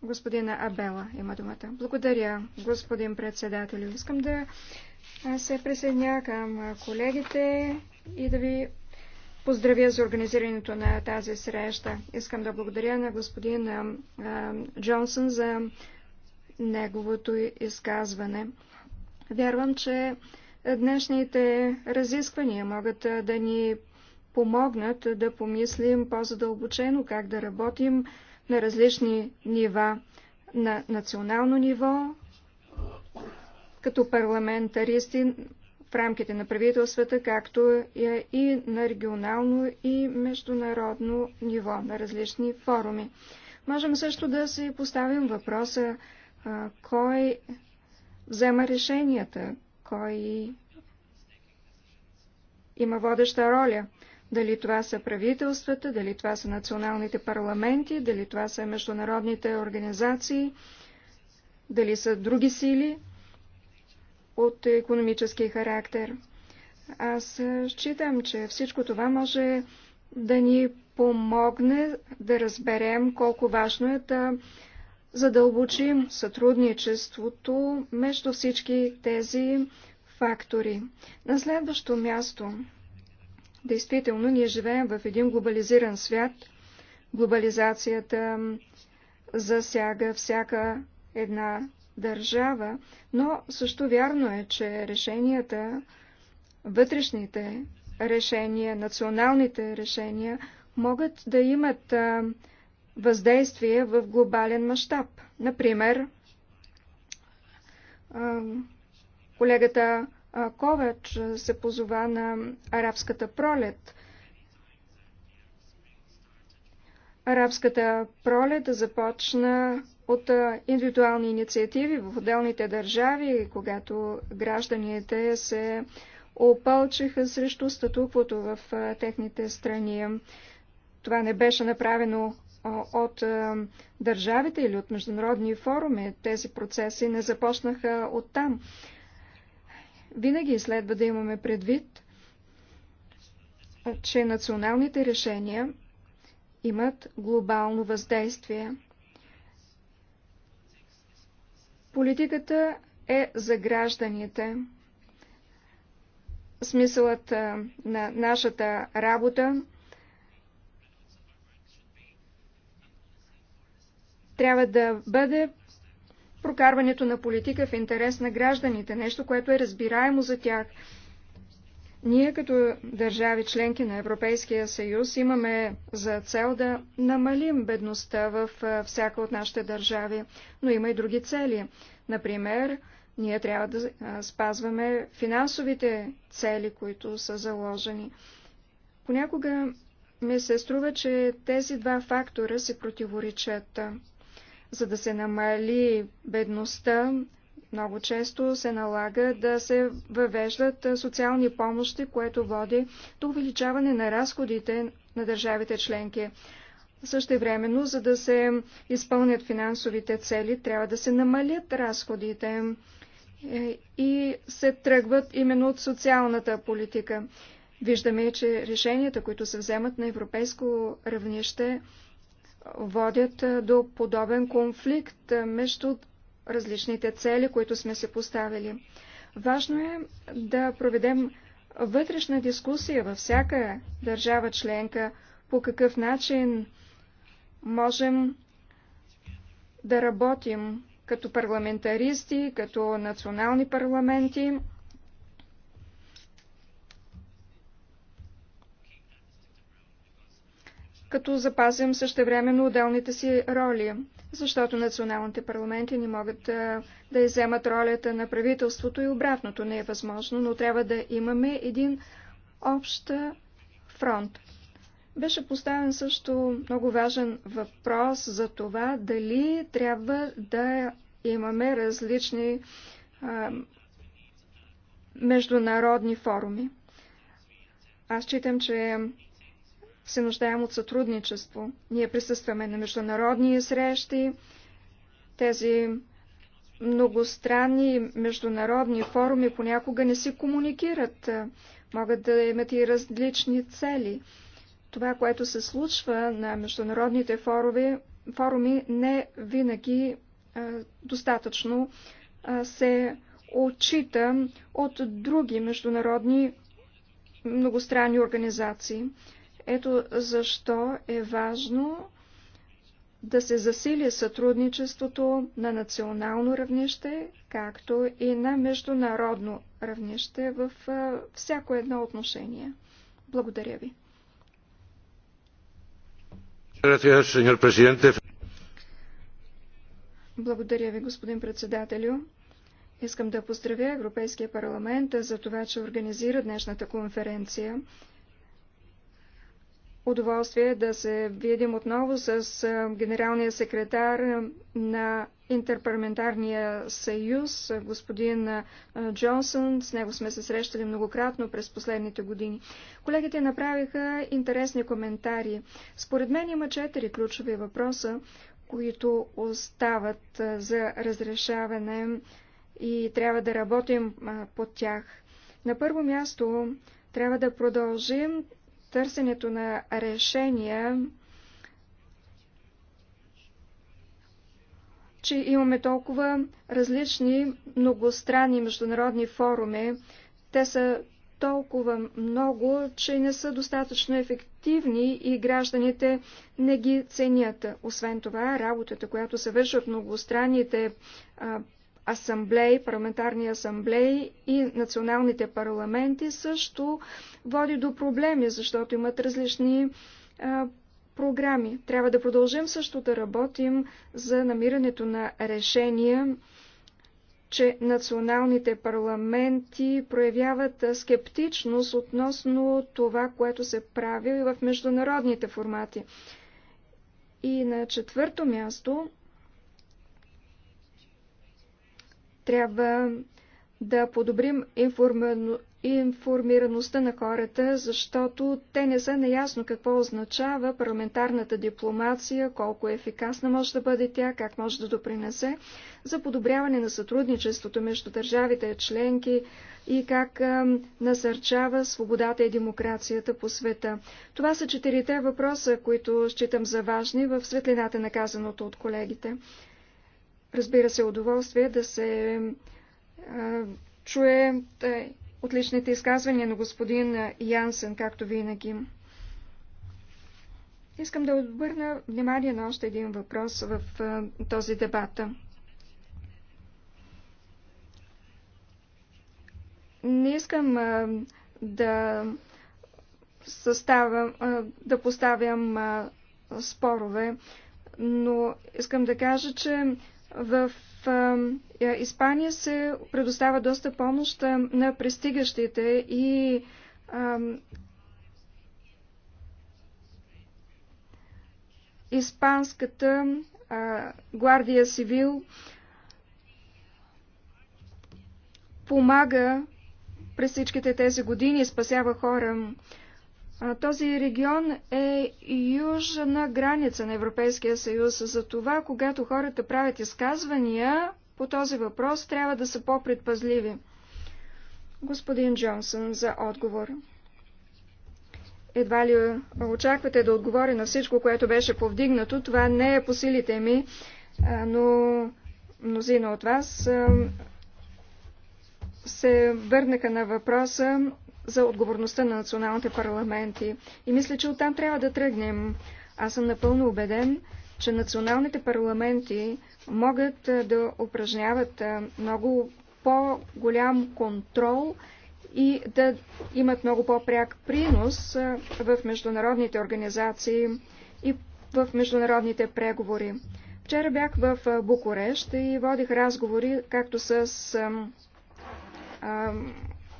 Господина Абела има думата. Благодаря, господин председател. Искам да се присъединя към колегите и да ви поздравя за организирането на тази среща. Искам да благодаря на господин Джонсън за неговото изказване. Вярвам, че днешните разисквания могат да ни помогнат да помислим по-задълбочено как да работим на различни нива, на национално ниво, като парламентаристи в рамките на правителствата, както е и на регионално и международно ниво, на различни форуми. Можем също да си поставим въпроса а, кой взема решенията, кой има водеща роля. Дали това са правителствата, дали това са националните парламенти, дали това са международните организации, дали са други сили от економически характер. Аз считам, че всичко това може да ни помогне да разберем колко важно е да задълбочим сътрудничеството между всички тези фактори. На следващо място Действително, ние живеем в един глобализиран свят. Глобализацията засяга всяка една държава, но също вярно е, че решенията, вътрешните решения, националните решения могат да имат въздействие в глобален мащаб. Например, колегата Ковач се позова на арабската пролет. Арабската пролет започна от индивидуални инициативи в отделните държави, когато гражданите се опълчиха срещу статуквото в техните страни. Това не беше направено от държавите или от международни форуми. Тези процеси не започнаха оттам. там. Винаги следва да имаме предвид, че националните решения имат глобално въздействие. Политиката е за гражданите. Смисълът на нашата работа трябва да бъде прокарването на политика в интерес на гражданите, нещо, което е разбираемо за тях. Ние като държави членки на Европейския съюз имаме за цел да намалим бедността в всяка от нашите държави, но има и други цели. Например, ние трябва да спазваме финансовите цели, които са заложени. Понякога ми се струва, че тези два фактора се противоречат. За да се намали бедността, много често се налага да се въвеждат социални помощи, което води до увеличаване на разходите на държавите членки. времено, за да се изпълнят финансовите цели, трябва да се намалят разходите е, и се тръгват именно от социалната политика. Виждаме, че решенията, които се вземат на европейско равнище, водят до подобен конфликт между различните цели, които сме се поставили. Важно е да проведем вътрешна дискусия във всяка държава членка, по какъв начин можем да работим като парламентаристи, като национални парламенти, като запазим същевременно отделните си роли, защото националните парламенти не могат да, да иземат ролята на правителството и обратното не е възможно, но трябва да имаме един общ фронт. Беше поставен също много важен въпрос за това дали трябва да имаме различни а, международни форуми. Аз считам, че се нуждаем от сътрудничество. Ние присъстваме на международни срещи, тези многостранни международни форуми понякога не си комуникират, могат да имат и различни цели. Това, което се случва на международните форуми, форуми не винаги а, достатъчно а, се отчита от други международни многостранни организации. Ето защо е важно да се засили сътрудничеството на национално равнище, както и на международно равнище в всяко едно отношение. Благодаря ви. Благодаря ви, господин председателю. Искам да поздравя Европейския парламент за това, че организира днешната конференция удоволствие да се видим отново с генералния секретар на Интерпарламентарния съюз, господин Джонсън. С него сме се срещали многократно през последните години. Колегите направиха интересни коментари. Според мен има четири ключови въпроса, които остават за разрешаване и трябва да работим по тях. На първо място трябва да продължим търсенето на решения, че имаме толкова различни многостранни международни форуми. Те са толкова много, че не са достатъчно ефективни и гражданите не ги ценят. Освен това, работата, която се върши от многостранните асамблеи, парламентарни асамблеи и националните парламенти също води до проблеми, защото имат различни а, програми. Трябва да продължим също да работим за намирането на решения, че националните парламенти проявяват скептичност относно това, което се прави в международните формати. И на четвърто място Трябва да подобрим информирано, информираността на хората, защото те не са наясно какво означава парламентарната дипломация, колко е ефикасна може да бъде тя, как може да допринесе за подобряване на сътрудничеството между държавите и членки и как насърчава свободата и демокрацията по света. Това са четирите въпроса, които считам за важни в светлината на казаното от колегите. Разбира се, удоволствие да се а, чуе е, отличните изказвания на господин Янсен, както винаги. Искам да обърна внимание на още един въпрос в а, този дебат. Не искам а, да съставам, а, да поставям а, спорове, но искам да кажа, че в е, Испания се предоставя доста помощ на пристигащите и Испанската гвардия Сивил помага през всичките тези години, спасява хора. Този регион е южна граница на Европейския съюз. Затова, когато хората правят изказвания по този въпрос, трябва да са по-предпазливи. Господин Джонсън за отговор. Едва ли очаквате да отговоря на всичко, което беше повдигнато. Това не е по силите ми, но мнозина от вас се върнаха на въпроса за отговорността на националните парламенти. И мисля, че оттам трябва да тръгнем. Аз съм напълно убеден, че националните парламенти могат да упражняват много по-голям контрол и да имат много по-пряк принос в международните организации и в международните преговори. Вчера бях в Букурещ и водих разговори както с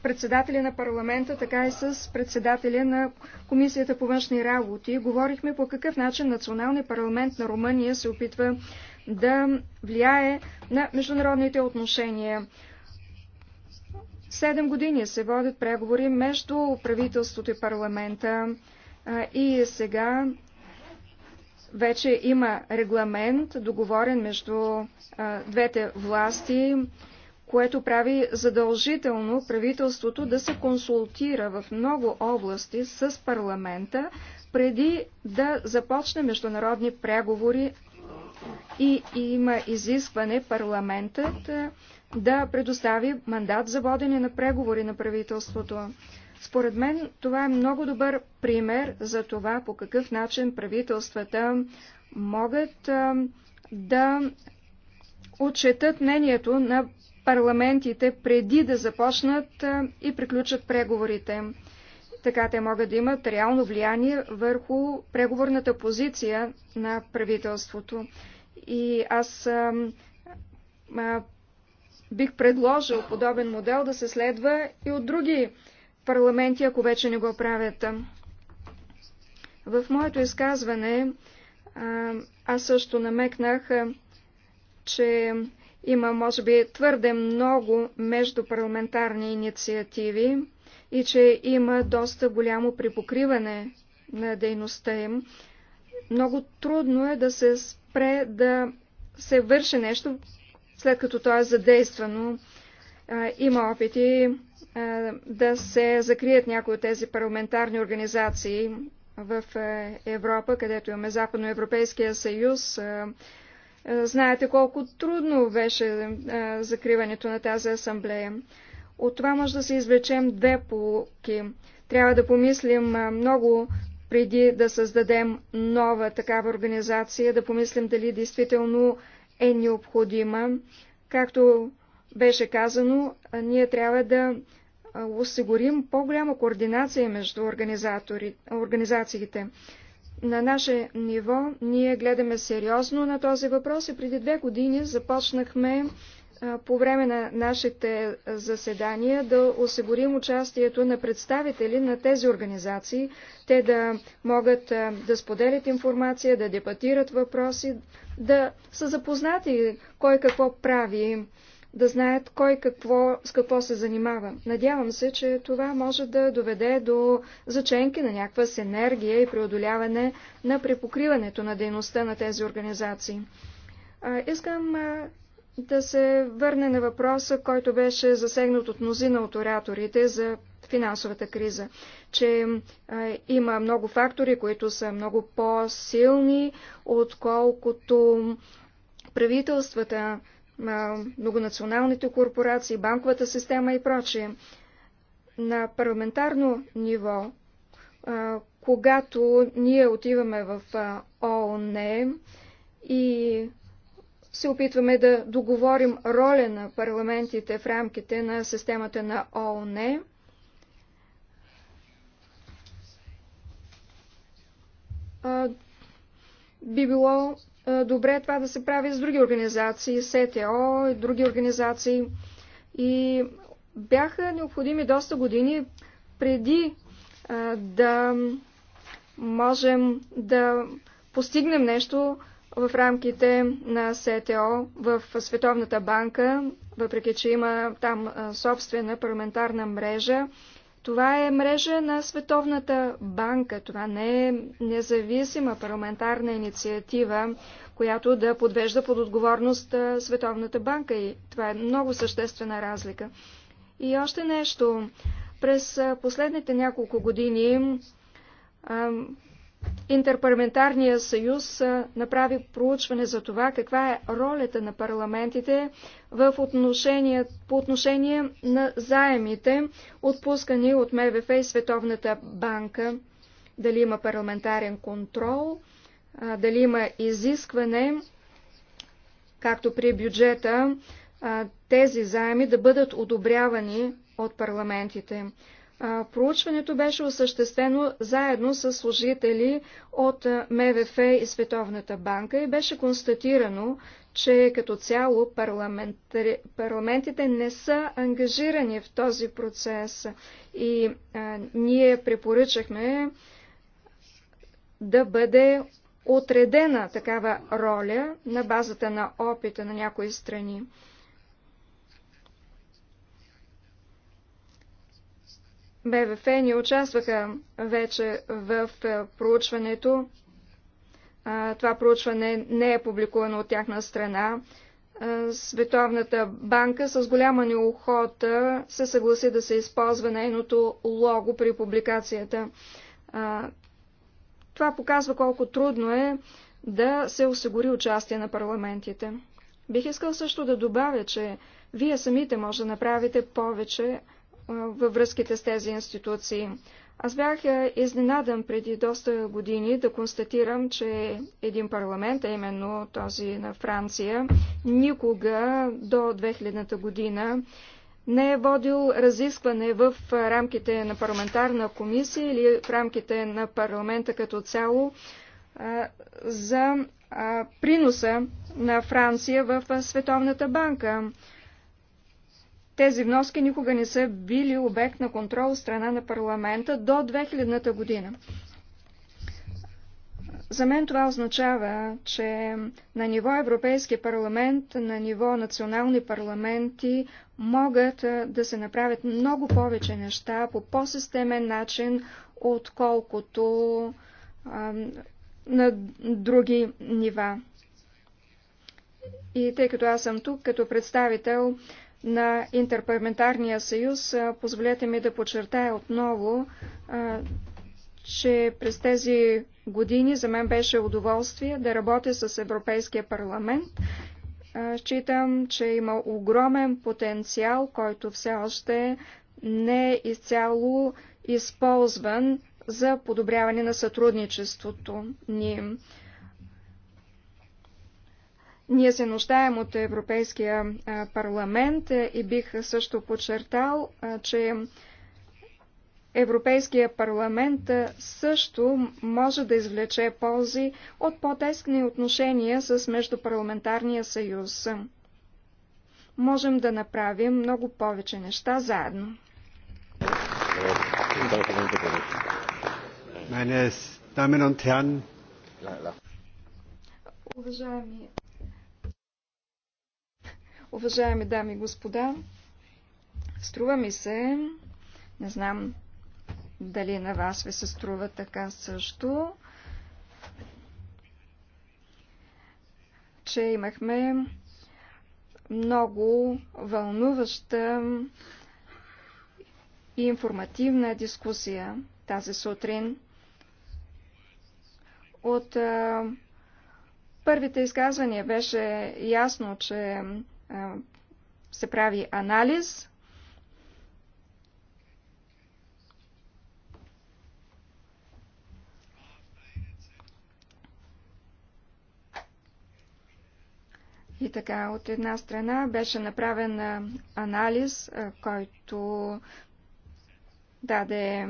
председателя на парламента, така и с председателя на Комисията по външни работи. Говорихме по какъв начин националният парламент на Румъния се опитва да влияе на международните отношения. Седем години се водят преговори между правителството и парламента и сега вече има регламент, договорен между двете власти което прави задължително правителството да се консултира в много области с парламента, преди да започне международни преговори и има изискване парламентът е, да предостави мандат за водене на преговори на правителството. Според мен това е много добър пример за това по какъв начин правителствата могат е, да отчетат мнението на парламентите преди да започнат и приключат преговорите. Така те могат да имат реално влияние върху преговорната позиция на правителството. И аз а, а, бих предложил подобен модел да се следва и от други парламенти, ако вече не го правят. В моето изказване аз също намекнах, че има, може би, твърде много междупарламентарни инициативи и че има доста голямо припокриване на дейността им. Много трудно е да се спре да се върши нещо, след като то е задействано. Има опити да се закрият някои от тези парламентарни организации в Европа, където имаме Западноевропейския съюз, е, знаете колко трудно беше е, закриването на тази асамблея. От това може да се извлечем две полуки. Трябва да помислим е, много преди да създадем нова такава организация, да помислим дали действително е необходима. Както беше казано, ние трябва да осигурим по-голяма координация между организациите. На наше ниво ние гледаме сериозно на този въпрос и преди две години започнахме по време на нашите заседания да осигурим участието на представители на тези организации, те да могат да споделят информация, да дебатират въпроси, да са запознати кой какво прави да знаят кой какво, с какво се занимава. Надявам се, че това може да доведе до заченки на някаква синергия и преодоляване на препокриването на дейността на тези организации. А, искам а, да се върне на въпроса, който беше засегнат от мнозина от ораторите за финансовата криза, че а, има много фактори, които са много по-силни, отколкото правителствата многонационалните корпорации, банковата система и прочие. На парламентарно ниво, когато ние отиваме в ООН и се опитваме да договорим роля на парламентите в рамките на системата на ООН, би било е, добре е това да се прави с други организации, СТО и други организации. И бяха необходими доста години преди а, е, да можем да постигнем нещо в рамките на СТО в Световната банка, въпреки че има там собствена парламентарна мрежа това е мрежа на Световната банка. Това не е независима парламентарна инициатива, която да подвежда под отговорност Световната банка. И това е много съществена разлика. И още нещо. През последните няколко години Интерпарламентарния съюз направи проучване за това каква е ролята на парламентите в отношение, по отношение на заемите, отпускани от МВФ и Световната банка. Дали има парламентарен контрол, дали има изискване, както при бюджета, тези заеми да бъдат одобрявани от парламентите. Проучването беше осъществено заедно с служители от МВФ и Световната банка и беше констатирано, че като цяло парламент, парламентите не са ангажирани в този процес. И а, ние препоръчахме да бъде отредена такава роля на базата на опита на някои страни. БВФ ни участваха вече в проучването. Това проучване не е публикувано от тяхна страна. Световната банка с голяма неохота се съгласи да се използва нейното лого при публикацията. Това показва колко трудно е да се осигури участие на парламентите. Бих искал също да добавя, че вие самите може да направите повече във връзките с тези институции. Аз бях изненадан преди доста години да констатирам, че един парламент, а именно този на Франция, никога до 2000-та година не е водил разискване в рамките на парламентарна комисия или в рамките на парламента като цяло за приноса на Франция в Световната банка. Тези вноски никога не са били обект на контрол от страна на парламента до 2000-та година. За мен това означава, че на ниво Европейски парламент, на ниво национални парламенти могат да се направят много повече неща по по-системен начин, отколкото а, на други нива. И тъй като аз съм тук като представител на Интерпарламентарния съюз, позволете ми да подчертая отново, че през тези години за мен беше удоволствие да работя с Европейския парламент. Считам, че има огромен потенциал, който все още не е изцяло използван за подобряване на сътрудничеството ни. Ние се нуждаем от Европейския парламент е, и бих също подчертал, че Европейския парламент също може да извлече ползи от по-тескни отношения с Междупарламентарния съюз. Можем да направим много повече неща заедно. Уважаеми Уважаеми дами и господа, струва ми се, не знам дали на вас ви се струва така също, че имахме много вълнуваща и информативна дискусия тази сутрин. От първите изказвания беше ясно, че се прави анализ. И така, от една страна беше направен анализ, който даде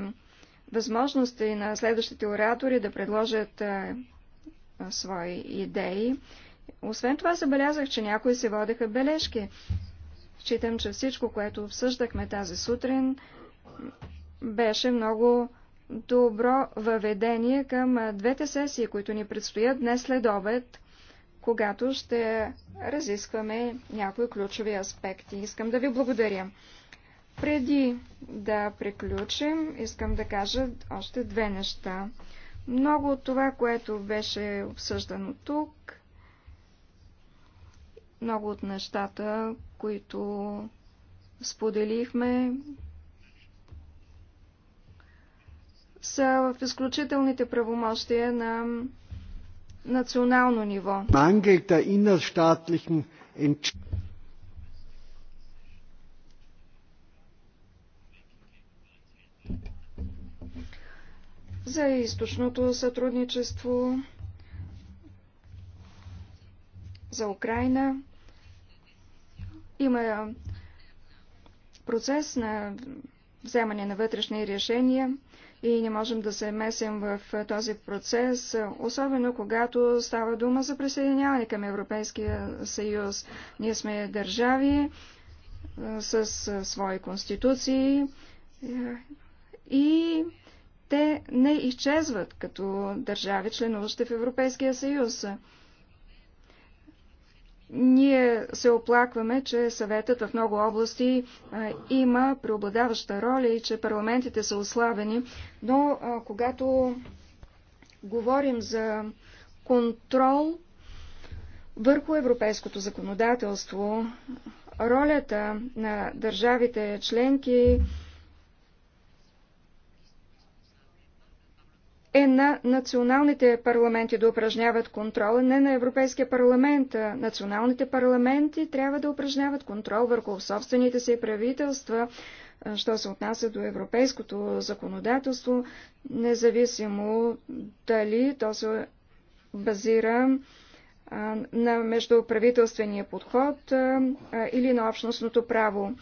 възможности на следващите оратори да предложат свои идеи. Освен това забелязах, че някои се водеха бележки. Считам, че всичко, което обсъждахме тази сутрин, беше много добро въведение към двете сесии, които ни предстоят днес след обед, когато ще разискваме някои ключови аспекти. Искам да ви благодаря. Преди да приключим, искам да кажа още две неща. Много от това, което беше обсъждано тук, много от нещата, които споделихме, са в изключителните правомощия на национално ниво. За източното сътрудничество, за Украина, има процес на вземане на вътрешни решения и не можем да се месим в този процес, особено когато става дума за присъединяване към Европейския съюз. Ние сме държави с свои конституции и те не изчезват като държави, членуващи в Европейския съюз. Ние се оплакваме, че съветът в много области а, има преобладаваща роля и че парламентите са ослабени, но а, когато говорим за контрол върху европейското законодателство, ролята на държавите членки е на националните парламенти да упражняват контрола, не на Европейския парламент. Националните парламенти трябва да упражняват контрол върху собствените си правителства, що се отнася до европейското законодателство, независимо дали то се базира на междуправителствения подход или на общностното право.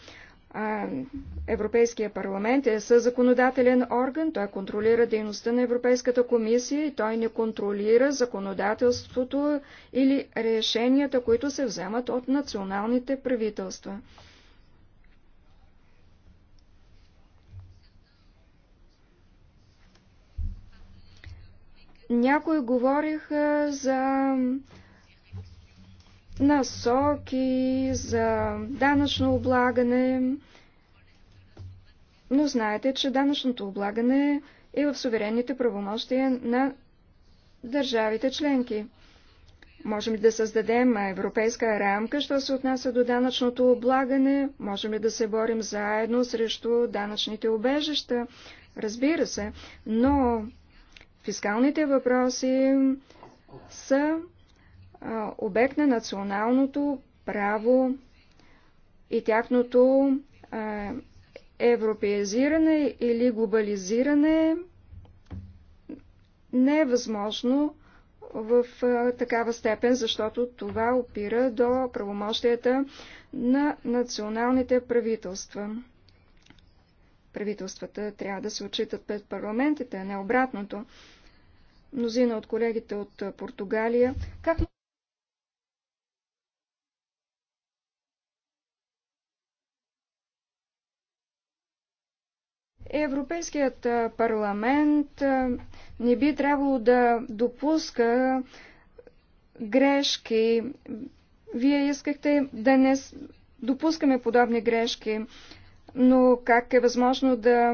Европейския парламент е съзаконодателен орган, той контролира дейността на Европейската комисия и той не контролира законодателството или решенията, които се вземат от националните правителства. Някои говориха за насоки за данъчно облагане, но знаете, че данъчното облагане е в суверенните правомощия на държавите членки. Можем ли да създадем европейска рамка, що се отнася до данъчното облагане? Можем ли да се борим заедно срещу данъчните обежища? Разбира се, но фискалните въпроси са обект на националното право и тяхното европеизиране или глобализиране не е възможно в такава степен, защото това опира до правомощията на националните правителства. Правителствата трябва да се отчитат пред парламентите, а не обратното. Мнозина от колегите от Португалия. Как Европейският парламент не би трябвало да допуска грешки. Вие искахте да не допускаме подобни грешки, но как е възможно да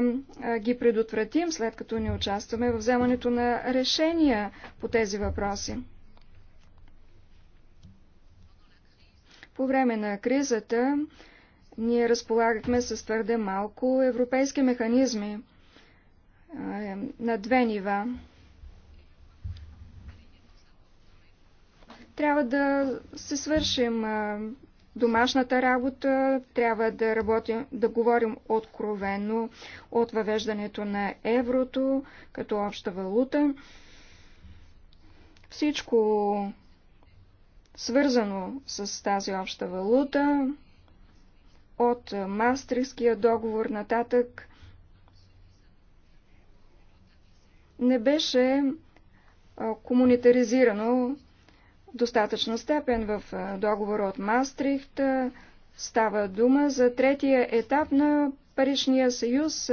ги предотвратим, след като не участваме в вземането на решения по тези въпроси? По време на кризата ние разполагахме с твърде малко европейски механизми на две нива. Трябва да се свършим домашната работа, трябва да, работим, да говорим откровенно от въвеждането на еврото като обща валута. Всичко свързано с тази обща валута от Мастрихския договор нататък не беше комунитаризирано достатъчна степен в договора от Мастрихт. Става дума за третия етап на Паричния съюз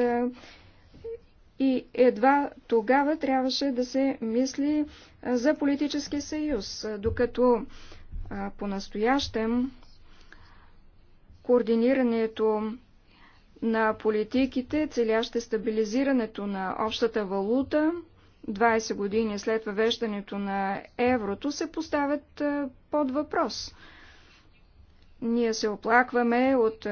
и едва тогава трябваше да се мисли за политически съюз, докато по-настоящем координирането на политиките, целящи стабилизирането на общата валута, 20 години след въвеждането на еврото, се поставят под въпрос. Ние се оплакваме от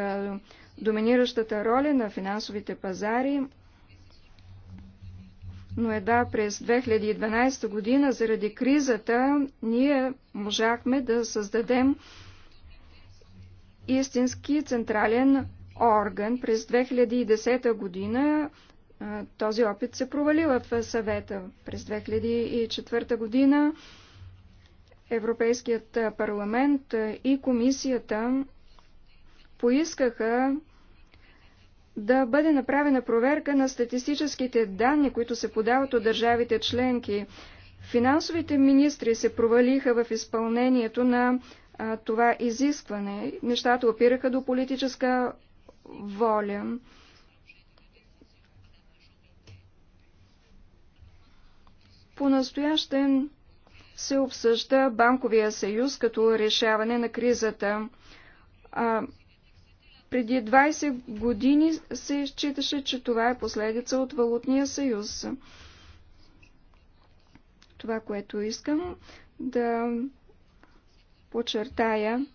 доминиращата роля на финансовите пазари, но едва през 2012 година, заради кризата, ние можахме да създадем истински централен орган. През 2010 година този опит се провали в съвета. През 2004 година Европейският парламент и комисията поискаха да бъде направена проверка на статистическите данни, които се подават от държавите членки. Финансовите министри се провалиха в изпълнението на а, това изискване. Нещата опираха до политическа воля. По-настоящен се обсъжда Банковия съюз като решаване на кризата. А, преди 20 години се считаше, че това е последица от Валутния съюз. Това, което искам да подчертая,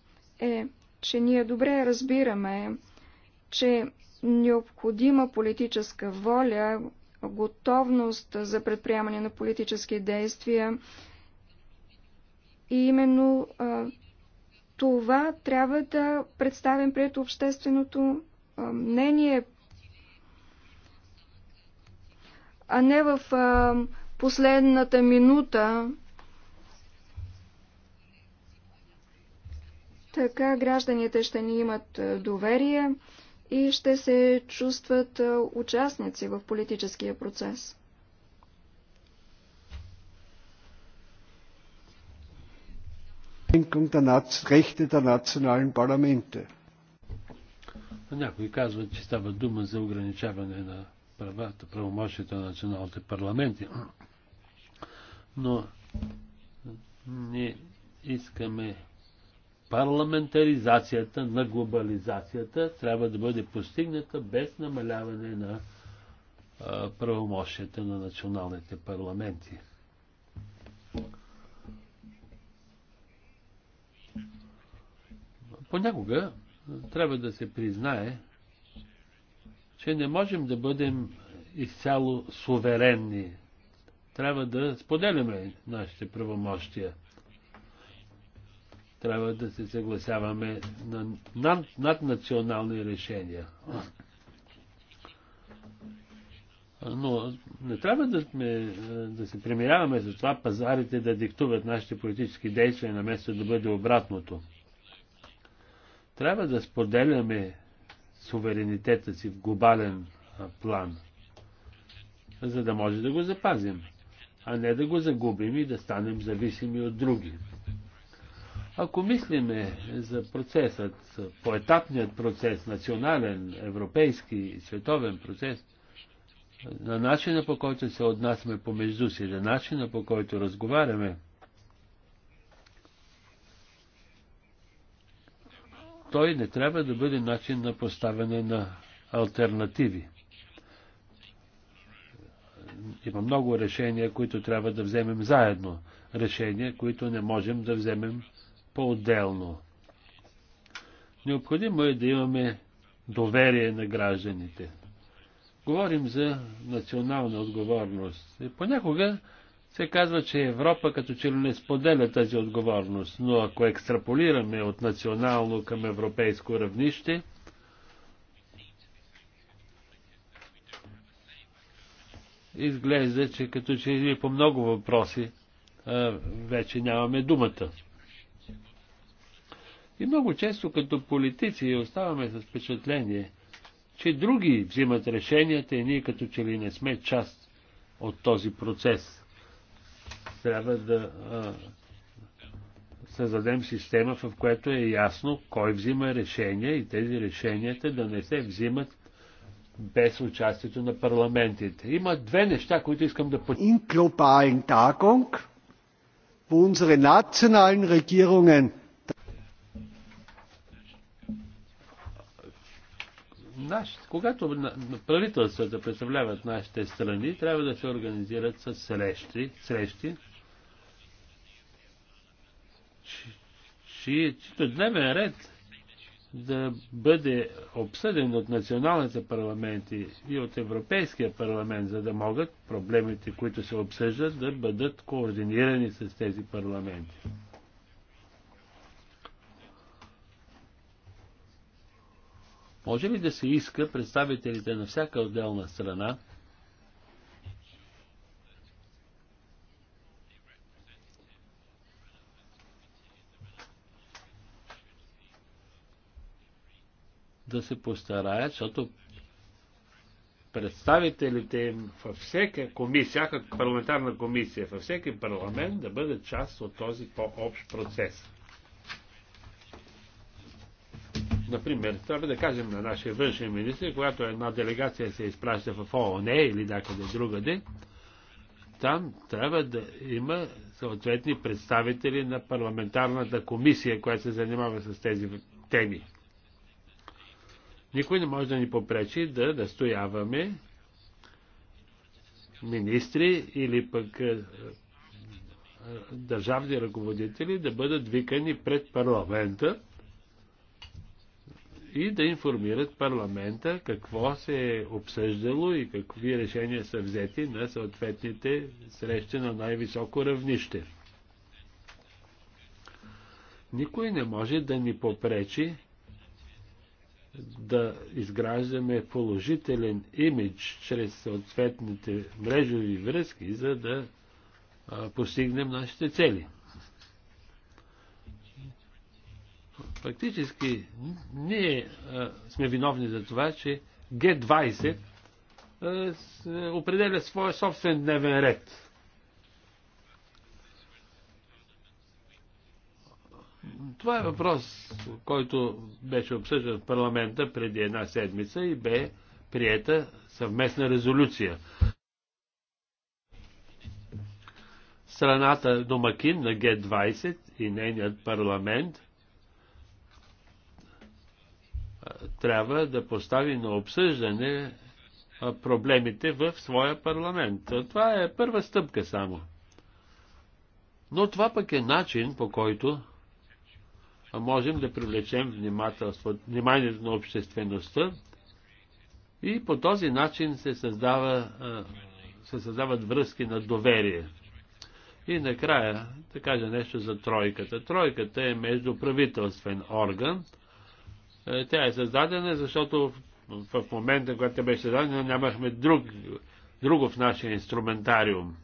е, че ние добре разбираме, че необходима политическа воля, готовност за предприемане на политически действия и именно това трябва да представим пред общественото мнение, а не в последната минута Така гражданите ще ни имат е, доверие и ще се чувстват е, участници в политическия процес. Някои казват, че става дума за ограничаване на правата, правомощите на националните парламенти. Но не искаме парламентаризацията на глобализацията трябва да бъде постигната без намаляване на правомощията на националните парламенти. Понякога трябва да се признае, че не можем да бъдем изцяло суверенни. Трябва да споделяме нашите правомощия трябва да се съгласяваме на над, наднационални решения. Но не трябва да, сме, да се примиряваме за това пазарите да диктуват нашите политически действия, на место да бъде обратното. Трябва да споделяме суверенитета си в глобален план, за да може да го запазим, а не да го загубим и да станем зависими от други. Ако мислиме за процесът, поетапният процес, национален, европейски, световен процес, на начина по който се отнасяме помежду си, на начина по който разговаряме, той не трябва да бъде начин на поставяне на альтернативи. Има много решения, които трябва да вземем заедно. Решения, които не можем да вземем по-отделно. Необходимо е да имаме доверие на гражданите. Говорим за национална отговорност. И понякога се казва, че Европа като че ли не споделя тази отговорност, но ако екстраполираме от национално към европейско равнище, изглежда, че като че ли по много въпроси вече нямаме думата. И много често като политици оставаме с впечатление, че други взимат решенията и ние като че ли не сме част от този процес. Трябва да а, създадем система, в която е ясно кой взима решения и тези решенията да не се взимат без участието на парламентите. Има две неща, които искам да In globalen тагонг, wo unsere наш, когато правителствата представляват нашите страни, трябва да се организират с срещи, срещи чието дневен ред да бъде обсъден от националните парламенти и от Европейския парламент, за да могат проблемите, които се обсъждат, да бъдат координирани с тези парламенти. Може ли да се иска представителите на всяка отделна страна да се постараят, защото представителите им във всяка комисия, всяка парламентарна комисия, във всеки парламент да бъдат част от този по-общ процес. Например, трябва да кажем на нашия външен министр, когато една делегация се изпраща в ООН или някъде другаде, там трябва да има съответни представители на парламентарната комисия, която се занимава с тези теми. Никой не може да ни попречи да настояваме министри или пък е, е, държавни ръководители да бъдат викани пред парламента и да информират парламента какво се е обсъждало и какви решения са взети на съответните срещи на най-високо равнище. Никой не може да ни попречи да изграждаме положителен имидж чрез съответните мрежови връзки, за да постигнем нашите цели. Фактически ние а, сме виновни за това, че Г-20 определя своя собствен дневен ред. Това е въпрос, който беше обсъждан в парламента преди една седмица и бе приета съвместна резолюция. Страната домакин на Г-20 и нейният парламент трябва да постави на обсъждане проблемите в своя парламент. Това е първа стъпка само. Но това пък е начин, по който можем да привлечем вниманието на обществеността и по този начин се, създава, се създават връзки на доверие. И накрая да кажа нещо за тройката. Тройката е междуправителствен орган, е, тя е създадена, защото в, в момента, когато беше създадена, нямахме друг, друго в нашия инструментариум.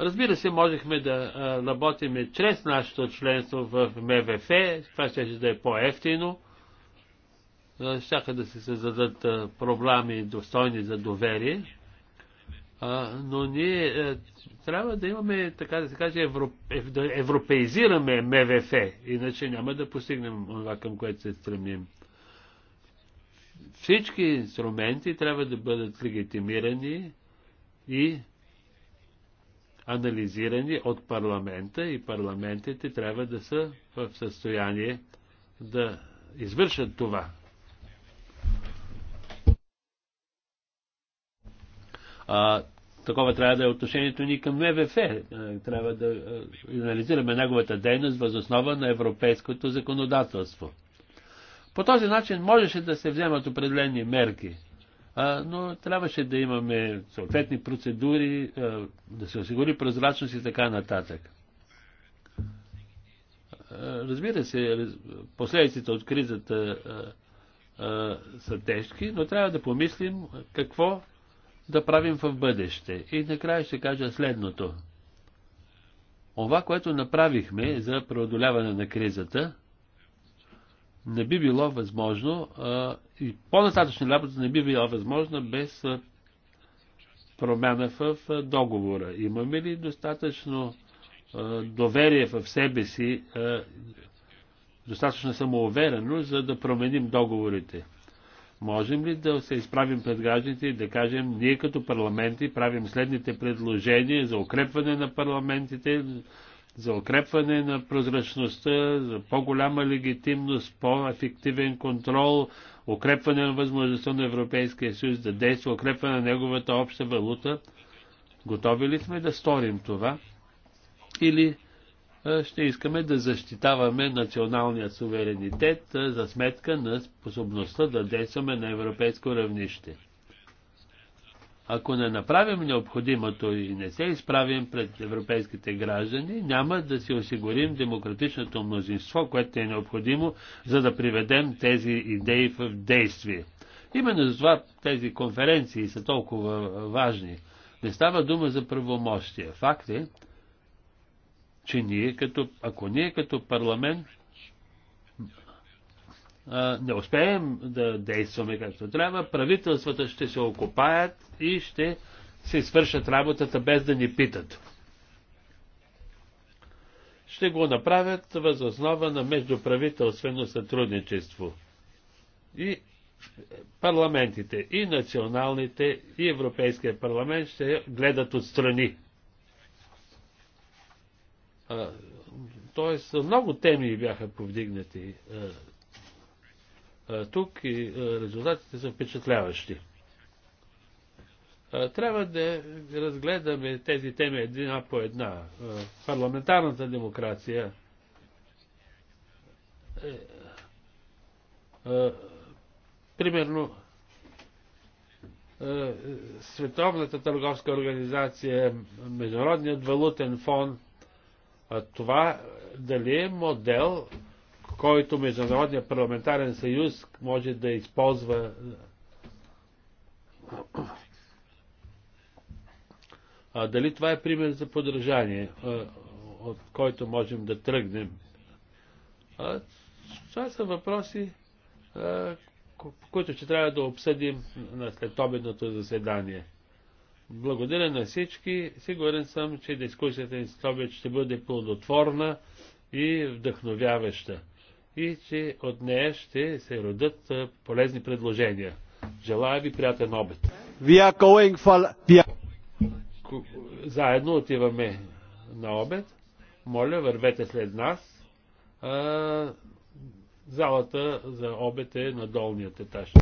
Разбира се, можехме да работиме чрез нашето членство в МВФ, това ще да е по-ефтино. Щяха да се създадат проблеми достойни за доверие но ние е, трябва да имаме, така да се каже, евро, е, да европеизираме МВФ, иначе няма да постигнем това, към което се стремим. Всички инструменти трябва да бъдат легитимирани и анализирани от парламента и парламентите трябва да са в състояние да извършат това. А, такова трябва да е отношението ни към МВФ. Трябва да анализираме неговата дейност възоснова на европейското законодателство. По този начин можеше да се вземат определени мерки, но трябваше да имаме съответни процедури, да се осигури прозрачност и така нататък. Разбира се, последиците от кризата са тежки, но трябва да помислим какво да правим в бъдеще. И накрая ще кажа следното. Ова, което направихме за преодоляване на кризата, не би било възможно а, и по-нататъчна работа не би било възможна без промяна в договора. Имаме ли достатъчно а, доверие в себе си, а, достатъчно самоуверено, за да променим договорите? Можем ли да се изправим пред гражданите и да кажем, ние като парламенти правим следните предложения за укрепване на парламентите, за укрепване на прозрачността, за по-голяма легитимност, по-ефективен контрол, укрепване на възможността на Европейския съюз да действа, укрепване на неговата обща валута. Готови ли сме да сторим това? Или е, ще искаме да защитаваме националния суверенитет е, за сметка на способността да действаме на европейско равнище. Ако не направим необходимото и не се изправим пред европейските граждани, няма да си осигурим демократичното мнозинство, което е необходимо, за да приведем тези идеи в действие. Именно за това тези конференции са толкова важни. Не става дума за правомощия. Факт е, че ние като, ако ние като парламент а, не успеем да действаме както трябва, правителствата ще се окупаят и ще се свършат работата без да ни питат. Ще го направят възоснова на междуправителствено сътрудничество. И парламентите, и националните, и Европейския парламент ще гледат отстрани. Тоест, много теми бяха повдигнати тук и резултатите са впечатляващи. Трябва да разгледаме тези теми една по една. Парламентарната демокрация е, примерно Световната търговска организация, Международният валутен фонд това дали е модел, който Международният парламентарен съюз може да използва а, дали това е пример за подражание, от който можем да тръгнем? А, това са въпроси, а, които ще трябва да обсъдим на следобедното заседание. Благодаря на всички. Сигурен съм, че дискусията ни с ще бъде плодотворна и вдъхновяваща. И че от нея ще се родят полезни предложения. Желая ви приятен обед. We are going for... We are... Заедно отиваме на обед. Моля, вървете след нас. А, залата за обед е на долният етаж.